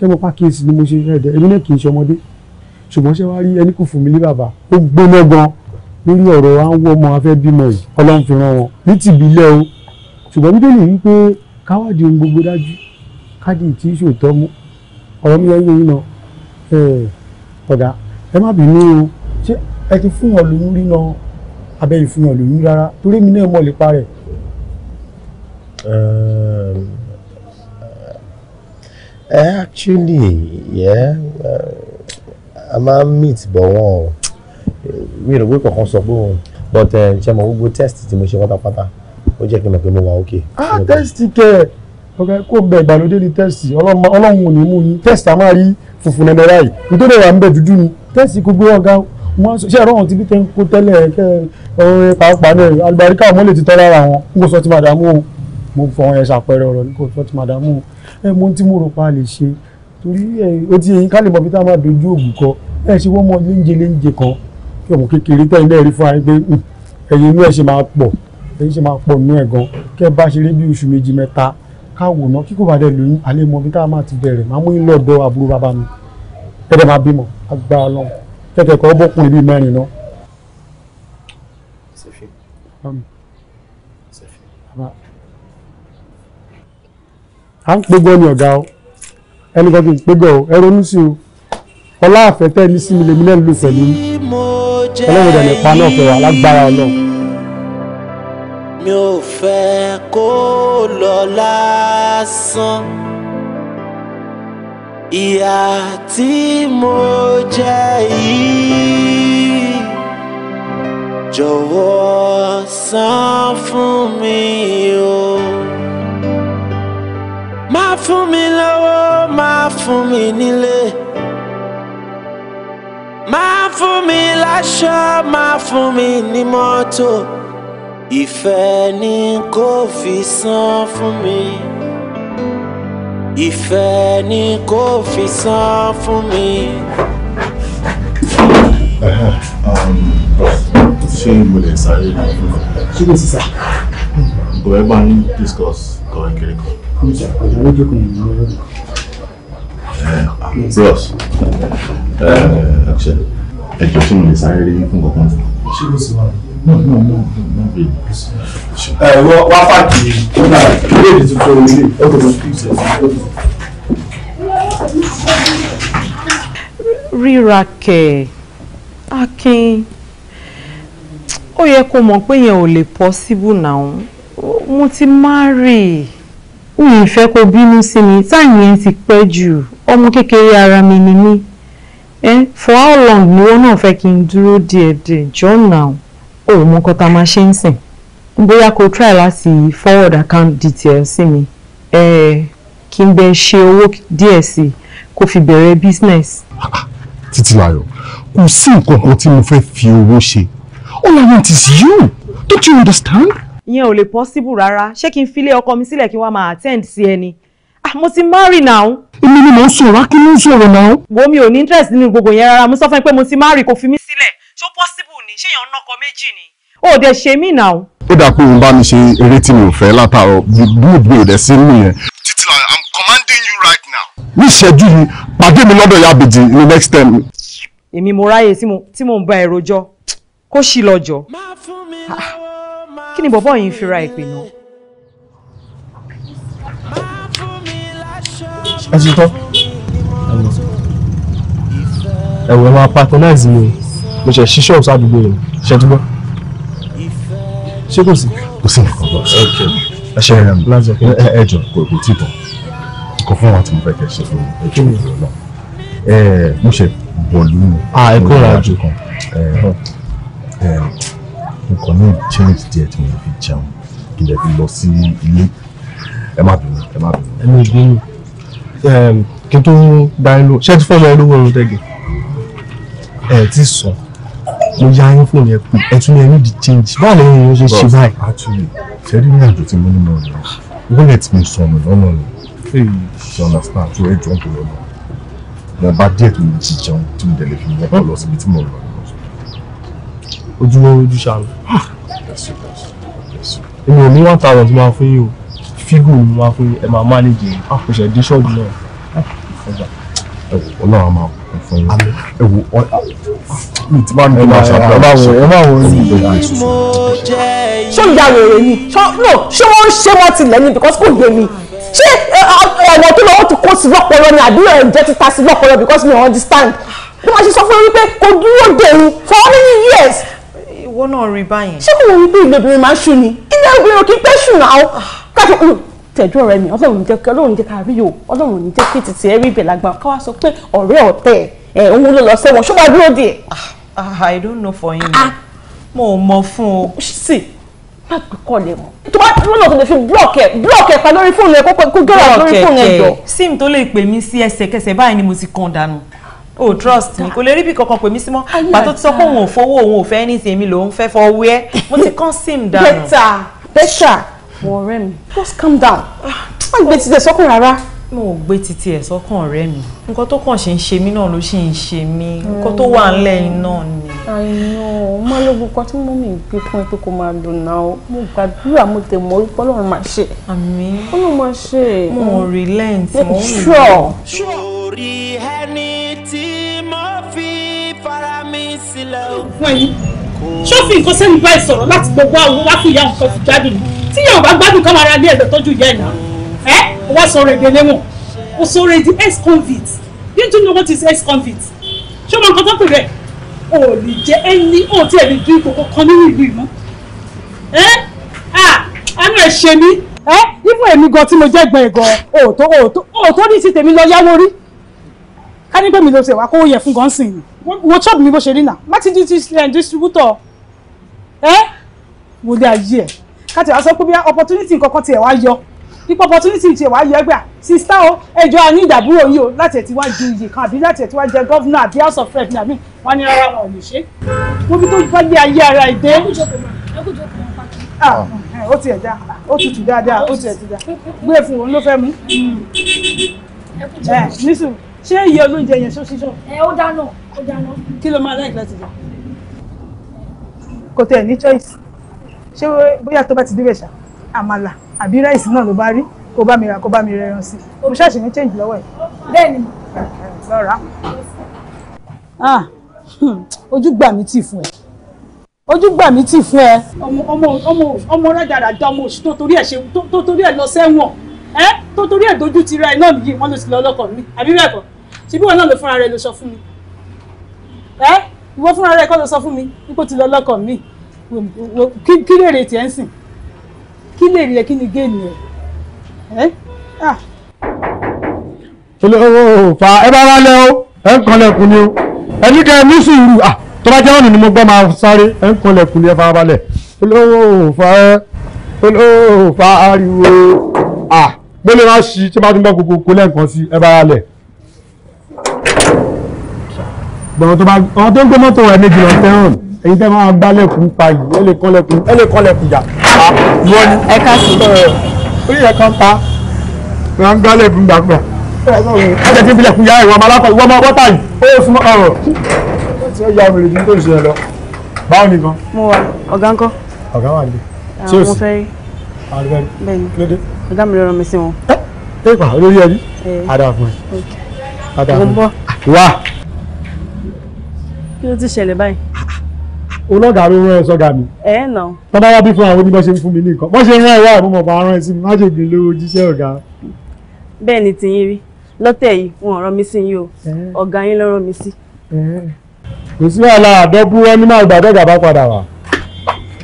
ṣé mo pàkíyèsí ni mo ṣe fẹ́ dẹ èmi náà kì í ṣe ọmọdé ṣùgbọ́n ṣé wàá rí ẹni kò fún mi ní bàbá ó gbóná gan lórí ọ̀rọ̀ à ń wọ́ ọmọ afẹ́ bímọ yìí ọlọ́run fi ràn wọ́n ní tìbílẹ̀ o ṣùgbọ́n bíbélì yìí pé káwádìí ohun gbogbo dájú káàdì tí ìṣòótọ́ mú ọ̀rọ̀ mi lẹ́yìn náà ọ̀gá ẹ má bínú o ṣé ẹ ti fún wọn lóyún rí náà abẹ́ ìfihàn lóyún rárá torí mi náà mọ̀ lè parẹ́. Uh, actually, yeah, uh, a máa meet bọ̀ wọ́n o mi ò rò pé kankan sọ pé òun but eh, ṣe mo gbogbo test tí mo ṣe pátápátá ó jẹ́ kí n mọ̀ pé mo wà okay. ah test kẹ ọ̀gá kò bẹ ìgbàlódé ni test ọlọ́run ò ní mú yín test a máa rí funfun nẹ́nẹ́ báyìí nítorí wà ń bẹ dúdú ni test kò gbé ọ̀gá wọn sọ ṣé ẹ̀rọ ọ̀hún ti bí tẹ́ ń kó tẹ́lẹ̀ kẹ́ ọ̀rẹ́ pàápàá náà àlùbáríkà ọmọ lè ti tọ́ lára wọn n kò sọ ti màdàmú o mo fọwọ́n yẹn ṣàpẹẹrẹ ọ̀rọ̀ ní kò tọ́tí màdàmú ẹ mọ tí mo rò pa lè ṣe torí ẹ o ti yẹn ká lè tá a máa dojú òògùn kọ ẹ ṣe wọ́n mọ léńjẹ léńjẹ kan kí ọmọ kékeré tẹ́yìn náà rí fún ayé pé hmm, ẹ̀yin inú ẹ̀ ṣe máa pọ̀ ẹ̀yin ṣe máa pọ̀ nínú ẹ̀ gan kẹ́ bá ṣeré bí oṣù méjì mẹ́ta káwò ná kíkò bá dẹ lóyún alẹ́ mọ tá a máa ti bẹ̀rẹ̀ máa mú yín lọ́dọ̀ àbúrò bàbá mi tẹ́tẹ́ máa bímọ agbára ọlọ́run tẹ́tẹ́ kọ́ bọ́kùnrin bíi à ń pégbọ́ ní ọ̀gá o ẹnìkan kì í pégbọ́ o ẹ ronú sí o ọlá àfẹ́tẹ́ ní sí mi lèmi náà lò pẹ̀lú ọlọ́run ìdẹ̀lẹ̀ pa náà fẹ́ wa lágbára ọlọ́run. mi ò fẹ́ kó lọ lásán ìyà tí mo jẹ yìí jọ̀wọ́ san fún mi o má fún mi lówó má fún mi nílé má fún mi láṣọ má fún mi ní mọ́tò ìfẹ́ ni kò fi san fún mi ìfẹ́ ni kò fi san fún mi. Um, ṣé mo lè sáré lọ fún ọ. ṣé kò sí sá. bọ̀wẹ́ bá ń discuss kọ̀ọ̀kiri kan bros ẹjọ tí mo lè sáré rí fún kankan. ṣé kò sí wa. ẹ wọ wá fàákì ọ̀nà ìwé ìdí tuntun orí ọ̀tọ̀ tó kí ṣe ríra kẹ̀ akin ó yẹ kó mọ̀ pé yẹn ò lè possible now mo ti I, mi ì fẹ́ kó bínú sí mi táyì yẹn ti pẹ́ jù ọmọ kékeré ara mi ni mí ẹ for how long ni wọn náà fẹ́ kí n dúró díẹ̀ díẹ̀ john now ò mọ nǹkan tá a máa ṣe ń sìn bóyá kó try láti forward account details sí mi ẹ kí n bẹ ṣe owó díẹ̀ sí i kó fi bẹ̀rẹ̀ business. Títílayọ̀ kò sí nǹkan kan tí mo fẹ́ fi owó ṣe all I want is you don't you understand ìyẹn ò lè possible rárá ṣé kí n filé ọkọ mi sílẹ̀ kí n máa attend sí ẹni ah mo ti marry now. èmi ni mò ń sọ̀rọ̀ kí ló ń sọ̀rọ̀ náà. wo mi ò ní interest nínú gbogbo yẹn rárá mo sọ fún ẹ pé mo ti marry kò fi mí sílẹ̀ ṣó possible ni ṣé èèyàn nọkọ méjì ni. ó dẹ̀ ṣe mí now. ó dà pé òun bá mi ṣe eré tí mi ò fẹ́ látàrọ mood mi ò dẹ̀ sí mú i'm commanding you right now. ní ìṣẹ́jú yìí pàdé mi lọ́dọ̀ ìyá àbèjì ní next time. èmi mo ráyè tí mo ń bá ẹ rojọ́ kó ṣì kí ni bọ̀bọ̀ yìí ń fira ìpè náà. ẹ ti tọ́ ẹ̀wọ̀n máa patronize mi mo ṣe ṣiṣẹ́ ọ̀sán àdúgbò yìí ṣe ṣé kò sí. kò sí nǹkan bọ̀ ẹ ṣe um, ẹ ẹ jọ kò tí tán kò fún wa tí mo fẹ́ kẹ́ ṣe fún mi ẹ mo ṣe bọ̀lú mi. Ah, a ẹ kó ra jù kan nǹkan náà change díẹ̀ tí mo fi jẹun kí lè fi lọ sí ilé ẹ má bínú ẹ má bínú. ẹnu ìbínú kí n tó gba ẹ lóhùn ṣé ẹ ti fọ́ọ̀mù ẹ lówó ọ̀run tẹ́gẹ̀ ẹ ti sọ mo ya yín fóònù yẹn pé ẹ tún ní ẹ di change báwo ni mo ṣe ṣe báyìí. actually ṣẹ́rí ní àjò tí mo ní náà yẹn wallet mi sọnù lọ́nà ni you understand so ẹ jọ ń tó lọ́nà mo bá díẹ̀ tó ní jíjẹun tí mo dẹ̀ lè fi wọ́pọ̀ lọ síbi tí mo lọ ojúmọ́ ojú ṣàánú. Ah! èmi ò ní one thousand tí máa fún yín o fígù ni máa fún yín ẹ máa manage yìí kò ṣe dé ṣọ́ọ̀bù náà. ọlọ́run máa kún fún yín ẹ wo ah! mi ti máa ń dúró àṣà ẹ máa wọ ẹ máa wọ ní ìgbéga ìṣòṣò. ṣé ìyá wèrè ni ṣé wọ́n ń ṣe wọ́n tilẹ̀ ni because kò yé mi ṣé ọ̀nà tó lọ́wọ́ ti kó sí lọ́pọ̀lọ́ ni àbí ẹ̀jẹ̀ ti ta sí lọ́pọ̀lọ́ because mi ò understand bí wọ́n ṣe sọ fún mi wípé kò dúró dè mí for how many years ìwọ náà rí báyẹn. ṣé kò wọ́n wípé ìlú máa ń ṣù ni ilé obìnrin ò pẹ́ ṣù náà kájọ tẹ̀jú ọ̀rẹ́ mi ọlọ́run jẹ́ kí ọlọ́run jẹ́ ká rí o ọlọ́run jẹ́ kí títí ẹ̀rí ibẹ̀ lágbà káwá sọ pé ọ̀rẹ́ ọ̀tẹ̀ ẹ̀ òun ló lọ sẹ́wọ̀n ṣó wàá dúró díẹ̀. Ah, ah, I don't know for him ah. mo ò mọ fún o. sì má gbé kọ́lẹ̀ mọ́. tó bá tó lọ́nà tó lè fi búlọ̀kì ẹ̀ búlọ̀kì ẹ̀ pa lórí fóònù ẹ̀ kó gẹ́rọ̀ lórí fóònù ẹ̀ jọ. sim tó lè pè mí sí ẹsẹ̀kẹsẹ̀ báyìí ni mo ti kàn dànù. Oh, trust mi kò lè rí bí kankan pè mí sí mọ́ pàtó ti sọ pé òun ò fowó òun ò fẹ́ anything èmi lòun fẹ́ fọwọ́ ẹ mo ti kàn sí mi dànù. better better ọ̀rẹ́ mi just calm down má gbé títẹ̀ sọ́kàn rárá mo ò gbé títí ẹ̀ sọ́kàn ọ̀rẹ́ mi nǹkan tó kàn ṣe ń ṣe mí náà ló ṣì ń ṣe mí nǹkan tó wà ńlẹ̀ iná ni. àìyàn ọmọ lóògùn kan tí mo mì gbé fún ẹ pé kó máa dùn náà mo gbàdúrà mo tẹ mọ orúkọ Ọlọ́run máa ṣe. àmín mo ò relent mo ò relent. sure. sure fún ẹyin ṣófin nǹkan sẹ́nu bá ẹ sọ̀rọ̀ láti gbogbo àwọn wá fún ìyá nǹkan fi jáde ni tí yóò bá gbádùn kọ́ máa ra ilé ẹ̀dọ̀ tọ́jú ìyá ẹ̀ náà ẹ wá sọ̀rọ̀ èdè lẹ́wọ̀n o sọ̀rọ̀ èdè ex convict you don't know what is ex convict ṣé mo nǹkan tó pè rẹ̀ o lè jẹ́ ẹni o tí ẹ̀mí bí kòkó kan nínú ìlú ìmọ̀ ẹ à ẹnu ẹ̀ ṣe mí ẹ ibùn èmi gan tí mo jẹ́ gbọ̀n ẹ̀gàn òòtó òòtó òòtó ní ti tèmi lọ yáwó rí ká nígbà mi lọ sẹ̀wá kówó yẹ fún gan sìn ni wo chop mi bó ṣe rí nà láti eh, distributor ẹ wo lé ayé ẹ káti wá sọ pé bíi opportunity kankan tiẹ̀ wá yọ nípa opportunity tiẹ̀ wá yọ ẹgbẹ́ sista o ẹjọ́ a ní ìdàbúrò yìí o láti ẹ̀ tí wọ́n ju iyì kan àbí láti ẹ̀ tí wọ́n jẹ gọ́vnà àbí house of rep nàbí wọ́n ní rárá wọn ò lè ṣe wọ́n bí tó bá lé ayé ara ẹ̀ dé. Ah, ó tiẹ̀ dá ó tutù dáadáa ó tiẹ̀ ti dá gbé e fún òun ló fẹ́ mú. Eh, nísìnyí ṣé iye olóúnjẹ yẹn ṣó ṣíṣọ. ẹ ó dáná kí ló máa láìpẹ́ láti jẹ. kò tẹ̀ ní choice ṣé bóyá tó bá ti débẹ̀ ṣá àmàlà àbí ráìsì náà ló bá rí kó bá mi rà kó bá mi rẹran sí i mo ṣáàṣì change lọ́wọ́ ẹ̀. bẹ́ẹ̀ni lọ́ra. Ah, hmm, ojú gbà mí tì fún ẹ ojú gbà mí tì fún ẹ. ọmọ ọmọ ọmọ ọmọ rádaràda ọmọ oṣù tó torí ẹ ṣe tó torí ẹ lọ sẹ́wọ̀n ẹ tó torí ẹ dojú ti ra ẹ náà nìyí wọ́n ló ti lọ ọlọ́kọ̀ mi àbí bẹ́ẹ̀ kọ́ ṣe bí wọn náà ló fúnra rẹ ló sọ fún mi ẹ ìwọ fúnra rẹ kọ́ ló sọ fún mi nípò tí lọ lọ́kọ̀ mi kí lèrè tiẹ̀ ń sìn kí lèrè yẹ kí ni géènì ẹ̀ ẹ́ fa ẹ bá wálé o ẹ ń kanlẹ̀kùn ni o ẹni kẹ́ ẹ ní sùúrù ah tó bá jẹ́ ọ̀nà ni mo gbọ́ máa sáré ẹ ń kanlẹ̀kùn ni ẹ fara balẹ̀ olówó fa ẹ olówó fa ariwo ah gbọ́dọ̀ máa ṣí tí bá tún bá gbogbo kó lẹ́ẹ̀kan sí ẹ bá wálé bọ̀wọ̀ tó bá àwọn tó ń gbé mọ́tò ẹ̀ méjì lọ tẹ́ràn èyí tẹ́ máa gbálẹ̀kùn pa yìí ẹ lè kọ́lẹ̀kùn ẹ lè kọ́lẹ̀kùn yà. ẹ ká sí. orí ẹ̀ kan ta máa ń gbálẹ̀kùn gbàgbà. ẹ jẹ́ kí n bilẹ̀kùn ya ìwọ ọmọ alákọ̀ ìwọ ọmọ bọ́tà yìí ó sún mọ́ ọ̀rọ̀. ṣé ó ya omi rèé tó ń ṣe ẹ lọ báwo ni gan. mo wà ọ̀gá ńkọ́. ọ̀gá wà ní. ṣé o sì ọ̀gá mi adá fún adá kí ló ti ṣẹlẹ̀ báyìí. ológa ló rán ẹ sọ́gà mi. ẹ nà. tọ́ba wá bí fún àwọn oníbọ̀ ṣe ń fún mi ní nǹkan bọ́n ṣe rán ẹ wá ìmúmọ̀ bá rán ẹ sí mi má ṣe gbìn lówó jíṣẹ́ ọ̀gá. bẹ́ẹ̀ ni tìyín rí lọ́tẹ̀ yìí wọn rán mi sí yín o ọ̀gá yín ló rán mi sí. kò sí wàhálà àdọ́bú ẹni máa gbàdọ́gà bá padà wá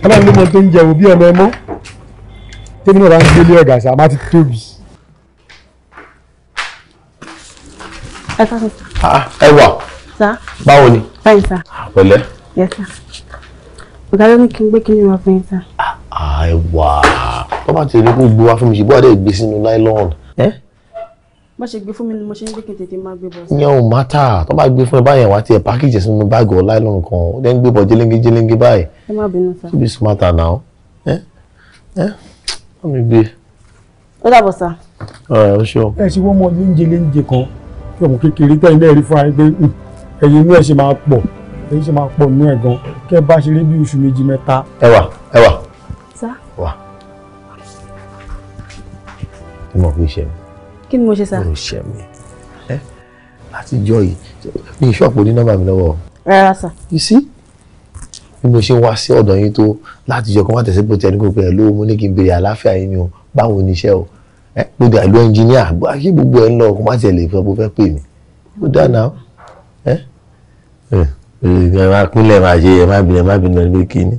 ọlọ́run ló mọ tó ń jẹun bí ọmọ ẹmọ́ tèmi náà bá ah, báwo ni. Fine, sir. Well, eh? Yes, sir. ló ní kí n gbé kí sir. Ah, fún yín sá. àìwà tó bá ti rí kó gbé wá fún mi ṣùgbọ́n àdé gbé sínú nylon. bá ṣe gbé fún mi ni mo ṣe ń gbé kí n tètè máa gbé bọ̀. ìyẹn ò mátà tó bá gbé fún ẹ báyẹn wá tiẹ̀ pákíjì sínú báàgì ọ̀ nylon kan ó dẹ́n gbé bọ̀ jẹ́lẹ́ngé jẹ́lẹ́ngé báyìí. ẹ má bínú sá. smarter now. eh? Eh? wọ́n mi gbé. ó dàbọ̀ sá. ọ̀rẹ́ ó ṣe ọ. ẹ ti wọ́n mọ oúnjẹ léńjẹ kan tí ọmọ kékeré tẹ́yìn náà rí fún ẹ̀yìn inú ẹ̀ ṣe máa pọ̀ ẹ̀yìn ṣe máa pọ̀ nínú ẹ̀ gan kẹ́ ẹ bá ṣe rí bí oṣù méjì mẹ́ta. ẹ wà ẹ wà. sá. wà. kí mo fi ṣe mi. kí ni mo ṣe sá. mo ṣe mi ẹ láti jọ yìí ní ìṣọ́pù ní nọ́mbà mi lọ́wọ́. rárá sá. you see bí mo ṣe wá sí ọ̀dọ̀ yín tó láti jọ kó má tẹ̀sí pé tẹ̀lé gbogbo ẹ̀ lówó mo ní kí n béèrè àlàáfíà yín ni o báwo ni iṣẹ́ o ẹ mo dà lu ẹnjìníà àgbà kí gbogbo ẹ ń lọ kó má tẹ̀lé fẹ́ pé fẹ́ pè mí ó dáa náà. Eh, eh, ẹ máa kúnlẹ̀ máa ṣe ẹ má bínú ẹ má bínú ẹ níbi kíni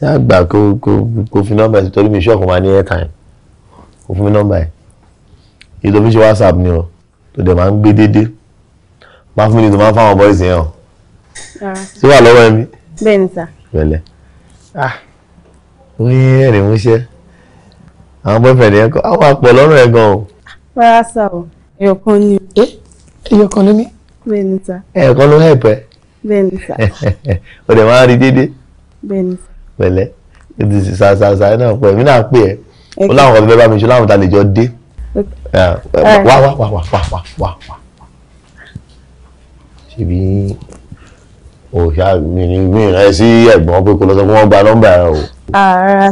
ṣé àgbà kó kó kó fi nọ́mbà ẹ̀ torí mi ṣọ́ọ̀kù máa ní airtime kó fún mi nọ́mbà ẹ̀ èyí tó fi ṣe whatsapp ni o tó dẹ̀ máa ń gbé déédéé máa fún mi tó máa ń fáwọn bọ́ọ̀sì yẹn o ṣé wà lọ́wọ́ ẹ̀mí. bẹ́ẹ̀ ni sà. bẹ̀lẹ̀ ah oyin ẹ̀rín múṣẹ́ àwọn boyfriend yẹn kọ́ àwọn àpọ̀ lọ́rùn ẹ̀ gan o. rárá sà o ẹ̀yọ̀kan ni. ẹ eh, ẹ̀yọ̀kan ló ní bẹ́ẹ̀ni sà. ẹ̀ẹ̀kan ló help ẹ. o dẹ̀ máa ń rí dédé. bẹ́ẹ̀ni sà. pẹ̀lẹ́ o ti sì sàṣàṣà náà pẹ̀ mí náà pè ẹ́ o láwọn kan fẹ́ bá mi ṣe láwọn ta lè jọ wá wá wá wá wá wá wá wá. ṣebí òṣà mi ni mi rẹ sí ẹ̀gbọ́n pé kò lọ sọ fún wọn gba nọ́mbà rẹ o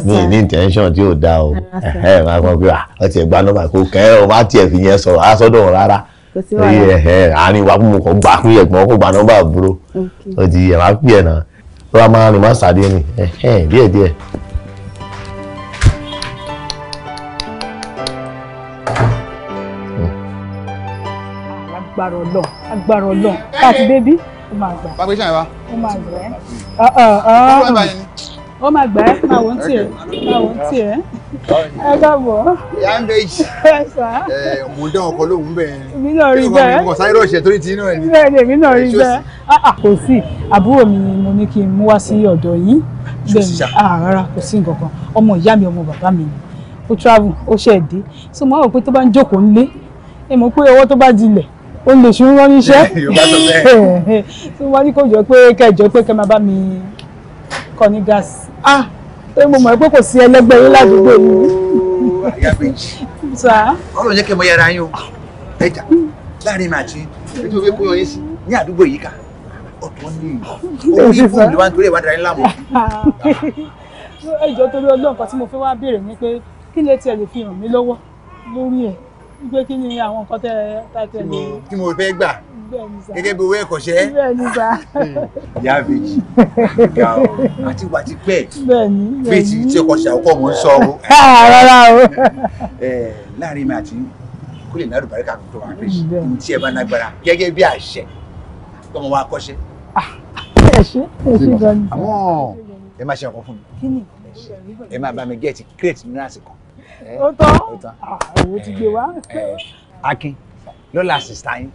mi ní intention tí ò dáa o ẹ̀hẹ́ máa kọ́ pé ọtí ẹ̀ gba nọ́mbà kò kẹ́ ẹ̀ o má tiẹ̀ fi yẹn sọ̀rọ̀ á sọ́dọ̀ rárá àárín wa fún mi kò gbà pé ẹ̀gbọ́n kò gbà nọ́mbà àbúrò ó ti ẹ̀ wá pè ẹ̀ náà lọ́wọ́ a máa rìn má sáré rìn díẹ̀ díẹ̀. agbára ọlọ́run agbára ọlọ́run bá a ti débí ó máa gbà. bá a gbé sàn yẹn wá. ó máa gbà ẹ́. Ah, ah, ah ó máa gbà ẹ́ máa wọ́n tiẹ̀ máa wọ́n tiẹ̀ ah. ẹ káàbọ̀. ìyá ń bèjì mò ń dán ọkọ lóhùn bẹ́ẹ̀. èmi náà rí bẹ́ẹ̀ kò sáré ọ̀sẹ̀ torí ti inú ẹ̀ ní. bẹ́ẹ̀ ni èmi náà rí eh, bẹ́ẹ̀ ah, ah, kò sí àbúrò mi mo ní kí n mú wá sí ọ̀dọ̀ yín bẹ́ẹ̀ ni rárá kò sí nǹkan kan ọmọ ìyá mi ọmọ bàbá mi ni ó travel ó ṣe ẹ̀dẹ́ so mo rò pé tó bá ń jókòó ńlé ẹ mọ̀ pé ọwọ́ tó bá dilẹ̀ ó lè ṣe ń rán níṣẹ́ so wọ́n ní kó jọ pé kẹjọ pé kẹ máa bá mi kọ́ ní gáàsì ah pé mo mọ̀ pé kò sí ẹlẹ́gbẹ́ yín ládùúgbò yìí. àyà méjì ọlọ́run jẹ́ kí mo yẹra yín o ẹja láàrin màtí ètò ìwé kúrò yín sí ní àdúgbò yìí kà ọ̀tọ̀ ní ìlú òun yìí fún ìlú wa nítorí ìwádìí ayé láàmú. ẹjọ́ torí ọlọ́run kan tí mo fẹ́ wá béèrè ni pé kí lè tiẹ̀ lè fi hàn mí lọ́wọ́ lórí ẹ̀ gbé kí ni àwọn nǹkan tẹ tàtẹ lè. tí mo fẹ́ gbà gẹ́gẹ́ bí owó ẹ̀kọ́ṣẹ́. bẹ́ẹ̀ni bá. ìyá àbèjì ìyá o àti wà ti pẹ́ bẹ́ẹ̀ni fèsì tí ọkọ̀ ṣàkókò mò ń sọ o. Ah, rárá o. láàrin mi àti kó lè lárúbá rẹ̀ kàkó tó wà fèsì ohun tí ẹ bá lágbára gẹ́gẹ́ bí àṣẹ tọmọ wa kọ́ṣẹ́. Ah, ẹ ṣe ẹ ṣe gan ni. àmọ́ ẹ máa ṣe ọkọ fún mi ẹ máa bá mi gẹ́ẹ̀tì crate nurse kan ó tán àwọn ah, ti gbé wá. Eh, eh, akin lọ́la sista yín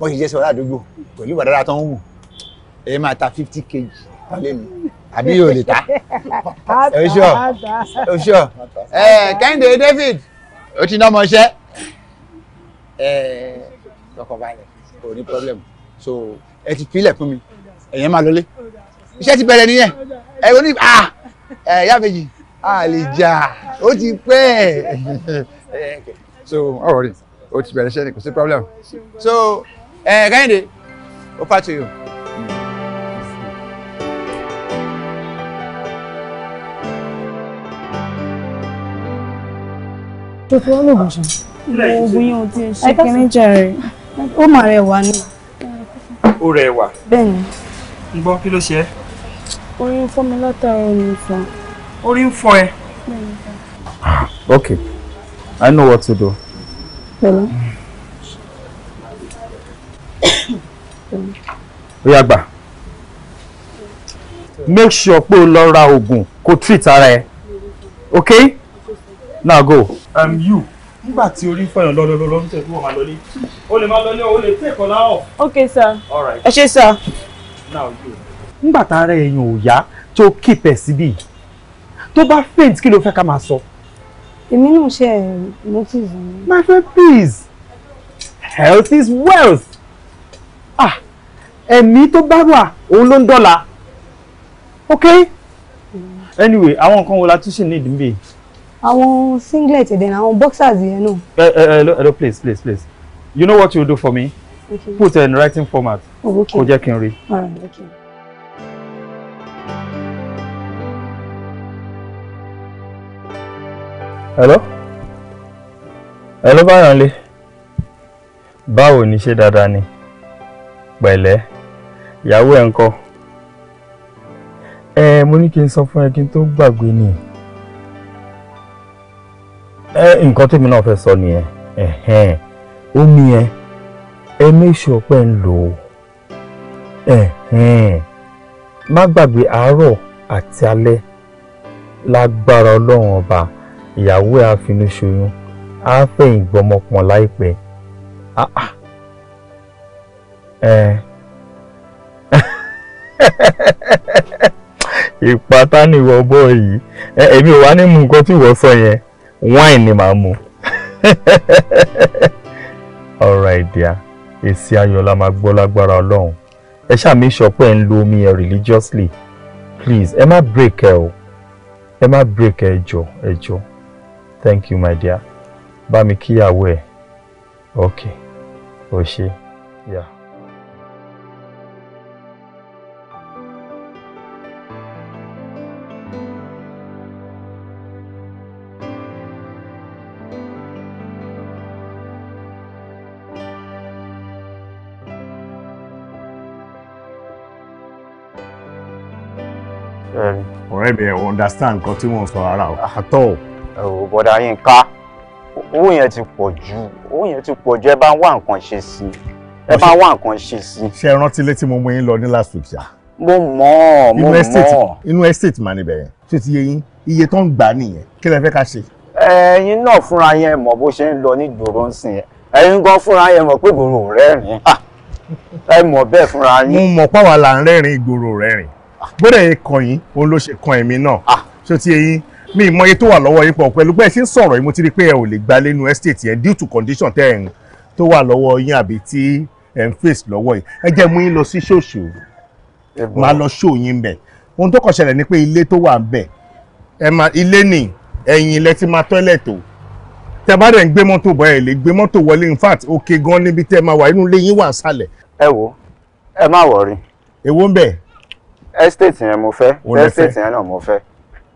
wọ́n ṣe jẹ́ sọ́ra àdúgbò pẹ̀lú ìbàdàrà tó ń wù èyí máa ta fifty kg lẹ́nu àbí yóò lè ta oṣù oṣù eh, kẹ́hìndé david ó ti ná ọmọ iṣẹ́ lọ́kọ̀ balẹ̀ kò ní problem so ẹ ti filẹ̀ fún mi ẹ̀yẹ́ máa lọlé iṣẹ́ ti bẹ̀rẹ̀ nìyẹn ẹ̀ ẹ̀ yá méjì a lè jà ó ti pẹ́ so ọ̀rọ̀ rẹ̀ ó ti bẹ̀rẹ̀ ṣẹ́ni kò sí problem so Kẹ́hìndé over to you. ṣòfò olóògùn ṣe oògùn yẹn ò tí ì ṣe kìíní jàre ó mà rẹwà ni. ó rẹwà. bẹ́ẹ̀ni. ń gbọ́ kí ló ṣe é. orí ń látara omi fún un orí fọ ẹ. okay i know what to do. oya gbà make sure pé o lọ ra oògùn kó treat ara ẹ okay now go. i'm um, you nígbà tí orí fọyàn lọ lọ lọ ń tẹ̀síwọ̀ máa lọlé o lè máa lọlé o lè tẹ̀kọ́ láwọ̀. okay sir. all right. ẹ ṣé sir. now you. nígbà tá a rẹ ò yá tó keep ẹ síbí yìí tó bá faint kí ló fẹ́ ká máa sọ. èmi náà ṣe eh, notice. my friend please health is wealth ah ẹ̀mí tó bá wà òun ló ń dọ́là ok anyway àwọn nǹkan wo la tún ṣì need níbí. àwọn singlet ẹ̀ dẹ̀nà àwọn boxers yẹn náà. ẹ ẹ ẹ please please please you know what you do for me okay. put in writing format oh, kó jẹ́ kí n rí. all okay. hello hello Báyọ̀nlé báwo ni ṣé dáadáa ni pẹ̀lẹ́ ìyàwó ẹ̀ ń kọ́ ẹ mo ní kí n sọ fún ẹ kí n tó gbàgbé ni ẹ nǹkan tèmi náà fẹ́ sọ nìyẹn ẹ̀hẹ́n omi yẹn ẹ make sure pé ń lò ó ẹ̀hẹ́n má gbàgbé àárọ̀ àti alẹ́ lágbára ọlọ́run ọba ìyàwó ẹ̀ àfinúṣoyún á fẹ̀yìn gbọmọpọ̀n láìpẹ́ ìpátá ni ìwọ bọ́ yìí èmi ò wá ní mu nǹkan tí ìwọ sọ yẹn wine ni màá mu alright dear èsì ayọ̀ la máa gbọ́ lágbára ọlọ́run ẹ ṣàmì ìṣọpẹ́ ń lo omi ẹ religiously please ẹ má break ẹ o ẹ má break ẹ jọ ẹ jọ thank you my dear bá mi kíyàwó ẹ̀ ok o ṣe yeah. Um, ọ̀rẹ́ mi ẹ̀ understand nǹkan tí wọ́n sọ ara o. àtọ̀ ẹ̀rọ bọ́dá yín ká owó yẹn ti pọ̀ jù owó yẹn ti pọ̀ jù ẹ bá ń wá nǹkan ṣe sí ẹ bá ń wá nǹkan ṣe sí. ṣe é rántí létí mo mú yín lọ ní last week ṣá. mo mọ̀ mo mọ̀ inú estate mà níbẹ̀ yẹn ṣé ti yé yín iye tó ń gbà nìyẹn kí lẹ fẹ́ ká ṣe. ẹ̀yin náà fúnra yẹn mọ̀ bó ṣe ń lọ ní ìgboro ń sìn ẹ̀yin gan fúnra yẹn mọ̀ pé ìgboro ò rẹ́rìn ẹ mọ̀ bẹ́ẹ̀ fúnra yín. mo mọ̀ pàwọ́ là ń rẹ́rìn ìgboro rẹ́rìn bó mi ìmọye tó wà lọ́wọ́ yín pọ̀ pẹ̀lú bẹ́ẹ̀ ṣe ń sọ̀rọ̀ yìí mo ti rí pé ẹ ò lè gba lẹ́nu estate yẹn due to condition tẹ́ ẹ̀ ń tó wà lọ́wọ́ yín àbí tí ẹ̀ ń face lọ́wọ́ yìí ẹ jẹ́ mú yín lọ sí ṣòṣò máa lọ ṣó yín bẹ̀ ohun tó kàn ṣẹlẹ̀ ni pé ilé tó wà ń bẹ̀ ẹ máa ilé nì ẹ̀yìn ilẹ̀ ti máa tọ́lẹ̀tò tẹ bá dẹ̀ ń gbé mọ́tò bọ̀ ẹ̀ lè gbé mọ́tò wọlé in fact òkè gan níbi tẹ́ máa wà inú ilé yín wà ń sàlẹ̀. ẹ wo ẹ má wọrí. èwo ń bẹ̀. estate yẹn mo fẹ́ estate yẹn náà mo fẹ́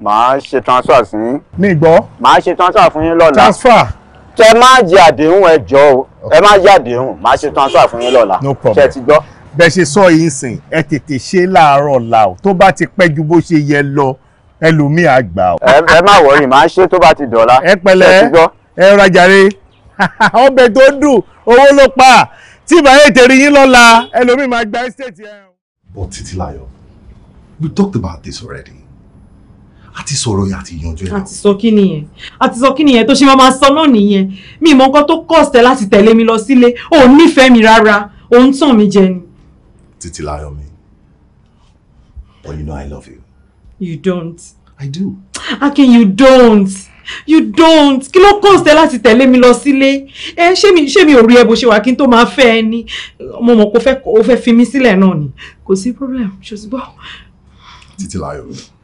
màá ṣe transfer sí yín. mi gbọ́. màá ṣe transfer fún yín lọ́la. transfer. tẹ má jẹ àdéhùn ẹ jọ o ẹ má jẹ àdéhùn màá ṣe transfer fún yín lọ́la. no problem ṣe ti gbọ́. bẹ́ẹ̀ ṣe sọ yìí sìn ẹ tètè ṣe láàárọ̀ la o tó bá ti pẹ́ ju bó ṣe yẹ lọ ẹlòmíì á gbà o. ẹ má wọrí màá ṣe tó bá ti dọ̀la. ẹ pẹ̀lẹ́ ẹ rajare ọbẹ̀ tó dùn owó ló pa tí ìbáyé ìtẹ̀rí yín lọ́la ẹlòmíì máa gba estate we talked about this already a ti sọ̀rọ̀ yẹn a ti yanjú ẹ̀. a ti sọ kí nìyẹn a ti sọ kí nìyẹn tó ṣe máa sọ náà nìyẹn mi mọ nǹkan tó cost ẹ láti tẹ̀lé mi lọ sílé ò nífẹ̀ẹ́ mi rárá ò ń tàn mí jẹ ni. títí láyọ̀ mi but you know I love you. you don't. I do. Akin you don't you don't kí ló cost ẹ láti tẹ̀lé mi lọ sílé ẹ ṣé mi ṣé mi ò rí ẹ bó ṣe wà kí n tó máa fẹ́ ẹ ní mo mọ̀ kó fẹ́ fi mí sílẹ̀ náà ni kò sí problem ṣòṣùgbọ́. títí láyọ̀ mi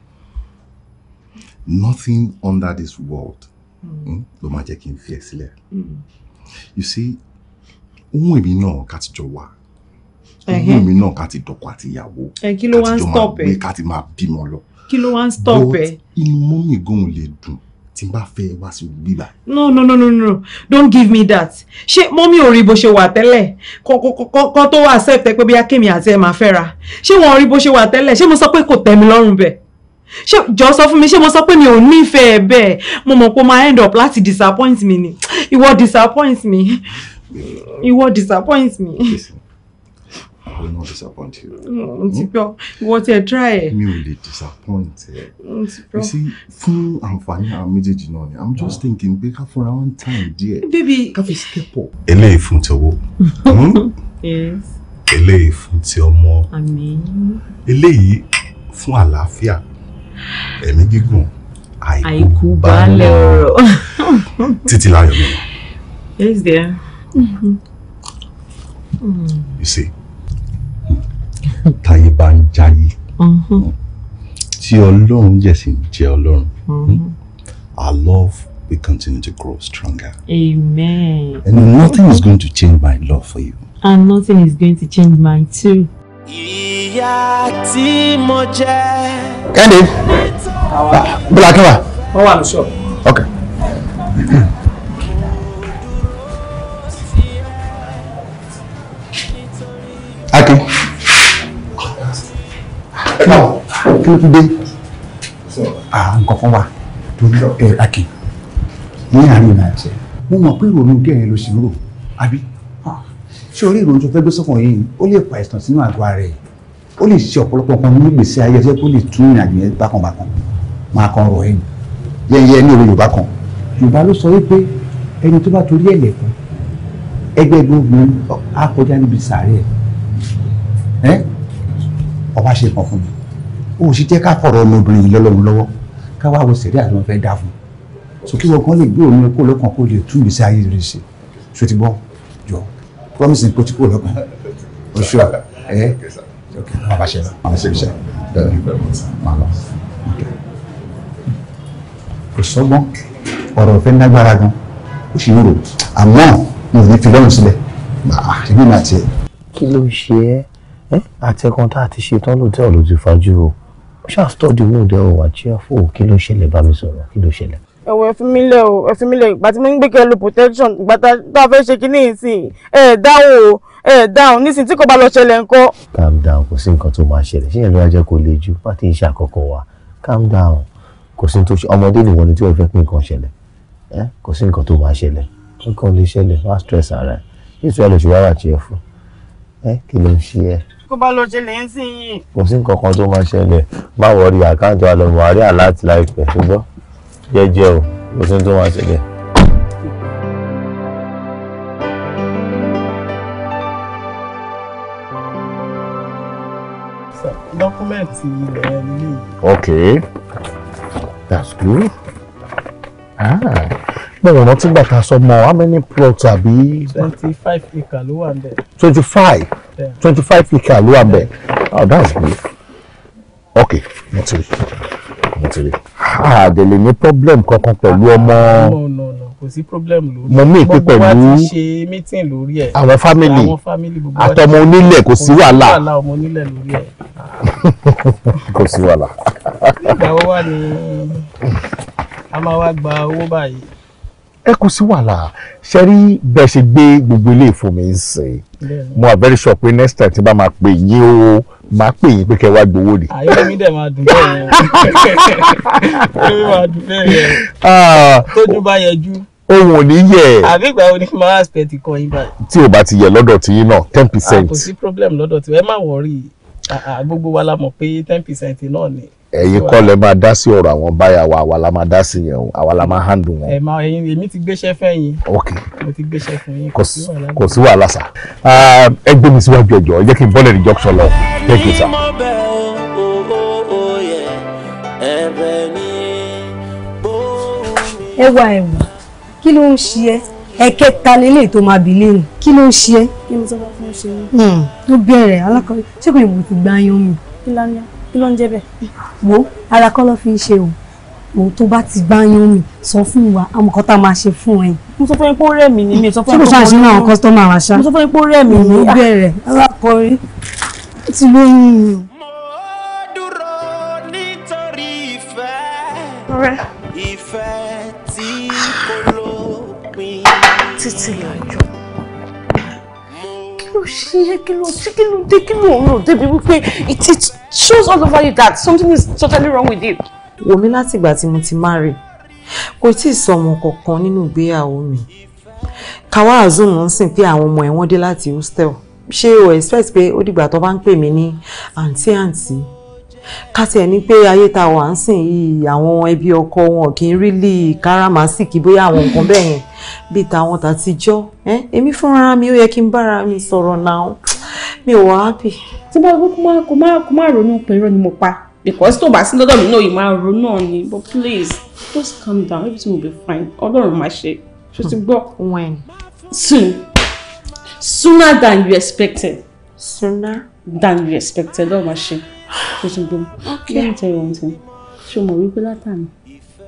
nothing under this world hmm. Hmm, ló máa jẹ́ kí n fi ẹ sílẹ̀ hmm. you see ohun èmi náà ká ti jọ wà ohun èmi náà ká ti dọkọ àti ìyàwó kí ló wá ń stop ẹ ká ti máa bímọ lọ stop ẹ but inú mọ́mì gan lè dùn tí n bá fẹ́ wá sí bíbá. no no no no no don't give me that ṣé mọ́mí ò rí bó ṣe wà tẹ́lẹ̀ kó tó wá accept ẹ pé bóyá kémi àti ẹ máa fẹ́ra ṣé wọn ò rí bó ṣe wà tẹ́lẹ̀ ṣé mo sọ pé kò tẹ́ mi lọ́rùn bẹ́ẹ̀ ṣé jọ sọ fún mi ṣé mo sọ pé mi ò nífẹ̀ẹ́ bẹ́ẹ̀ mo mọ̀ pé o máa end up láti disappoint mi ni ìwọ disappoint me ìwọ disappoint me. I will not disappoint you. Ntipọ, mm, ìwọ ti ẹ try ẹ. Mi ò lè disappoint ẹ. Ntipọ. You see, fún àǹfààní àwọn méjèèjì náà ni, I'm just thinking pé ká fúnra one time díẹ̀. Bébí. Ká fi step up. Eléyìí fún ti owó. Hmm? Yes. Eléyìí fún ti ọmọ. Àmín. Eléyìí fún àlàáfíà ẹ̀mí gígùn àìkú baálé ọ̀rọ̀ títí láyọ̀ mi. yes you see táyé bá ń jayé mm-hmm. tí ọlọ́run jẹ̀ sí jẹ́ ọlọ́run mm-hmm. our love will continue to grow stronger. amen. and nothing is going to change my love for you. and nothing is going to change mine too ìyá tí mo jẹ. kẹ́ni ah, bọ́lá akẹ́wà. wọ́n wà ní ṣọ́ọ̀bù. ok. akin báwo kí ló tún dé ah, nǹkan fún wa torí akin mo ní àárín ìrìn àjẹ mo mọ̀ pé ìrònú kẹrin ló sì ń rò àbí ṣé orí ìròyìn tó fẹ́ gbé sọ́kàn yìí ó lè pa ìtàn sínú àgọ́ ara ẹ̀ ó lè ṣe ọ̀pọ̀lọpọ̀ nǹkan ní ìgbésí ayé ẹ̀fẹ́ kó lè tún ìrìn àjò yẹn bákanbákan máa kan rọ̀ ẹ̀yìn yẹ́nyẹ́ ní òwe Yorùbá kan Yorùbá ló sọ wípé ẹni tó bá torí ẹ̀ lẹ̀kọ́ ẹgbẹ́ gbogbo á kọjá níbi sàárẹ̀ ẹ̀ ọba ṣe kan fún mi ó sì jẹ́ ká fọ̀rọ̀ ọmọbìnrin yìí lọ́lọ́run lọ́wọ́ ká wá wo sẹ̀rí àti wọn fẹ́ dá fún so kí wọn kan lè gbé òun kó lọ́kàn kó lè tún ìgbésí ayé rẹ̀ ṣe so jọ promise kò tí kò lọ kàn o sure ẹ eh? ok bàbá ṣe bàbá ṣe ṣe bẹ́ẹ̀ máa lọ kò sọ́gbọ́n ọ̀rọ̀ fẹ́ nágbára gan ó sì ń rò àmọ́ mo ní fi lọ́rùn sílẹ̀ bàbá ìbí mi àti ẹ̀. kí ló ń ṣe ẹ́ àtẹkùn tá a ti ṣe tán lòtẹ́ọ̀lù ti fajú o ṣáà stọ́ọ̀dì mú un dẹ́ ọ̀wà cheerful kí ló ṣẹlẹ̀ bá mi sọ̀rọ̀ kí ló ṣẹlẹ̀ ẹ̀wọ̀n ẹ̀fínmílẹ̀ o ẹ̀fínmílẹ̀ ìgbà tí mo ń gbé kẹ́ lo protection ìgbà tá a fẹ́ ṣe kínní ìsìn ẹ̀ dáhùn o ẹ̀ dáhùn nísìnyí tí kò bá lọ ṣẹlẹ̀ ńkọ́. calm down kò sí nǹkan tó máa ṣẹlẹ̀ ṣé ìyẹn ló wá jẹ́ kó le jù pàtí iṣẹ́ àkọ́kọ́ wa calm down kò sí tó ọmọdé nìwọ ni tí wọ́n fẹ́ pé nǹkan ṣẹlẹ̀ ẹ kò sí nǹkan tó máa ṣẹlẹ̀ nǹkan lè ṣẹlẹ̀ má stress ara ẹ̀ nítorí àlọ́ ìṣòwò àti ẹ̀fọ́ ẹ kí ló ń ṣe ẹ kó bá lọ ṣẹlẹ̀ ń sìn yìí. kò sí nǹkan kan tó máa ṣẹlẹ̀ má wọrí àkáǹtì wa lọ àríyá láti láìpẹ́ ṣùgbọ́n jẹ́jẹ́ o kò sí tó máa ṣẹlẹ̀. dọ́kúmẹ̀ntì ilẹ̀ ẹni yìí. okay that's good. Ah. Bẹ́ẹ̀ni ọ̀nà tí gbà ká sọ mọ́, how many plots àbí? Twenty five acre ló wà ńbẹ̀. Twenty five? Twenty five acre ló wà ńbẹ̀. Oh, that's good. Okay, mo ti rí mo ti rí. Ah, àdèlè ní problem kankan pẹ̀lú ah, ọmọ. kò sí problem lórí. mo mí ìpín pẹ̀lú gbogbo wa ti ṣe meeting lórí ẹ̀. àwọn family àtọmọ onílẹ̀ kò sí wàhálà. kò sí wàhálà ọmọ onílẹ̀ lórí ẹ̀. kò sí wàhálà. ìgbà wo wà ní a máa wá gba owó báyìí ẹ kò sí wàhálà ṣe rí bẹ́ẹ̀ ṣe gbé gbogbo ilé ìfòmí ń sìn mo are very sure pé next time tí bá máa pè yín o máa pè yín pé kẹ́ wá gbowó ni. àyè mi dẹ̀ máa dùn bẹ́ẹ̀ yẹn mi máa dùn bẹ́ẹ̀ yẹn ah. tójú bá yẹjú. ohun ò ní yẹ. àbí ìgbà wo ni máa aspect kan yín báyìí. tí o bá ti yẹ lọ́dọ̀ tí yín náà ten percent. Ah, kò sí problem lọ́dọ̀ tí ẹ má wọrí ah, gbogbo wa la mọ̀ pé ten percent náà ni ẹ̀yin kọ́ lẹ máa dá sí ọ̀rọ̀ àwọn báyà wa àwa la máa dá sí yẹn o àwa la máa handle wọn. ẹ ẹyin èmi ti gbéṣẹ́ fẹ́ ok kò sí wàhálà sà ah, ẹ gbé mi síwájú ẹjọ́ ẹ jẹ́ kí n bọ́lẹ̀ ní junction lọ ẹ kì í ẹ wá ẹ wá kí ló ń ṣe ẹ ẹ̀kẹta lélẹ̀ tó máa bì léèrè kí ló ń ṣe ẹ. kí ló sọ fún ṣe é. Hmm, bẹ̀rẹ̀ alákọ̀wé ṣé kò ní mo ti mi. kí ló ń kí ló ń jẹ́ bẹ́ẹ̀. wo ara kọ́ ló fi ń ṣe o òun tó bá ti gbáyán mi sọ fún wa àwọn nǹkan máa ṣe fún ẹ. mo sọ fún yín pé ó rẹ̀ mí ni mi sọ fún yín pé ó rẹ̀ mí ni. ṣé kò ṣàṣìṣe àwọn kọ́sítọ́mà wa ṣá. mo sọ fún yín pé ó rẹ̀ mí ni. ó ah, bẹ̀rẹ̀ alákọ̀ọ́rí ti lóyún mi o. rẹ. ìfẹ́ tí kò lópin. títí àjọ kí ló ṣe é kí ló ṣe kí ló dé kí ló rò débi wípé ìtìtì shows all over you that something is totally wrong with you. wò mí láti ìgbà tí mo ti marry kò tí ì sọmọ kankan nínú ìgbéyàwó mi káwá azum ń sìn pé àwọn ọmọ ẹ̀ wọ́n dé láti hostel ṣé o expect pé ó dìgbà tó bá ń pè mí ní àǹtí àǹtí káti ẹni pé ayé tá wà ń sìn yìí àwọn ẹbí ọkọ wọn kì í rí lì káràmásìkì bóyá àwọn nǹkan bẹ́ẹ̀ yẹn bíi tàwọn tàtijọ́ èmi fúnra mi ó yẹ kí n bára mi sọ̀rọ̀ náà mi ò wá happy tí bá gbé kó má kó má ronú pé irọ́ ni mo pa because tó bá sí lọ́dọ̀ mi náà yìí máa ronú ọ̀ but please just calm down everything will be fine ọlọ́run máa ṣe ṣe ti gbọ́. when. soon sooner than you expected. sooner. than you expected ọlọ́run máa ṣe ṣe ti gbọ́. okay let me tell you one thing ṣé o mọ̀ wípé látàmì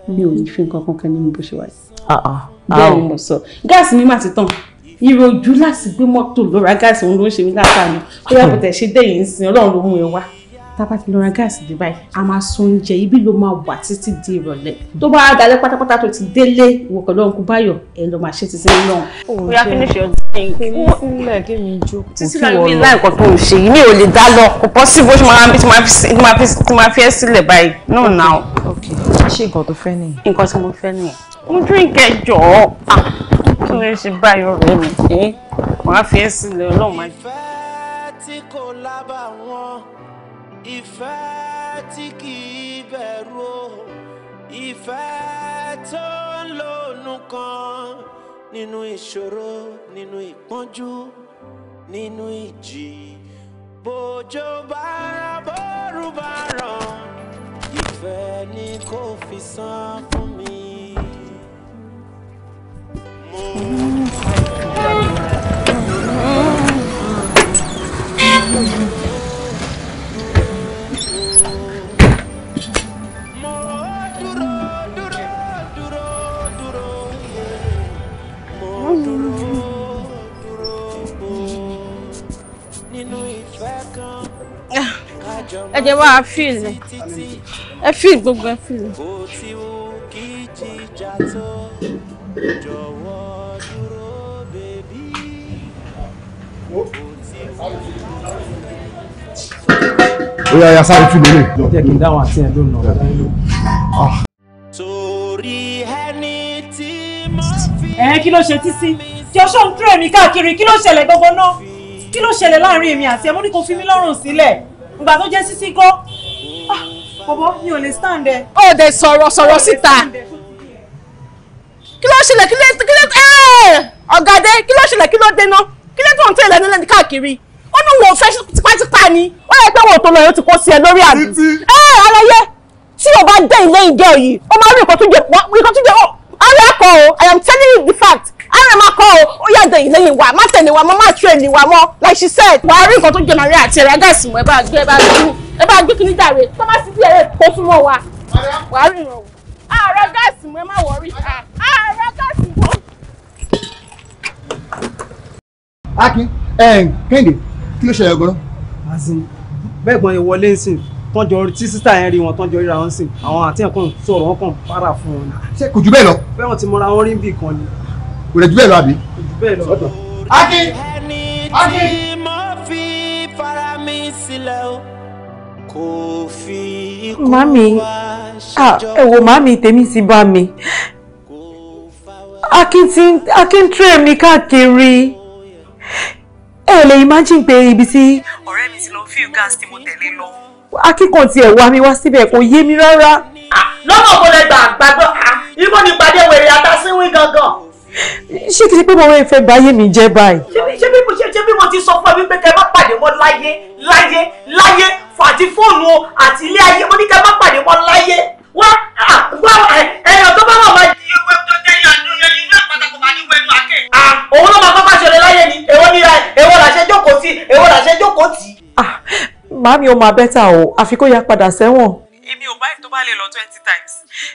mi ò ní fi nǹkan kan kan nínú bó ṣe wáyé. Uh-uh. bẹ́ẹ̀ ni mo sọ gáàsì mi má ti tàn ìròjú láti gbé mọ́tò lọ́ra gáàsì òun ló ń ṣe mí látàánú bóyá kò tẹ̀ ṣe dẹ́yìn ń sin ọlọ́run ló mú ẹ wá tábà ti lọ́ra gáàsì dé báyìí a máa sọ oúnjẹ ibi ló máa wà títí di ìrọ̀lẹ́ tó bá dalẹ́ pátápátá tó ti délé ìwọ̀kọ̀ lọ́run kú báyọ̀ ẹ̀ lọ́ máa ṣe ti sẹ́yìn náà. bóyá finish your thing. ilé kí mi jókòó. títí láì fi láì kọ́ tó ń ṣe yìí mi ò lè dá lọ kò bọ́ sí bó ṣe máa ti máa fi ẹ́ ok ṣé nǹkan tó fẹ́ nìyẹn. nǹkan tí mo fẹ́ nìyẹn. drink ẹ jọ̀ọ́ ah tó yẹ ṣe báyọ̀ rẹ̀ mi pé wàá fi ẹ́ sílẹ̀ ọlọ́run máa. ìfẹ́ tí kò lábà wọn ìfẹ́ tí kì í bẹ̀rù o ìfẹ́ tó ń lónú kan nínú ìṣòro nínú ìpọ́njú nínú ìjì bójò bá bóru bá rán ìfẹ́ ni kò fi san fún mi ẹ jẹ́ wá fíìlì ẹ fíìlì gbogbo ẹ fíìlì. Oh, yà yà sáré tún lélẹ̀. jẹ́ kí n dáhùn àti ẹ̀ lónà. torí ah. ẹni tí mo fi. ẹ kí ló ṣe títí tí ọṣọ ń dúró èmi káàkiri kí ló ṣẹlẹ̀ gbogbo náà kí ló ṣẹlẹ̀ láàrin èmi àti ẹ mo ní kó fi mí lọ́rùn sílẹ̀ ìgbà tó jẹ́ sísí kọ́ ah, bọ́bọ́ mi ò lè stand ẹ. ó dẹ̀ sọ̀rọ̀ sọ̀rọ̀ síta kí ló ṣẹlẹ̀ kí ló ṣẹlẹ̀ eh! ọ̀gá dé kí ló ṣẹlẹ̀ kí ló tó ń tẹ̀lé ẹni lẹ́ni káàkiri ó ní wọn ò fẹ́ tipátipá ni ó yẹ pé wọn ò tó lọ yóò ti kó sí ẹ lórí àbí ẹ aláyé tí o bá dé ilé ìjọ yìí o máa rí nǹkan tó jẹ nǹkan tó jẹ ọ ara o i am telling you the fact ara máa kọ o ó yà dé ilé yìí wà má tẹ̀lé wa mọ́ má tú ẹ̀lì mọ́ like she said wàá rí nǹkan tó jẹ màrí àti ẹ̀rọ gáàsì mọ́ ẹ bá gbé ẹ bá gbé ẹ bá gbé kíní dàrẹ tó má sì bí ẹ̀rẹ́ kó súnmọ́ wa wàá rí ìrànwọ́ ààrẹ gáàsì mọ́ ẹ má wọrí ààrẹ gáàsì mọ́. akin eh, kẹ́hìndé kí ló ṣẹlẹ̀ gan-an. bẹ́ẹ̀ gbọ́n yẹn wọlé ń sìn tọ́jọ́ tí sísá yẹn rí wọn tọ́jọ́ ríra wọn sìn àwọn àti ẹ̀kọ́ sọ̀rọ̀ wọn kàn para fún wọn. ṣé kò jù bẹ́ẹ̀ lọ. bẹ́ẹ̀ wọn ti mọra wọn rí bì kan ni. kò lè jù bẹ́ẹ̀ lọ àbí. kò jù bẹ́ẹ̀ lọ. akin akin. mami ah ẹ wo mami tèmi sì bá mi akin tí akin tún èmi káàkiri ẹ lè imagine pé ibi tí ọ̀rẹ́ mi ti lọ fíl gas tí mo tẹ̀lé lọ. akíkan tiẹ̀ wá mi wá síbẹ̀ kò yé mi rárá. lọ́nà kò lè gbà gbàgbọ́ ibo ni pàdé wèrè àtàsínwín gangan. ṣé kìí ṣe pé mo wẹ́ fẹ́ báyé mi jẹ́ báyìí. ṣé bí mo ṣe ṣé bí mo ti sọ fún ẹ wípé kẹ má pàdé mọ́ láyé láyé láyé fàtí fóònù àti ilé ayé mo ní kẹ má pàdé mọ́ láyé wá wá ẹyọ tó bá wà wá. ìyẹn wẹ́n tó jẹ́ yàn ló ìlú àpáta kò máa ní wẹ́nu àkè. òun ló máa kọ́kọ́ ṣe láyé ni èwo làṣẹ jókòó tì í. Ah, màámi ó máa bẹ́tà o àfi kó ya padà sẹ́wọ̀n. èmi ò báyìí tó bá lè lọ twenty times.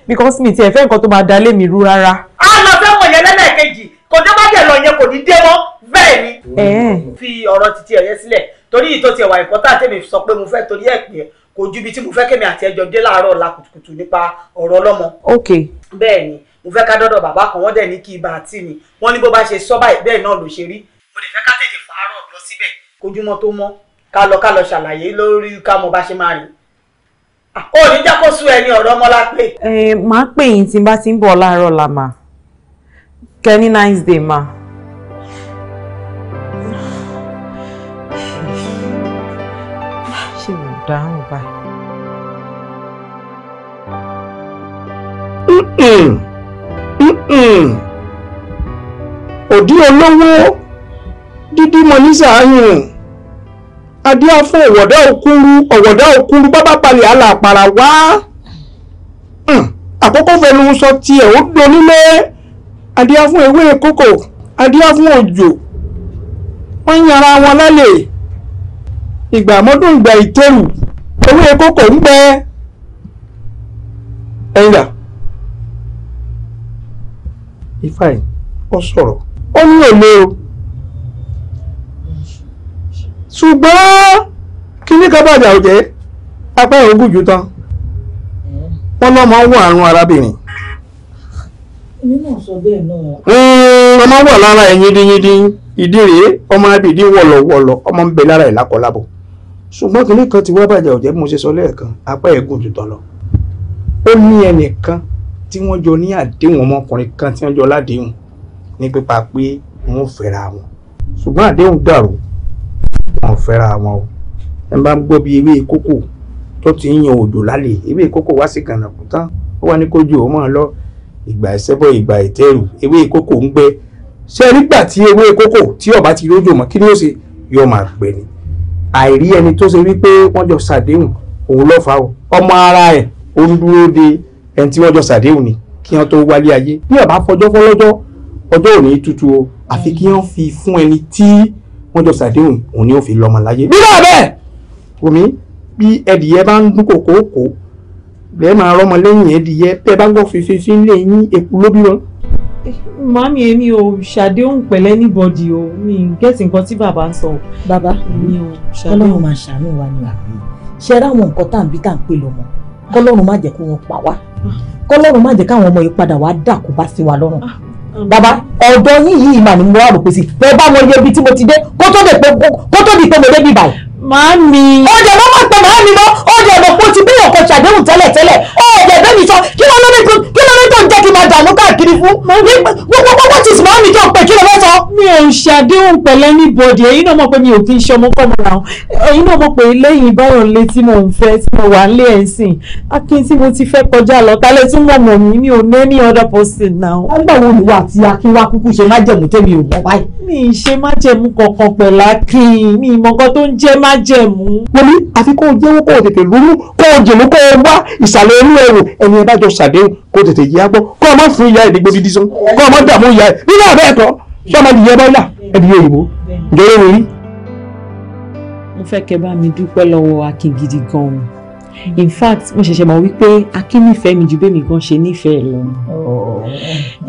because mi ti ẹ̀ fẹ́ nǹkan tó máa da lé mi rú rárá. a lọ sẹ́wọ̀n yẹn lẹ́lẹ́kejì kò tó bá dẹ̀ lọ yẹn kò ní dé mọ́ bẹ́ẹ̀ ni. fi ọ̀rọ̀ titi ẹ̀yẹ sílẹ̀ torí ìtò tiẹ̀ wà ìpọ́tà tèmi sọ pé mo fẹ́ torí ẹ̀ pé kò ju ibi tí mo fẹ́ kémi àti ẹjọ́ dé láàárọ̀ ọ̀la kùtùkùtù nípa ọ̀rọ̀ ọlọ́mọ. ok bẹ́ẹ̀ ni mo fẹ́ ká dọ́dọ̀ bàbá kan wọ́n dẹ̀ ní kí ibà àti mi wọ́n ní bó bá ṣe sọ báyìí bẹ́ẹ̀ náà ló ṣe rí. mo lè fẹ́ ká tètè fàárọ̀ lọ síbẹ̀ kójúmọ́ tó mọ́ ká lọ ká lọ ṣàlàyé lórí ká mọ bá ṣe máa rìn ó ní jẹ́ kó sú ẹni ọ̀rọ̀ ọmọlá pé. ẹ máa pè yín tí n bá ti ń bọ̀ láàárọ̀ la mà kẹ́ni nice day mà. ṣé mo dáhùn báyìí. òdí olówó dídí mọ ní sàáyùn adé afọ ọwọdà òkúru ọwọdà òkúru bábá palẹ alàpàrà wá hmm, àkókò fẹnu sọ tiẹ ó donílé adé afọ ewé kókò adé afọ òjò wọn ń yàrá wọn lálẹ́ ìgbà mọdún ìgbà ìtẹrù ewé kókò ń bẹ ẹ̀yìn dà ifá yìí ó sọ̀rọ̀ ó ní èlé o ṣùgbọ́n kíní kan bàjẹ́ àwùjẹ́ apá ẹ̀ ogún jù tán wọ́n lọ́ máa ń wọ àrùn arábìnrin. èmi náà sọ bẹ́ẹ̀ náà. Hmm, ọmọ wà lára ẹ̀ yíndínyíndín ìdí rèé ọmọ abìdí wọ̀lọ̀wọ̀lọ̀ ọmọ ń bẹ lára ẹ̀ lákọlábọ̀ ṣùgbọ́n kíní kan ti wá bàjẹ́ àwùjẹ́ bí mo ṣe sọ lẹ́ẹ̀kan apá ẹ̀ gùn jù tán lọ. ó ní ẹnìkan tí wọ́n jọ ní àdéhùn ọmọkùnrin kan tí wọ́n jọ ládéhùn ní pípa pé wọ́n fẹ́ra wọn ṣùgbọ́n àdéhùn dàrú wọn fẹ́ra wọn o ẹ bá ń gbọ́ bí ewé kókò tó ti ń yan òjò lálẹ́ ewé kókò wá sí kànáàkùn tán ó wá ní kójú òun máa lọ ìgbà ìṣẹ́bọ̀ ìgbà ìtẹ́rù ewé kókò ń gbẹ ṣé nígbà tí ewé kókò tí ọba ti rójò mọ́ kí ni ó ṣe yóò máa gbẹ ni àìrí ẹni tó ṣe wípé wọ́n jọ ṣàdéhùn òun ló fà o ọmọ ara ẹ̀ ó ń dúró de ẹni tí wọ́n jọ ṣàdéhùn ni kí wọ́n tó wálé ayé bí ọba fọjọ́ fọlọ́jọ́ ọjọ́ òní tutù o àfi kí wọ́n fi fún ẹni tí wọ́n jọ ṣàdéhùn òun ni ó fi lọ́mọ láyé bí bá bẹ́ẹ̀ omi bí ẹdìyẹ bá ń dún kòkó kò bẹ́ẹ̀ máa rọ́mọ lẹ́yìn ẹdìyẹ bẹ́ẹ̀ bá gbọ́ fífi ń lè yín èkú ló wọn. Eh, màmí èmi ò ṣàdéhùn pẹ̀lẹ́ níbọ̀dì o mi gẹ̀ẹ́sì nǹkan tí bàbá ń sọ. bàbá ọlọ́run máa ṣàánú wa ni àbí ṣe ra àwọn nǹkan tá à ń bí tá à ń pè lọ́mọ kọ́lọ́run má jẹ́ kó wọn pa wá ah. kọ́lọ́run má jẹ́ káwọn ọmọ yìí padà wá dàkú bá sí wa lọ́rùn. Ah bàbá ọ̀dọ̀ yín yìí mà ní mo wà rò pé sí pé bá wọn yẹ ibi tí mo ti dé kó tó di pé mo dé bí báyìí. màámi. ọjà ló máa ń pè màámi mọ́ ọjà ọ̀dọ̀ pé o ti bí ọkọ̀ ṣàdéhùn tẹ́lẹ̀ tẹ́lẹ̀ ọjà ìbẹ́mi sọ kí wọ́n lórí kó ń jẹ́ kí n máa dààmú káàkiri fún what is mọ́mí tó ń pè kí ló fẹ́ sọ. mi ò ṣàdéhùn pẹ̀lú anybody èyí náà mọ̀ pé mi ò kí ń ṣe ọmọ kọ́mọ ra wọn èyí náà mọ̀ pé lẹ́yìn báyọ̀ lé tí mò ń fẹ́ tí mo wà ń lé ẹ̀ sìn akin tí mo ti fẹ́ kọjá lọ tálẹ̀ tún mọ̀ mọ̀ mí mi ò ní any other person now. nígbà wo ni wà á ti akin wá kúkú ṣe májẹ̀mú tẹ́mi ò mọ̀ báyìí. mi ì ṣe májẹ̀mú kankan pẹ̀lú akin mi gbọ́ kọ́ ọmọ fún ìyá ẹ̀dẹ́gbò dídí sún kọ́ ọmọ dààmú ìyá ẹ̀ nínú àbẹ́ ẹ̀kọ́ sọ́mọ ìyá ẹ̀bọ́ ìlà ẹ̀dí òyìnbó ìjọba ìwé rí. mo fẹ́ kẹ́ bá mi dúpẹ́ lọ́wọ́ akin gidi gan-an in fact mo ṣẹ̀ṣẹ̀ mọ̀ wípé akin nífẹ̀ẹ́ mi ju bẹ́mi gan ṣe nífẹ̀ẹ́ lọ. Oh.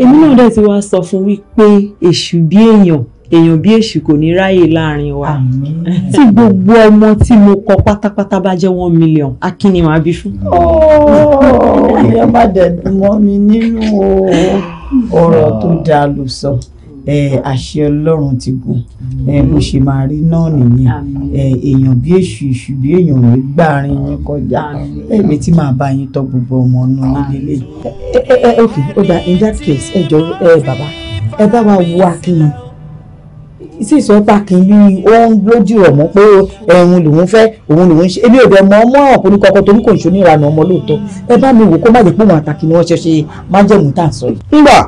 èmi náà dẹ̀ ti wá sọ fún wípé èṣù bí èèyàn èèyàn bí èṣù kò ní ráyè láàrin wa tí gbogbo ọmọ tí mo kọ pátápátá bá jẹ́ one million akíni màá bí fún. ìyẹn má dẹ̀ dùn mọ́ mi nínú ọ̀rọ̀ tó dáa ló sọ àṣẹ ọlọ́run ti gùn bó ṣe máa rí náà nìyẹn èèyàn bí èṣù èṣù bí èèyàn ò ní gbàrin yín kọjá èmi tí màá bá yín tọ́ gbogbo ọmọ ọ̀nà nílé ok ó dà in that case ẹ jọ̀ọ́ bàbá ẹ bá wa wo akínyan sì sọ pàkìrí òun lójú ọmọ pé ẹ̀hún lòun fẹ́ òun lòun ṣe ebi òde ọmọ ọmọ ọ̀pọ̀ nípa ọkọ torí kò ń ṣe oníranà ọmọ lóòótọ́ ẹ bá mi wò kó má jẹ́ pé òun àtàkì ni wọ́n ṣe ṣe májẹ̀mú tá à ń sọ yìí. ngbà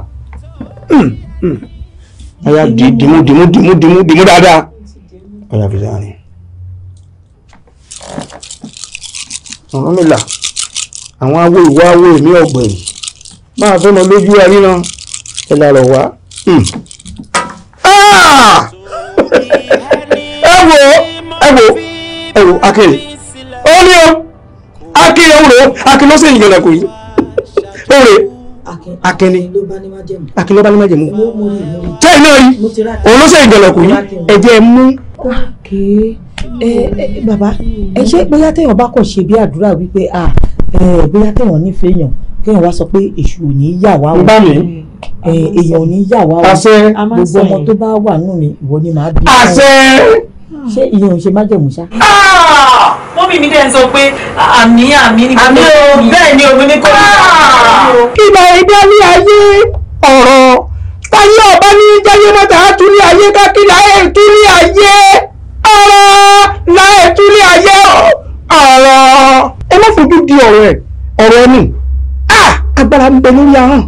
ọyà hmm, hmm. dìmú dìmú dìmú dìmú dìmú dáadáa ọyà fi sáà ni ọ̀rọ̀ mi là àwọn awo ìwà awo èmi ọ̀gbẹ̀rì máa fẹ́ mọ lójú ayé náà ẹ lárọ̀ wá. Hmm. Ah! ẹ wò ó ẹ wò ó ẹ wò akéré ó ní o akéré òun rè é akéré ló sì ń yọlẹ kù yìí ó rè é akéré akéré ló bá ní májẹ̀mú tẹ́ iná rí òun ló sì ń yọlẹ kù yìí ẹ̀jẹ̀ mú. bàbá ẹ ṣe bóyá téèyàn bá kàn ṣe bí àdúrà wípé bóyá téèyàn nífẹ̀ẹ́ yàn kéèyàn wá sọ pé èṣù ò ní yà wá o èèyàn ò ní yà wá o gbogbo ọmọ tó bá wà nù mí ìwọ ni màá bí. àṣẹ ṣé ìyẹn ò ṣe májẹ̀mú ṣá. Ah! mọ́mí mi dẹ́n sọ pé àmì àmì ni kò ní bẹ́ẹ̀ ni omi ní kò ní. ìgbà ah! èdè ayé ọ̀rọ̀ táyé ọba ní jẹ́yé mọ́ta á ayé kákí láyé tún ayé ọ̀rọ̀ láyé tún ayé ọ̀rọ̀. ẹ má fojú di ọ̀rọ̀ ẹ̀ ọ̀rọ̀ ẹ̀ nì ah! agbára ń bẹ lórí ahọ́n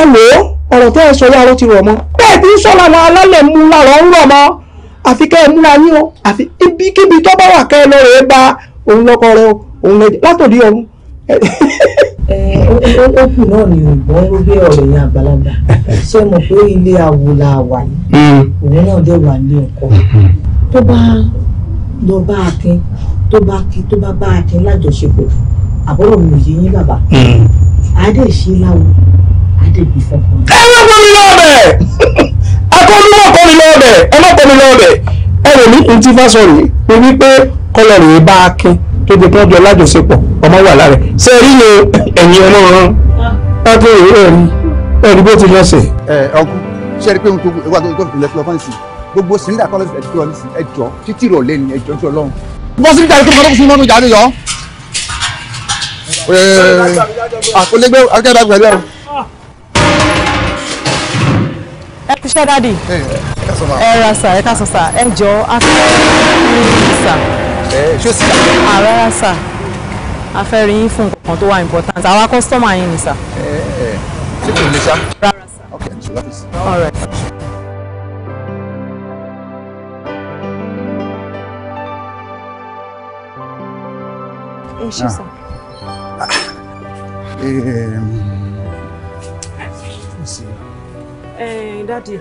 ẹ lò ọ̀rọ̀ tẹ́ ẹ sọ yàrá ti rọ̀ mọ́ bẹ́ẹ̀ bí sọ́la la alálẹ̀ mú lára ń rọ̀ mọ́ àfi kẹ́ ẹ múra yín o àfi ibikíbi tó bá wà kẹ́ ẹ lọ rèé bá òun lọ́kọ rẹ o òun lẹ́jẹ̀ látòdì ọ̀run. ó kù náà ní ìbọn ló gbé ọ̀rọ̀ yẹn àgbàlagbà ṣé mo pé ilé awo la wà yìí òun hmm. náà dẹ̀ wà ní ọkọ hmm. tó bá lọ bá akin tó bá kí tó bá bá akin lájọṣepọ̀ àbúrò mi ò yé yín bàbá hmm. adé ṣe láwo adé bí fọkàn. ẹ ló gbọ́ mi lọ́wọ́ bẹ́ẹ̀. kọ́ ní wọ́n kọ́ mi lọ́ọ̀bẹ̀ ẹ má a kín tó di kí wọ́n jọ lájọṣepọ̀ ọmọ wà lára ẹ̀ ṣe rí ni ẹ̀yin ọmọ rán láti rí ẹ̀rí ẹ̀rí bó ti lọ́sẹ̀. ẹ ọkú ṣe rí pé ohun tó wà tó fi lẹ́sìn lọ́fọ́n sí gbogbo sílẹ̀ àkọlẹ̀ ẹ̀jọ́ ẹ̀jọ́ ẹ kú iṣẹ́ dáàdì ẹ ra sà ẹ káàsán sà ẹ jọ afẹ́rẹ́yìn sà ààrẹ ra sà afẹ́rẹ́yìn fún nǹkan tó wà important àwa kọ́sítọ́mà yín ni sà. ṣé kò lè sá. rárá sà. Eh, dádì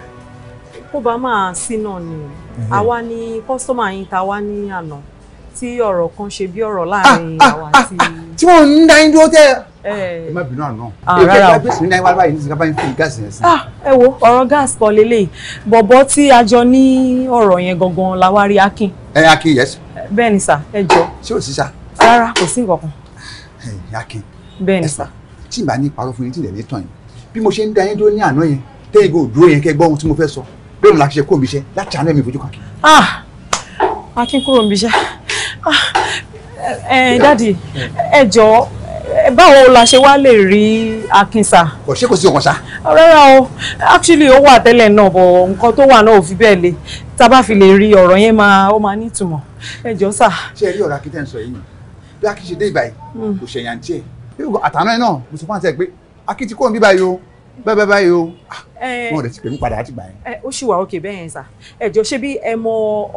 kó bá máa sí náà ni mhm. àwa ni kọ́sọ́mà yín ta wá ní àná tí ọ̀rọ̀ kan ṣe bí ọ̀rọ̀ ah, láàrin ah, àwa ah, àti. tí wọn ń dá yín dúró tẹ. Eh. ẹ má bínú àná. rárá o ìgbésẹ̀ ní dáhùn wàlúwà yìí ní sìkápá yín fún gáàsì yẹn sí. ẹ wo ọ̀rọ̀ gáàsì kan lélẹ̀ bọ̀bọ̀ tí a jọ ní ọ̀rọ̀ yẹn gangan la wá rí akin. ẹ eh, akin yes. bẹ́ẹ̀ ni sà ẹ jọ. ṣé o sì sà. rárá kò sí nǹkan kan. akin. bẹ́ẹ̀ ni sà. tí ì bá ní parọ́ fún yín tí ì tẹ́yìn bò dúró yẹn kẹ́ gbọ́ ohun tí mo fẹ́ sọ bẹ́ẹ̀ mo là ṣe kó mi iṣẹ́ láti àná mi fojú kan kí. Ah! akin kúrò mi iṣẹ́ ẹ ah! eh, eh, dáàdi ẹ jọ̀ọ́ eh, báwo la ṣe wá lè rí akínsa. kò ṣe kò sí ọkàn ṣá. Ah, rárá o actually ó wà tẹ́lẹ̀ náà bọ̀ nǹkan tó wà náà ò fi bẹ́ẹ̀ le tá a bá fi lè rí ọ̀rọ̀ yẹn máa ó máa nítumọ̀ ẹ jọ̀ọ́ sà. ṣé ẹ rí ọ̀rọ̀ akíntẹ́ ń sọ yìí bí akín ṣe dé ìbàyìí hmm. kò ṣẹ̀yàn tiẹ̀ àtàná ẹ̀ náà mo sọ fún àti pé akín ti kó ń bíbáyìí o bẹ́ẹ̀ bẹ́ẹ̀ báyìí o eh, ah, wọn ò lè ti pè mí padà láti gbà yẹn. Eh, ó ṣì wà òkè bẹ́ẹ̀ yẹn sà ẹ̀jọ̀ ṣé bí ẹ mọ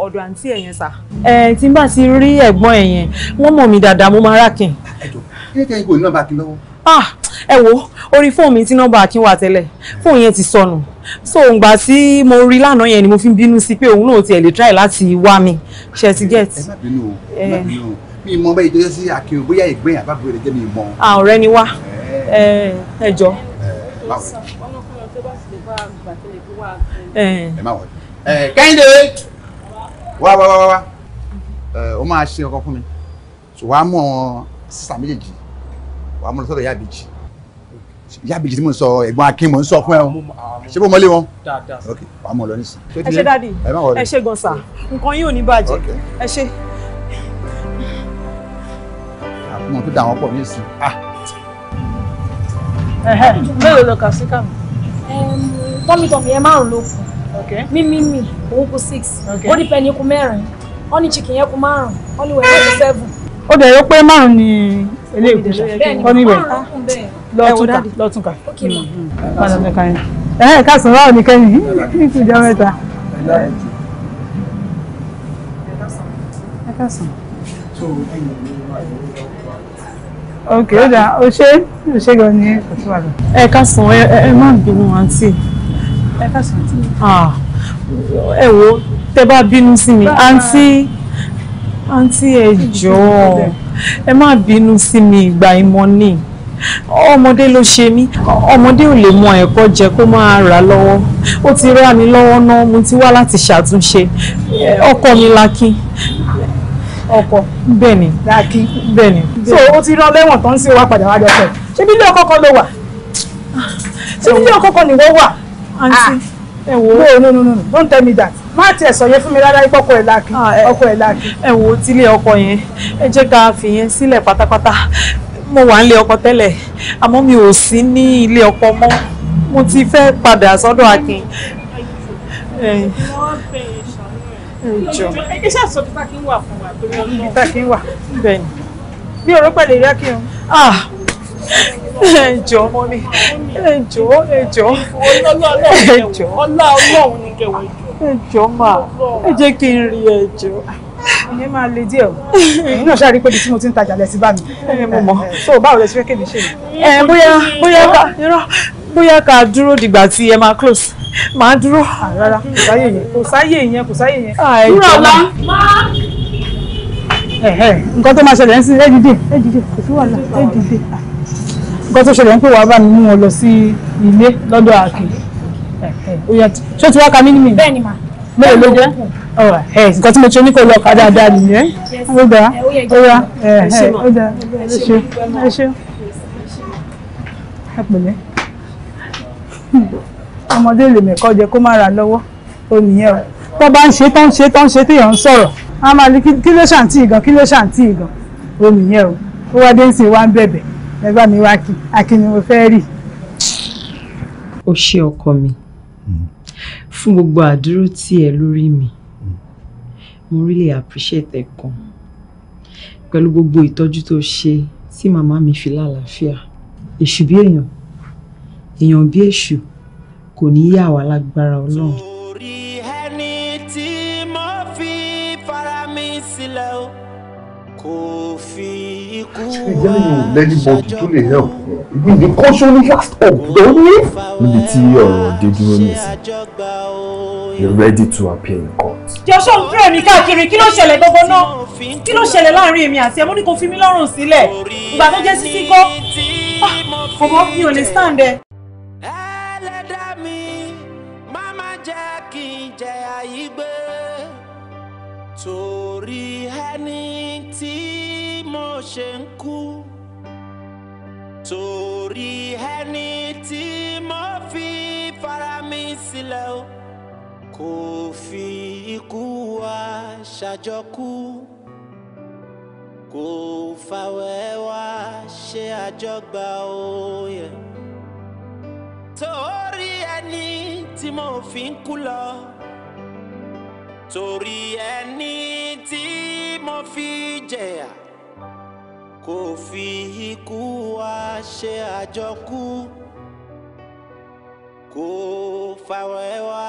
ọ̀dọ̀ àǹtí ẹ̀ yẹn sà. ẹ eh, tí n bá ti rí ẹ̀gbọ́n ẹ̀ yẹn wọ́n mọ̀ mí dáadáa mo máa rákin. Ah, ẹ̀jọ̀ ilé tẹ́yìn kò ní nọ́mbà Akin lọ́wọ́. Ah, ẹ wo orí fóònù mi tí nọ́mbà Akin wà tẹ́lẹ̀ fóònù yẹn ti sọnù so ngbà tí mo rí lánàá yẹn ni mo fi ń bínú sí pé òun náà tiẹ̀ lè try láti wá mi ṣe ti get. ẹ má bínú o ẹ má bínú o mi mọ bẹ́ẹ̀ ìjọsí Akin bóyá ìgbẹ́yìn àbábọ̀ rẹ̀ jẹ́ mi mọ. ọ̀rẹ́ ni wá ẹ jọ ẹ má wọ ẹ kẹ́hìndé wá wá wá wá ó máa ṣe ọkọ fún mi wàá mú ọ sísà méjèèjì wàá mú lọ sọ́dọ̀ yábìjì yábìjì tí mo sọ ẹ̀gbọ́n akin mo ń sọ fún ẹ o ṣé bó mọlé wọn ok wàá mú ọ lọ nísìnyí. ẹ ṣe dáàdi ẹ ṣe gànṣà nǹkan yìí ò ní bàjẹ́ ẹ ṣe. àfihàn tó dà wọ́n pọ̀ nísìnyí. Ah! mélòó ló kà sí kàmú. tọ́mítọ́mì yẹn márùn-ún ló kù mímímì òun kù six ó ní pẹ̀lú ikú mẹ́rin wọ́n ní chicken yẹn kù márùn-ún ní wẹ̀rẹ̀ kù seven. ó dẹ̀ yọ pé márùn-ún ni eléyìí kù kọ́ níbẹ̀ lọ́túnkà lọ́túnkà. ẹ̀ẹ́n ká sọ̀rọ̀ ọ̀ kẹ́yìn ní ti jẹ́ mẹ́ta. ẹ ká ok ó dà ó ṣe ó ṣe gan ni kò tí wà lọ. ẹ káàsán ẹ má bínú àǹtí. ẹ káàsán àǹtí. Ah, ẹ wo tẹ bá bínú sí mi àǹtí àǹtí ẹ jọ̀ọ́ ẹ má bínú sí mi ìgbà ìmọ̀ ni ọmọdé ló ṣe mí ọmọdé ò lè mọ ẹ̀kọ́ jẹ kó máa rà lọ́wọ́ ó ti rà mí lọ́wọ́ náà mo ti wá láti ṣàtúnṣe ọkọ mi lakin ọkọ. Benin. daki Benin. so o ti rán lẹ́wọ̀n tó ń wa padà wá jọpọ̀ ṣé ilé ọkọ kan ló wà ah. ṣé ilé ọkọ kan nìwọ wà. Ah. ẹ wo no no no no don't tell me that má ti yẹn fún rárá ẹ̀ láàkì ọkọ ẹ̀ láàkì. Ah, ẹ wo ọkọ yẹn ẹ jẹ́ ká fi yẹn sílẹ̀ pátápátá mo ọkọ tẹ́lẹ̀ àmọ́ mi ò sí ní ọkọ mọ́ mo ti fẹ́ padà sọ́dọ̀ Akin. ìjọ ẹ ṣáà sọ bí tákì ń wà fún wa torí ọlọ́run bí tákì ń wà bẹ́ẹ̀ ni bí ọ̀rọ̀ pẹ̀lẹ́ rí ákì hàn. ẹjọ ọmọ mi ẹjọ ẹjọ ẹjọ ọlá ọlọ́run ni kẹwàá ìjọ ẹjọ máa ẹ jẹ́ kí n rí ẹjọ ìyẹn ah! máa le díẹ̀ o èyí náà ṣáà rí pé ibi tí mo ti ń tajà lẹ sí bá mi mo mọ̀ so báwo lẹ ṣe fẹ́ kéde ṣe é. bóyá bóyá irọ́ bóyá ká dúró dìgbà tí ẹ máa close máa dúró. Ah, rárá kò sáyè yẹn kò sáyè yẹn kò sáyè yẹn. Ah, dúró ọ̀la. Eh, eh, nǹkan tó máa ṣẹlẹ̀ ń sin ẹ dìde ẹ dìde kò sí wàhálà ẹ dìde. nǹkan tó ṣẹlẹ̀ ń pè wá bá mi mú wọn lọ sí ilé lọ́dọ̀ àkè. Eh, ṣé o ti wá ka mí nìyí. bẹ́ẹ̀ ni mà. mélòó ló jẹ́ oh, nǹkan tí mo ṣe ní kò lọ ká dáadáa nìyẹn. ó dáa ó dáa ó dáa ẹ ṣe ẹ ṣe ẹ pẹ̀lẹ́ ọmọdé lè mẹ́kọ́ jẹ kó má ra lọ́wọ́ ó nìyẹn o tó bá ń ṣe tó ń ṣe tó ń ṣe téèyàn ń sọ̀rọ̀ á máa ní kí ló ṣàǹtì ìgàn kí ló ṣàǹtì ìgàn ó nìyẹn o ó wá dé ń sìn wá ń bẹ̀bẹ̀ ẹgbẹ́ mi wá kí akíni mo fẹ́ rí. ó ṣe ọkọ mi hmm. fún gbogbo àdúró tí ẹ lórí mi hmm. mo really appreciate ẹ kan pẹ̀lú gbogbo ìtọ́jú tó ṣe tí màmá mi fi lálàáfíà èṣù bí èèyàn èèyàn bí èṣù kò ní yà wá lágbára ọlọ́run. torí ẹni tí mo fi fara mi sílẹ̀ o kò fi ikú wá ṣàjọ. ṣé ìyá yóò lẹ́ni bọ́ọ̀dù tó lè help ibi ìdí kọ́sọ́lì last of lónìí. níbi tí ọ̀rọ̀ dé dúró nìsín you're ready to appear in court. jọ́sọ̀ ń fẹ́ mi káàkiri kí ló ṣẹlẹ̀ gbogbo náà kí ló ṣẹlẹ̀ láàrin èmi àti ẹ̀ kò fi mí lọ́rùn sílẹ̀ ìgbà tó jẹ́ sísí kọ́ ah, ọmọ mi ò lè stand ẹ. torí ẹni tí mo ṣe ń kú torí ẹni tí mo fi fara mi sílẹ̀ o kò fi ikú wa ṣàjọkú kò fàwẹ́ wá ṣe àjọgbà òye. torí ẹni tí mo fi ń kú lọ torí ẹni tí mo fi jẹ̀yà kò fi ikú wa ṣe àjọkú kò fàwẹ̀ wá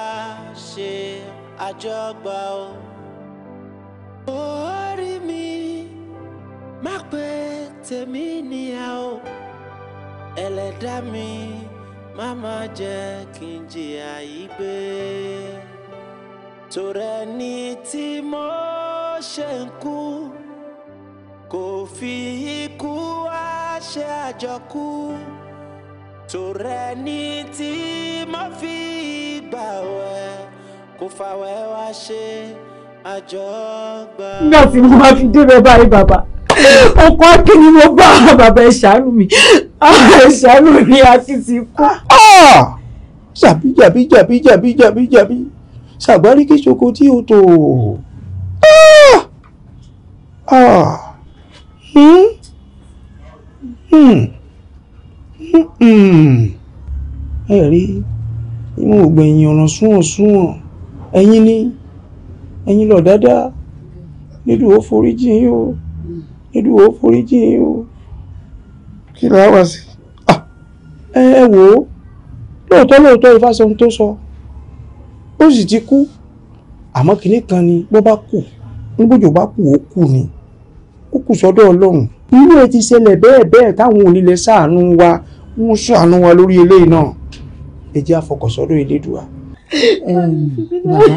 ṣe àjọgbà o. orí mi má pé tèmi nìyà o ẹlẹ́dàá mi má má jẹ́ kí n jìyà yìí gbé torẹ ni tí mo ṣe ń kú kò fi ikú wá ṣe àjọkú torẹ ni tí mo fi gbà wẹ kò fàwẹ́ wá ṣe àjọgbà. nígbà tí mo máa fi débẹ̀ báyìí bàbá ọkọ akíní mo bá bàbá ẹ mi ẹ ṣàánú mi ah, àti ti kú. Ah! jàbí jàbí jàbí jàbí jàbí ṣàgbáríkì ṣoko tí o tò ah! Ah! Hmm? Hmm? Hmm? ẹ rí imú ògbẹ̀yìn ọ̀ràn súnwọ̀n súnwọ̀n ẹ̀yin ni ẹ̀yin lọ dáadáa nídùú ó forí jìn yín o nídùú ó forí jìn yín o kí làá wá sí ah! ẹ wò ó lóòótọ́ lóòótọ́ Ifá tó sọ. So ó sì ti kú àmọ́ kinní kan ni bó bá kù níbòjò bá kù ó kù ni ó kù sọ́dọ̀ ọlọ́run irú ẹ ti ṣẹlẹ̀ bẹ́ẹ̀ bẹ́ẹ̀ táwọn onílẹ̀ ṣàánú wa wọ́n ṣàánú wa lórí eléyìí náà ẹ jẹ́ àfọkànsọ́dọ̀ elédùà. bàbá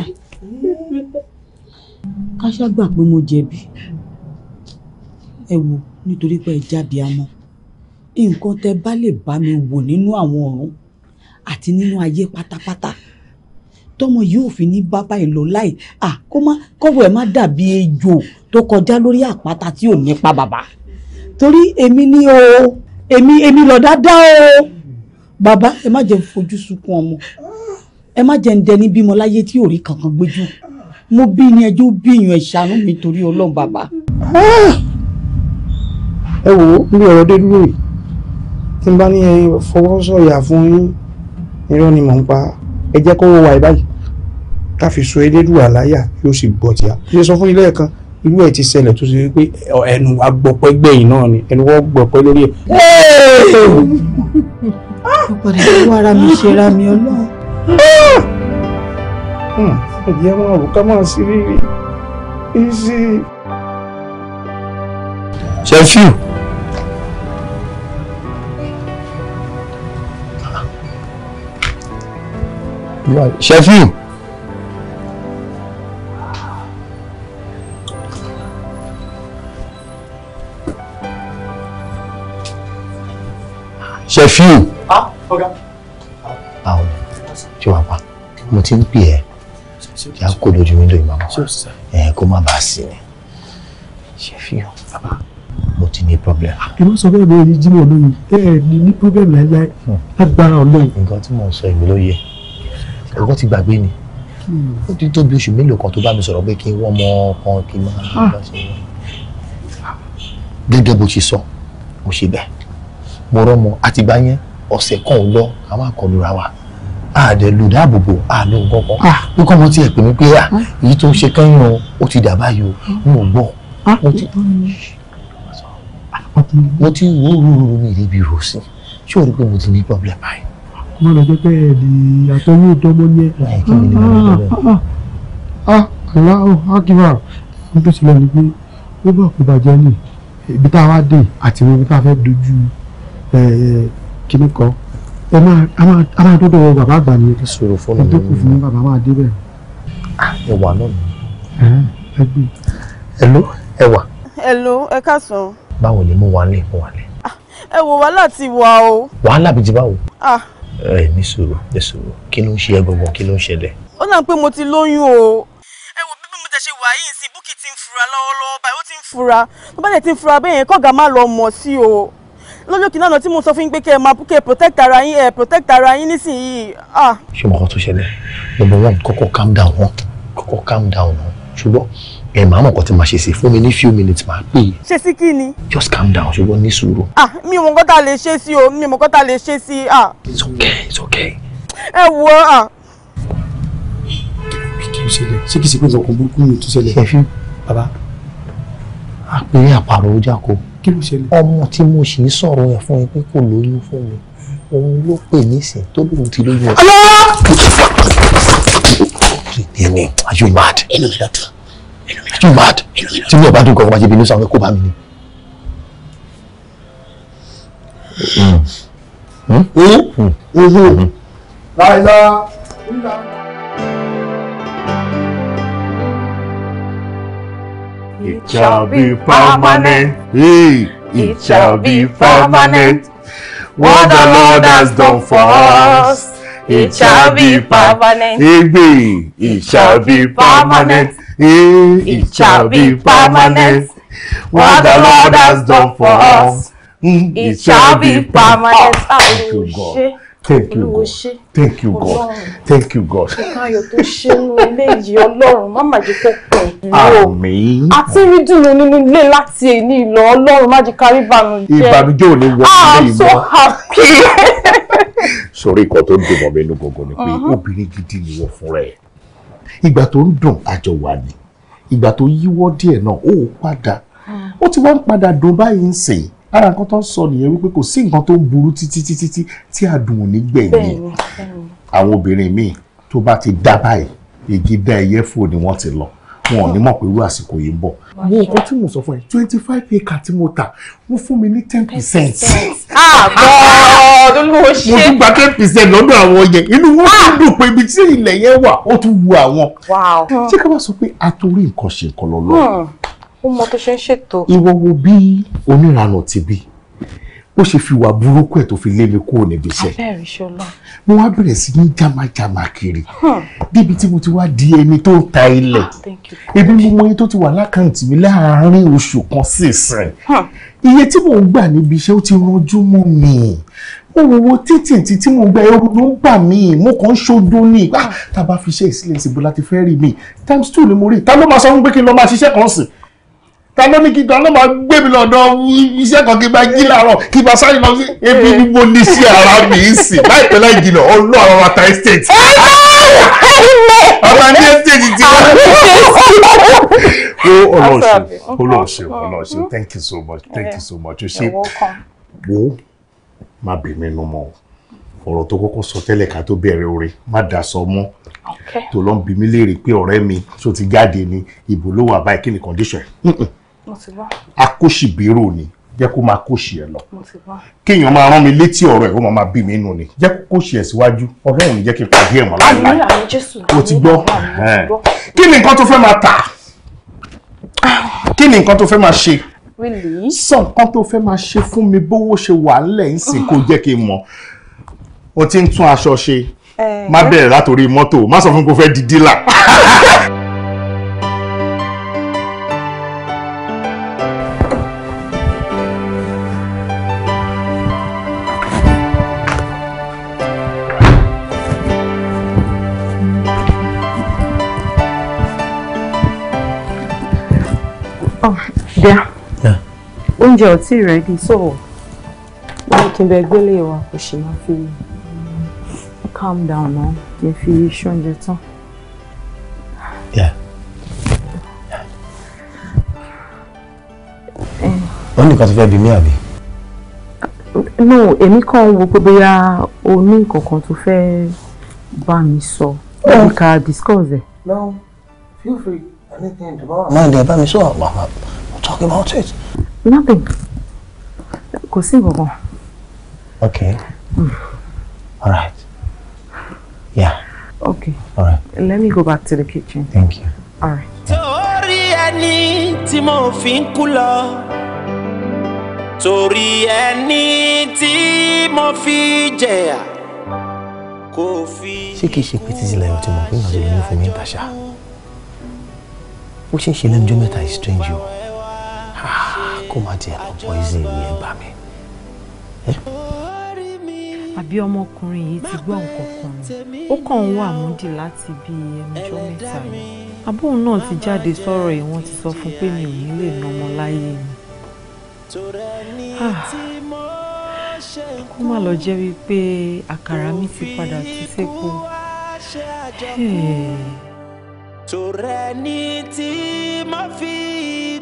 káṣá gbà pé mo jẹ̀bi ẹ wò nítorí pé ẹ jáde àmọ́ nǹkan tẹ́ bá lè bá mi wò nínú àwọn ọ̀run àti nínú ayé pátápátá tọmọ yóò fi ní bábá ìlò láì à kó má kọ́wọ́ ẹ̀ má dàbí ejò tó kọjá lórí àpáta tí ò nípa bàbá torí èmi ni o èmi èmi lọ dáadáa o bàbá ẹ má jẹ́ fojú sunkún ọmọ ẹ má jẹ́ ń dẹni bímọ láyé tí ò rí kankan gbójú mo bí ni ẹjọ́ bí ìyàn ìṣàánú mi torí ọlọ́run bàbá. ẹ wò ó bí ọ̀rọ̀ dé dúró yìí tí n bá ní ẹ fọwọ́ sọ̀yà fún yín irọ́ ni mò ń pa ẹ jẹ́ kó wọ wà báyìí ká fi so elédùà láyà yóò sì gbọ́ tìyà ṣe sọ fún ilé ẹ̀kan irú ẹ̀ ti ṣẹlẹ̀ tó ṣe pé ẹnu agbọ̀pẹ́ gbẹ̀yìn náà ni ẹnu wọ́n gbọ̀pẹ́ lórí ẹ̀. ọ̀pọ̀lọpọ̀ ìlú ara mi ṣe ra mi ọlọ́run. Hmm, ẹ̀jẹ̀ máa rò ká máa sí rírì ìsì. ṣẹ́fíù. ṣẹ́fíù. perfume. Ah, ọ̀gá. àwọn tí wàá pa mo ti ń pè ẹ́ kí a kó lójú mi lóyún màmá ẹ̀ kó má bàa sí ni ṣe fi hàn mo ti ní problem. ẹ ah, má sọ bẹ́ẹ̀ bó yìí jimoh lóyún ẹ ẹ ní ní problem láíláí hmm. lágbára ọlọ́run. nǹkan tí mò ń sọ èmi ló yẹ ọgbọ́n ti gbàgbé ni hmm. ó ti tó bí oṣù mélòó kan tó bá mi sọ̀rọ̀ pé kí n wọ́n mọ kan kí n máa. Ah. gẹ́gẹ́ bó ṣe sọ mo ṣe bẹ́ẹ̀ mo rọ́mọ àtìgbà yẹn ọ̀sẹ̀ kan ò lọ àwọn àkọlùra wa àdẹ lò dáàbòbò àlò gbọ̀ngàn bí ah. kọ́mọ tiẹ̀ pè mí pé à ah. èyí tó ń ṣe kẹ́yìn o ó ti dà báyìí o n ò gbọ́ ah. mo ti wò ó rúru mi ìdíbi rò sí ṣé o rí pé mo ti ní problem báyìí. mo lọ jẹ pé ẹni àtọwé ìdánwò yẹn. kí ni mo lọ jẹ bẹ́ẹ̀. ah aláwọ akíwà ń tó ṣe lọ ni pé ó bọ̀ kó bàjẹ́ ni ibi tá a wá dé àti ibi tá a fẹ́ dojú kíní kan ẹ máa a máa dọ́dọ̀ bàbá àgbà ni sọ̀rọ̀ fún mi ẹ dẹ́kun fún mi bàbá máa dé bẹ̀. Ah, ẹwà náà ni. ẹ gbé. hello ẹwà. hello ẹ káàsán. báwo ni mo wà ń lè mo wà lẹ. Ah, ẹ wò wàhálà ti wà o. wàhálà bíi ti báwo. Ah. ẹ ní sọ̀rọ̀ ní sọ̀rọ̀ kí ló ń ṣe ẹ gbọ̀ngàn kí ló ń ṣẹlẹ̀. ó náà pé mo ti lóyún o tẹ ṣe wà yìí sí Bukky ti ń fura lọ́wọ́lọ́wọ́ báyìí ó ti ń fura tó bá dẹ̀ ti ń fura bẹ́ẹ̀ yẹn kọ́gà má lọ mọ̀ sí o lọ́jọ́ kìnnà náà tí mo sọ fún yín pé kẹ́ ẹ máa kẹ́ ẹ protect ara yín ẹ protect ara yín nísìnyìí. Ah. ṣé mo kàn tó ṣẹlẹ̀ number one kọ́kọ́ calm down wọn kọ́kọ́ calm down wọn ṣùgbọ́n ẹ máa mọ̀ nǹkan tí màá ṣe sí fún mi ní few minutes màá pè é. ṣe sí kí ni. just calm down ṣùgbọ́n ní sùúrù. ah mi ò mọ nǹkan tá a lè ṣe sí o mi ò mọ nǹkan tá a lè ṣe sí. Ah. it's okay it's okay. ẹ wo ah. kí ló ṣẹlẹ̀ ṣé kìí ṣe pé nǹkan burúkú mi tún ṣẹlẹ̀. bàbá a pè é àpàrọ̀ ojú àkó kí ló ṣẹlẹ̀. ọmọ tí mo ṣì ń sọ̀rọ̀ ẹ̀ fún ẹ pé kò lóyún fún mi òun ló pè nísìn tó lóun ti lóyún ẹ. ẹni are you mad. ẹnu mi lọ́dún. are you mad. tí mi ò bá dùn kọ́ ọ́ bá jẹ́ bí inú sàwọn ẹ̀kọ́ bá mi ni. Hmm. Hmm. Hmm. láìláà. It shall be permanent. Hey, it shall be permanent. What the Lord has done for us, it shall be permanent. Hey, it shall be permanent. Hey, it shall be permanent. What the Lord has done for us, it shall be permanent. Ah, ah, thank you, God thank you god thank you god thank you god. ọkàn ayọ̀ tó ṣe nínú ilé yìí ọlọ́run má má jẹ́ kó pọ̀ dúró àmín àti rí dùnú nínú ilé láti èní ìlọ ọlọ́run má jẹ́ kárí ìbànújẹ́ ìbànújẹ́ ò ní wọ ah, ilé ìmọ̀ i'm so happy. sórí ikọ̀ tó ń dùn mọ́ mi inú gbọ̀ngàn ni pé uh-huh. obìnrin gidi ni wọ́n fúnra ẹ̀ ìgbà tó ń dùn àjọ wà ní ìgbà tó yíwọ́ díẹ̀ náà ó padà hmm. ó ti wá ń padà dùn báyìí ń ara nǹkan tó ń sọ nìyẹn wípé kò sí nǹkan tó ń burú títí títí tí àdùn ò ní gbẹ̀yìn àwọn obìnrin míì tó bá ti dá báyìí igi dá ẹyẹ fò ni wọ́n ti lọ wọn ò ní mọ̀ pé irú àsìkò yìí ń bọ̀. mo nǹkan tí mo sọ fún ẹ twenty five acre tí mo tà wọ́n fún mi ní ten percent. àbọ̀ ah, olówó ṣe. mo tún gba ten percent lọ́dọ̀ àwọn yẹn inú wọn tún ah! dùn pé ibi tí ilẹ̀ yẹn wà ó tún wu àwọn. ṣé ká bá sọ pé a torí nǹkan ṣe nǹkan lọ́lọ́ hmm ó mọ tó ṣe ń ṣètò. ìwọ wo bí oníranà ti bí bó ṣe fi wà burúkú ẹ̀ tó fi lé mi kúrò níbi iṣẹ́. abẹ́rẹ́ ṣọlá. mo wá bẹ̀rẹ̀ sí ní jámàjámà kiri hmm. débi tí mo ti wá di ẹni tó ń ta ilẹ̀ ah, ebi mo mọ iye tó ti wà lákàntì mi láàárín oṣù kan sísìn hmm. iye tí mò ń gbà níbi iṣẹ́ ó ti ranjú mọ́ mi mo wò wo títì tí mo gba ẹrù ló ń bà mí mo kàn ń ṣojo ní ìgbà ah, tá a bá fi iṣẹ́ ìsílẹ̀ ìsìnbó láti fẹ́ rí mi times two ni mo rí ta ló máa sọ fún pé kí n lọ máa ṣiṣẹ́ kan sìn ta ló ní kí ta ló máa gbé mi lọ́dọ̀ iṣẹ́ kan kí n bá jí làárọ̀ kí n bá sáré lọ sí ebi ni mo ní sí ara mi í sìn láìpẹ́ láì jìnà ọlọ́ àwọn ata estate. ọba ní estate ti wá. ó ọlọ́ọ̀ṣun ọlọ́ọ̀ṣun ọlọ́ọ̀ṣun thank you so much thank you so much o ṣe wo má bèmí nu mọ́ ọ̀rọ̀ tó kọ́kọ́ sọ tẹ́lẹ̀ ká tó bẹ̀rẹ̀ oore má dà sọ mọ́ tó lọ́n bí mi léèrè pé ọ̀rẹ́ mi tó ti jáde ni ìbò ló wà báyìí kí ni condition akóṣìbérò ni jẹ́ kó máa kóṣì ẹ̀ lọ kéèyàn máa rán mi létí ọ̀rọ̀ ẹ̀ ó máa bí mi nù ni jẹ́ kó kóṣì ẹ̀ síwájú ọlọ́run jẹ́ kí n pàdé ẹ̀ mọ́ láíláí o ti gbọ́ kí ni nǹkan tó fẹ́ máa tà kí ni nǹkan tó fẹ́ máa ṣe sọ nǹkan tó fẹ́ máa ṣe fún mi bówó ṣe wà ńlẹ̀ ń sìn kó jẹ́ kí n mọ̀ o ti ń tún aṣọ ṣe má bẹ̀rẹ̀ látòrí mọ́tò má sọ fún kó fẹ́ di dílà. dá oúnjẹ ò tí rẹ̀ di sọ̀rọ̀ wọ́n ní kí n bẹ gbélé wa kò sì máa fi calm down náà kí n fi ṣoúnjẹ tán. wọ́n nìkan tó fẹ́ bí mí àbí. no èmi kàn ń wo pé bóyá o ní nǹkan kan tó fẹ́ bá mi sọ ká discuss ẹ̀. no feel free anything tó bá wà. máa dẹ̀ bá mi sọ àwọn àpapọ̀ talk about it. Nothing. Go sí nǹkan. Okay. Mm. All right. Yeah. Okay. All right. Let me go back to the kitchen. Thank you. All right. Torí ẹni tí mo fi ń kú lọ. Torí ẹni tí mo fi jẹ̀yà. Kò fi. Ṣé kìí ṣe pé títí lẹ́yìn ọtí mo pín ìrìnàjò lóyún fún mi ìtàṣà? Ó ṣe é ṣe lẹ́nu jọ́ mẹ́ta Ah, kó má tiẹ̀ lọ bọ́ mi ní ẹgbà mi. àbí ọmọkùnrin yìí ti gbọ́ nǹkan kan ni ó kàn ń wà múdì láti bí ẹnujọ́ mẹ́ta ni àbóhùn náà ti jáde sọ̀rọ̀ yìí wọ́n ti sọ fún pé mi ò ní lè ná ọmọ láyé mi. Ah, kó má lọ jẹ́ wípé àkàrà mi ti padà ti sépo tòrẹ́ni tí mo fi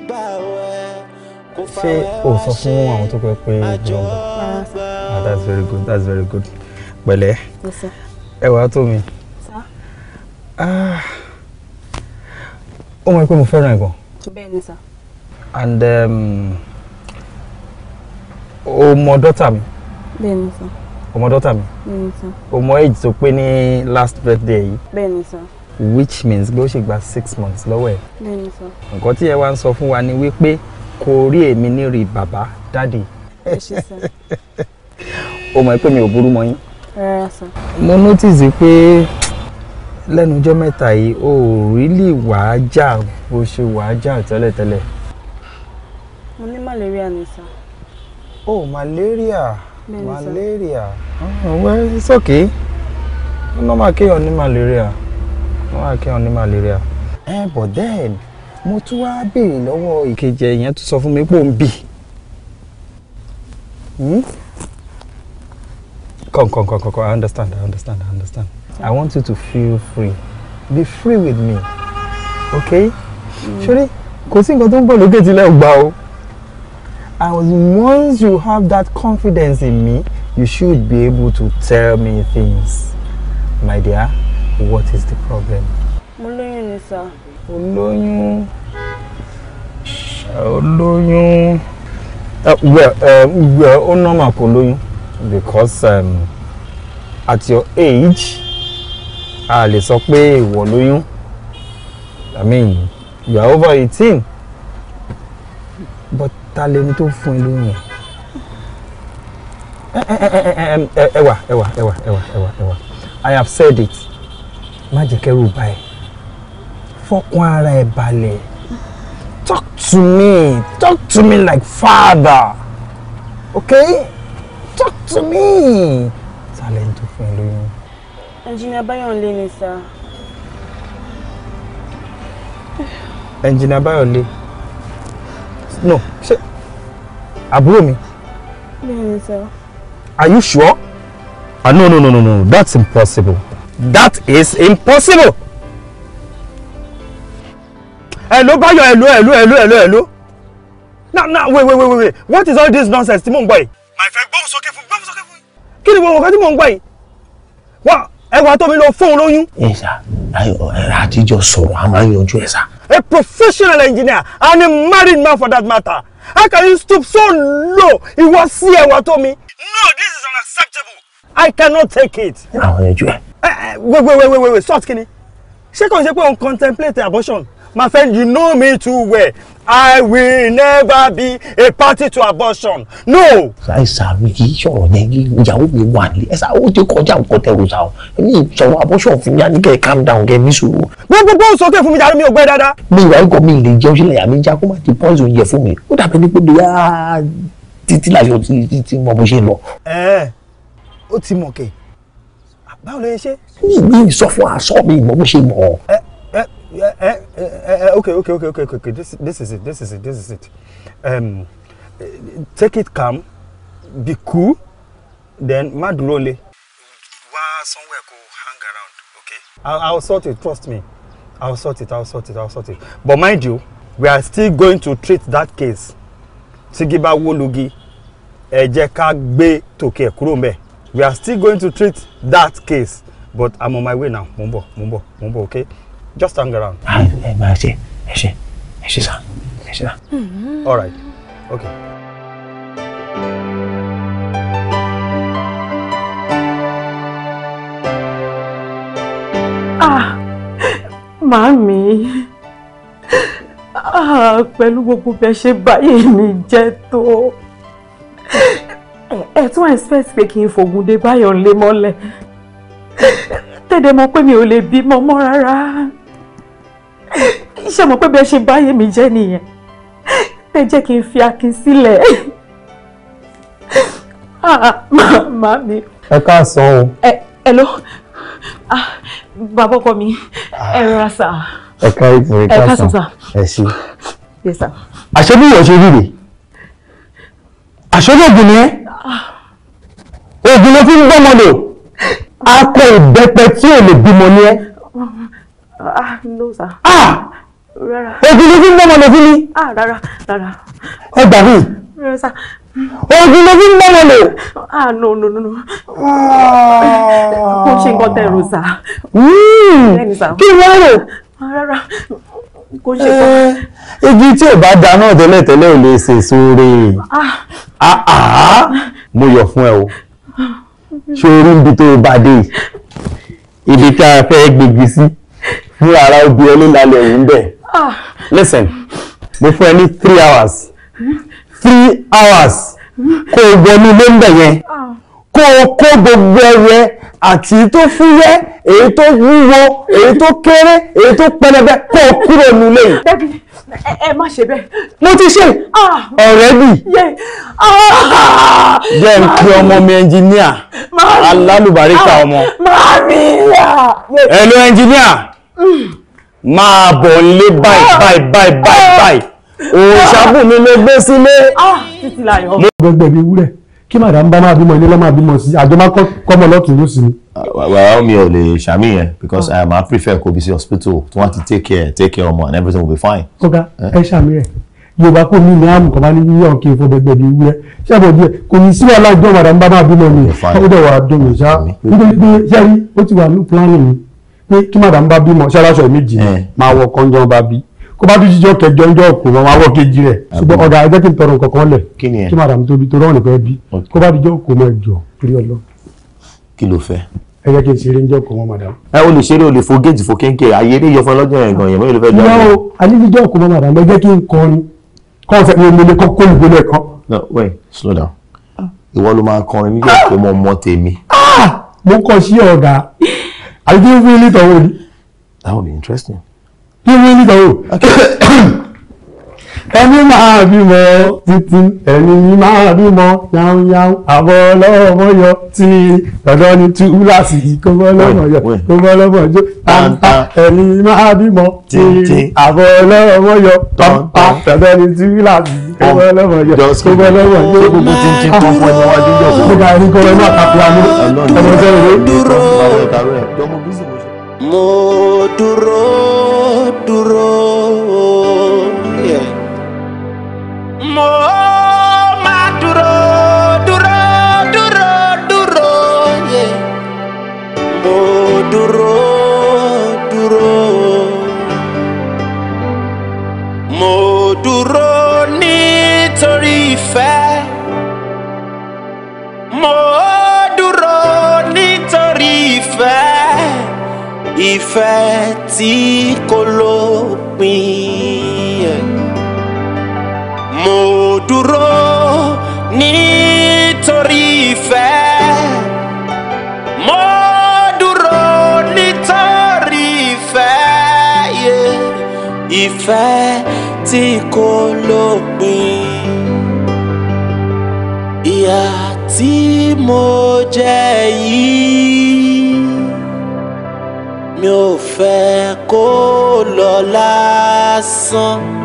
gbà wẹ̀ ṣé o sọ fún àwọn tó pẹ́ pé ìjọba ah that's very good that's very good pẹ̀lẹ́ ẹ wàá tó mi ah. ó mọ̀ pé mo fẹ́ràn ẹ̀ gan. bẹ́ẹ̀ ni sà. and um, o mọ dọ́tà mi. bẹ́ẹ̀ ni sà. o mọ dọ́tà mi. bẹ́ẹ̀ ni o mọ age tó pé ní last birthday yìí. which means bí ó ṣe gba six months lọ́wọ́ ẹ̀. nǹkan tí ẹ wá ń sọ fún wa ni wípé kò rí èmi ní rí bàbá dáàdì. o mọ̀ pé mi ò burú mọ́ yín. mo notice pé lẹ́nu ọjọ́ mẹ́ta yìí o ò rílì wàá jà bó ṣe wàá jà tẹ́lẹ̀tẹ́lẹ̀. mo ní malaria ni sá. oh malaria malaria oh, well it's okay normal kéèyàn ní malaria normal kéèyàn ní malaria eh but then mo tún wá béèrè lọ́wọ́ ìkejì ẹ̀yẹn tó sọ fún mi pé òun bì hmm? come come come come I understand I understand I understand I want you to feel free be free with me okay hmm. ṣeré kò sí nǹkan tó ń bọ̀ lókè tí lẹ́ẹ̀ gbà o and once you have that confidence in me you should be able to tell me things my dear what is the problem. mo lóyún ni sir olóyún olóyún well ó normal kò lóyún because um, at your age a lè sọ pé ìwọ lóyún i mean you are over eighteen but ta lẹni tó fún ẹ lóyún ẹ ẹwà ẹwà ẹwà ẹwà ẹwà ẹwà i have said it má jẹ́ kẹ́rù báyìí fọkàn ara ẹ̀ balẹ̀ talk to me talk to me like father okay talk to me sálẹ̀ tó fún ẹ lóyún. ẹnjìnìá Báyọ̀lé ni sá. ẹnjìnìá Báyọ̀lé no ṣe àbúrò mi. bẹ́ẹ̀ni sá. are you sure? ah no no no no no that's impossible that is impossible hello Báyọ̀ hello hello hello hello hello. na na wait wait wait wait what is all this nonsense tí mò ń gbọ́ yìí. màá fẹ́ gbóhùn sókè fún gbóhùn sókè fún. kí ni gbogbo nǹkan tí mò ń gbọ́ yìí. wá ẹwà tó mi lọ fóun lóyún. ẹ sá àtijọ́ sọ̀rọ̀ a máa ń yanjú ẹ sá. a professional engineer and a married man for that matter how can you stoop so low ìwọ sí ẹwà tó mi. no this is unacceptable. I cannot take it. àwọn yanjú ẹ. Eh, eh, wait wait wait wait wait sort kini ṣé kò ń ṣe pé òun contemplate abortion My friend, you know me too well. I will never be a party to abortion. No. Ṣáìsà mi kì í sọ̀rọ̀ yẹn ìyàwó mi wà ní ẹ̀sà ó ti kọjá nǹkan tẹ̀rù sá o. Èmi ìṣòro abortion fún yá ní kẹ́ ẹ̀ calm down kẹ́ ẹ̀ ní sùúrù. Gbogbo bó ń sọ kẹ́ fún mi jàre mi ò gbẹ́ dáadáa. Mi ìwà ẹ̀kọ́ mi lè jẹun sílẹ̀ àmì ìjà kó má ti pọ́ǹsì oúnjẹ fún mi. Ó dàbí ní pé bí yá títí láyọ̀ títí mọ bó ṣe lọ. Ẹ ẹ́ ó ti mọ̀ kẹ́ báwo ló ṣe ṣe. mi ì sọ fún aṣọ mi Yeah, eh, eh, eh, okay, okay, okay, okay, okay, okay. This, this is it. This is it. This is it. Um, take it calm, be cool, then mad lonely. While somewhere go hang around, okay? I'll, I'll sort it. Trust me. I'll sort it. I'll sort it. I'll sort it. But mind you, we are still going to treat that case. Sigiba Wolugi, ẹ jẹ́ toke gbé We are still going to treat that case, but I'm on my way now. Mumbo. Mumbo. Mumbo. okay? Just hang around. Ẹ ah, eh, ṣe ẹ ṣe ẹ ṣe sá ẹ ṣe sá. All right, okay. Ah, màámi, ah, pẹ̀lú gbogbo bẹ́ẹ̀ ṣe báyìí mi eh, tó ẹ tún expect pé kí n fògùn dé báyọ̀ ńlé mọ́lẹ̀ tẹ́dẹ̀ mọ̀ pé mi ò lè bímọ mọ́ rárá ṣe mọ̀ pé bẹ́ẹ̀ ṣe báyé mi jẹ́ nìyẹn bẹ́ẹ̀ jẹ́ kí n fi akin sílẹ̀ ah, ah, màá mi. ẹ káàsán o. ẹ ẹ ló ah, bàbá ọkọ mi ẹ rọra sà. ẹ káàsán ẹ káàsán sà. ẹ ṣe. yes sir. àṣẹ bí ìwọ̀n ṣe rí rèé àṣẹ lóògùn ni ẹ oògùn ló fi ń gbọ́mọdò akọ ìbẹ́pẹ tí ò lè bímọ ni ẹ ah no sir. ah rárá. ojúlójú ń bọ́mọ lójú ni. ah rara, rara. ẹ gbà mí. rárá sá. ojúlójú ń bọ́mọ lò. ah no no no. Ah. ṣe nǹkan tẹ̀rù sá. Hmm. kí wọ́n rò. Ah, rárá kò ṣe kọ́. Eh, igi tí ò bá da náà tẹ́lẹ̀tẹ́lẹ̀ ò lè ṣe sóore. Ah. Ah, mo yọ̀ fún ẹ o ṣé orí ń bi tó o bá dé ibi tá a fẹ́ gbégi sí ní ara obì ẹni lálẹ́ yìí ń bẹ̀. Ah. listen mo fún ẹ ní three hours three hours kó o wọnú ilé ń bẹ̀ yẹn ah. kó o kó gbogbo ẹyẹ àti èyí tó fúyẹ́ èyí tó wúwo èyí tó kéré èyí tó pẹlẹbẹ kó o kúrò nílé yìí. ẹ má ṣe bẹ́ẹ̀. mo ti ṣe ọ̀rẹ́ ah. bì. jẹ́ n kí ọmọ mi ẹnjìníà alálùbáríkà ọmọ. hello ẹnjìníà máa bọ̀ nílé báyìí ah! báyìí báyìí báyìí ah! báyìí òṣàbùnmi ah! ló gbé sílé. mo gbẹgbẹ mi wúrẹ kí màdà ń bá máa bímọ ilé lọ́ọ́ máa bímọ sí àjọ máa kọ́mọ lọ́tún yóò sí ni. wàá mi ò lè ṣàmì yẹn because I am I prefer kó bí hospital to want to take care take care of ọmọ and everything will be fine. ọ̀gá eh? ẹ ṣàmì rẹ̀ yorùbá kò ní ní àmì kan bá ní wíwá òkè ìfọ gbẹgbẹ ní wíwẹ ṣàbọ díẹ̀ kò ní sí wàhálà ìjọba àdàmbá máa bímọ ni ó dẹ̀ wà dùn mí ṣá planning pé tí màdàm bá bímọ ṣáláṣọ méjì eh. máa wọ kọ́njọ́ bá bí kó bá tún jíjọ́ kẹjọ ńjọ́ òkú wọn máa wọ kejì rẹ̀ ṣùgbọ́n ọ̀gá ẹjẹ́ kí n tọrọ nǹkan kan lẹ̀ kí màdàm tóbi tó rọ́ọ̀nì pẹ́ bí kó bá jíjọ́ òkú mọ́ ẹjọ́ torí ọlọ́. kí ló fẹ́. ẹ jẹ́ kí n ṣeré ńjọ́ òkú mọ́ màdàm. ẹ o lè ṣeré o lè fo géètì fo kéńké ayé ní ìyọfọ lọ́jọ́ yẹn yẹn ló no wait slow down ìwọ ló máa kọrin nígbà tó mọ ọmọ tèmi. Ah! mo kọ àbí bí wíìlì tọ̀wọ́ ni. that would be interesting. bí wíìlì tọ̀wọ́ ẹni máa bímọ títí ẹni máa bímọ yáúnyáú àbọ̀ ọlọ́mọ yọ tí ọ̀dọ́ ni túláàsì kó bọ́ lọ́mọ yọ kó bọ́ lọ́mọ jó tàǹtà ẹni máa bímọ títí àbọ̀ ọlọ́mọ yọ tàǹtà ọ̀dọ́ ni túláàsì kó bọ́ oh, lọ́mọ yọ kó bọ́ lọ́mọ jó. ṣé gbogbo ti ń ti tán fún ẹni wájú yọ̀ fún mi. nígbà yìí kọ́lẹ́ náà kàpé àmú ọmọ sẹ́yìn rẹ̀. mo dúró dúró. mo máa duro duro duro, dúró yé mo duro duro. mo duro nitori ife. mo duro nitori ife ife ti kò lópin mo dúró nítorí ìfẹ́ mo dúró nítorí ìfẹ́ ìfẹ́ tí kò lópin ìyà tí mo jẹ yìí mi ò fẹ́ kó lọ lásán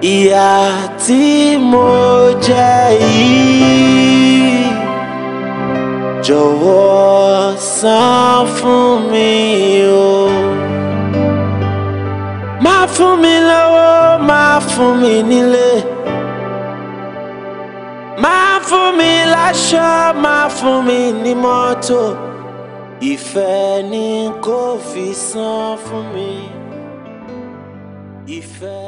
ìyà tí mo jẹ yìí jọ̀wọ́ san fún mi o má fún mi lówó má fún mi nílé má fún mi láṣọ má fún mi ní mọ́tò ìfẹ́ ni kò fi san fún mi ìfẹ́.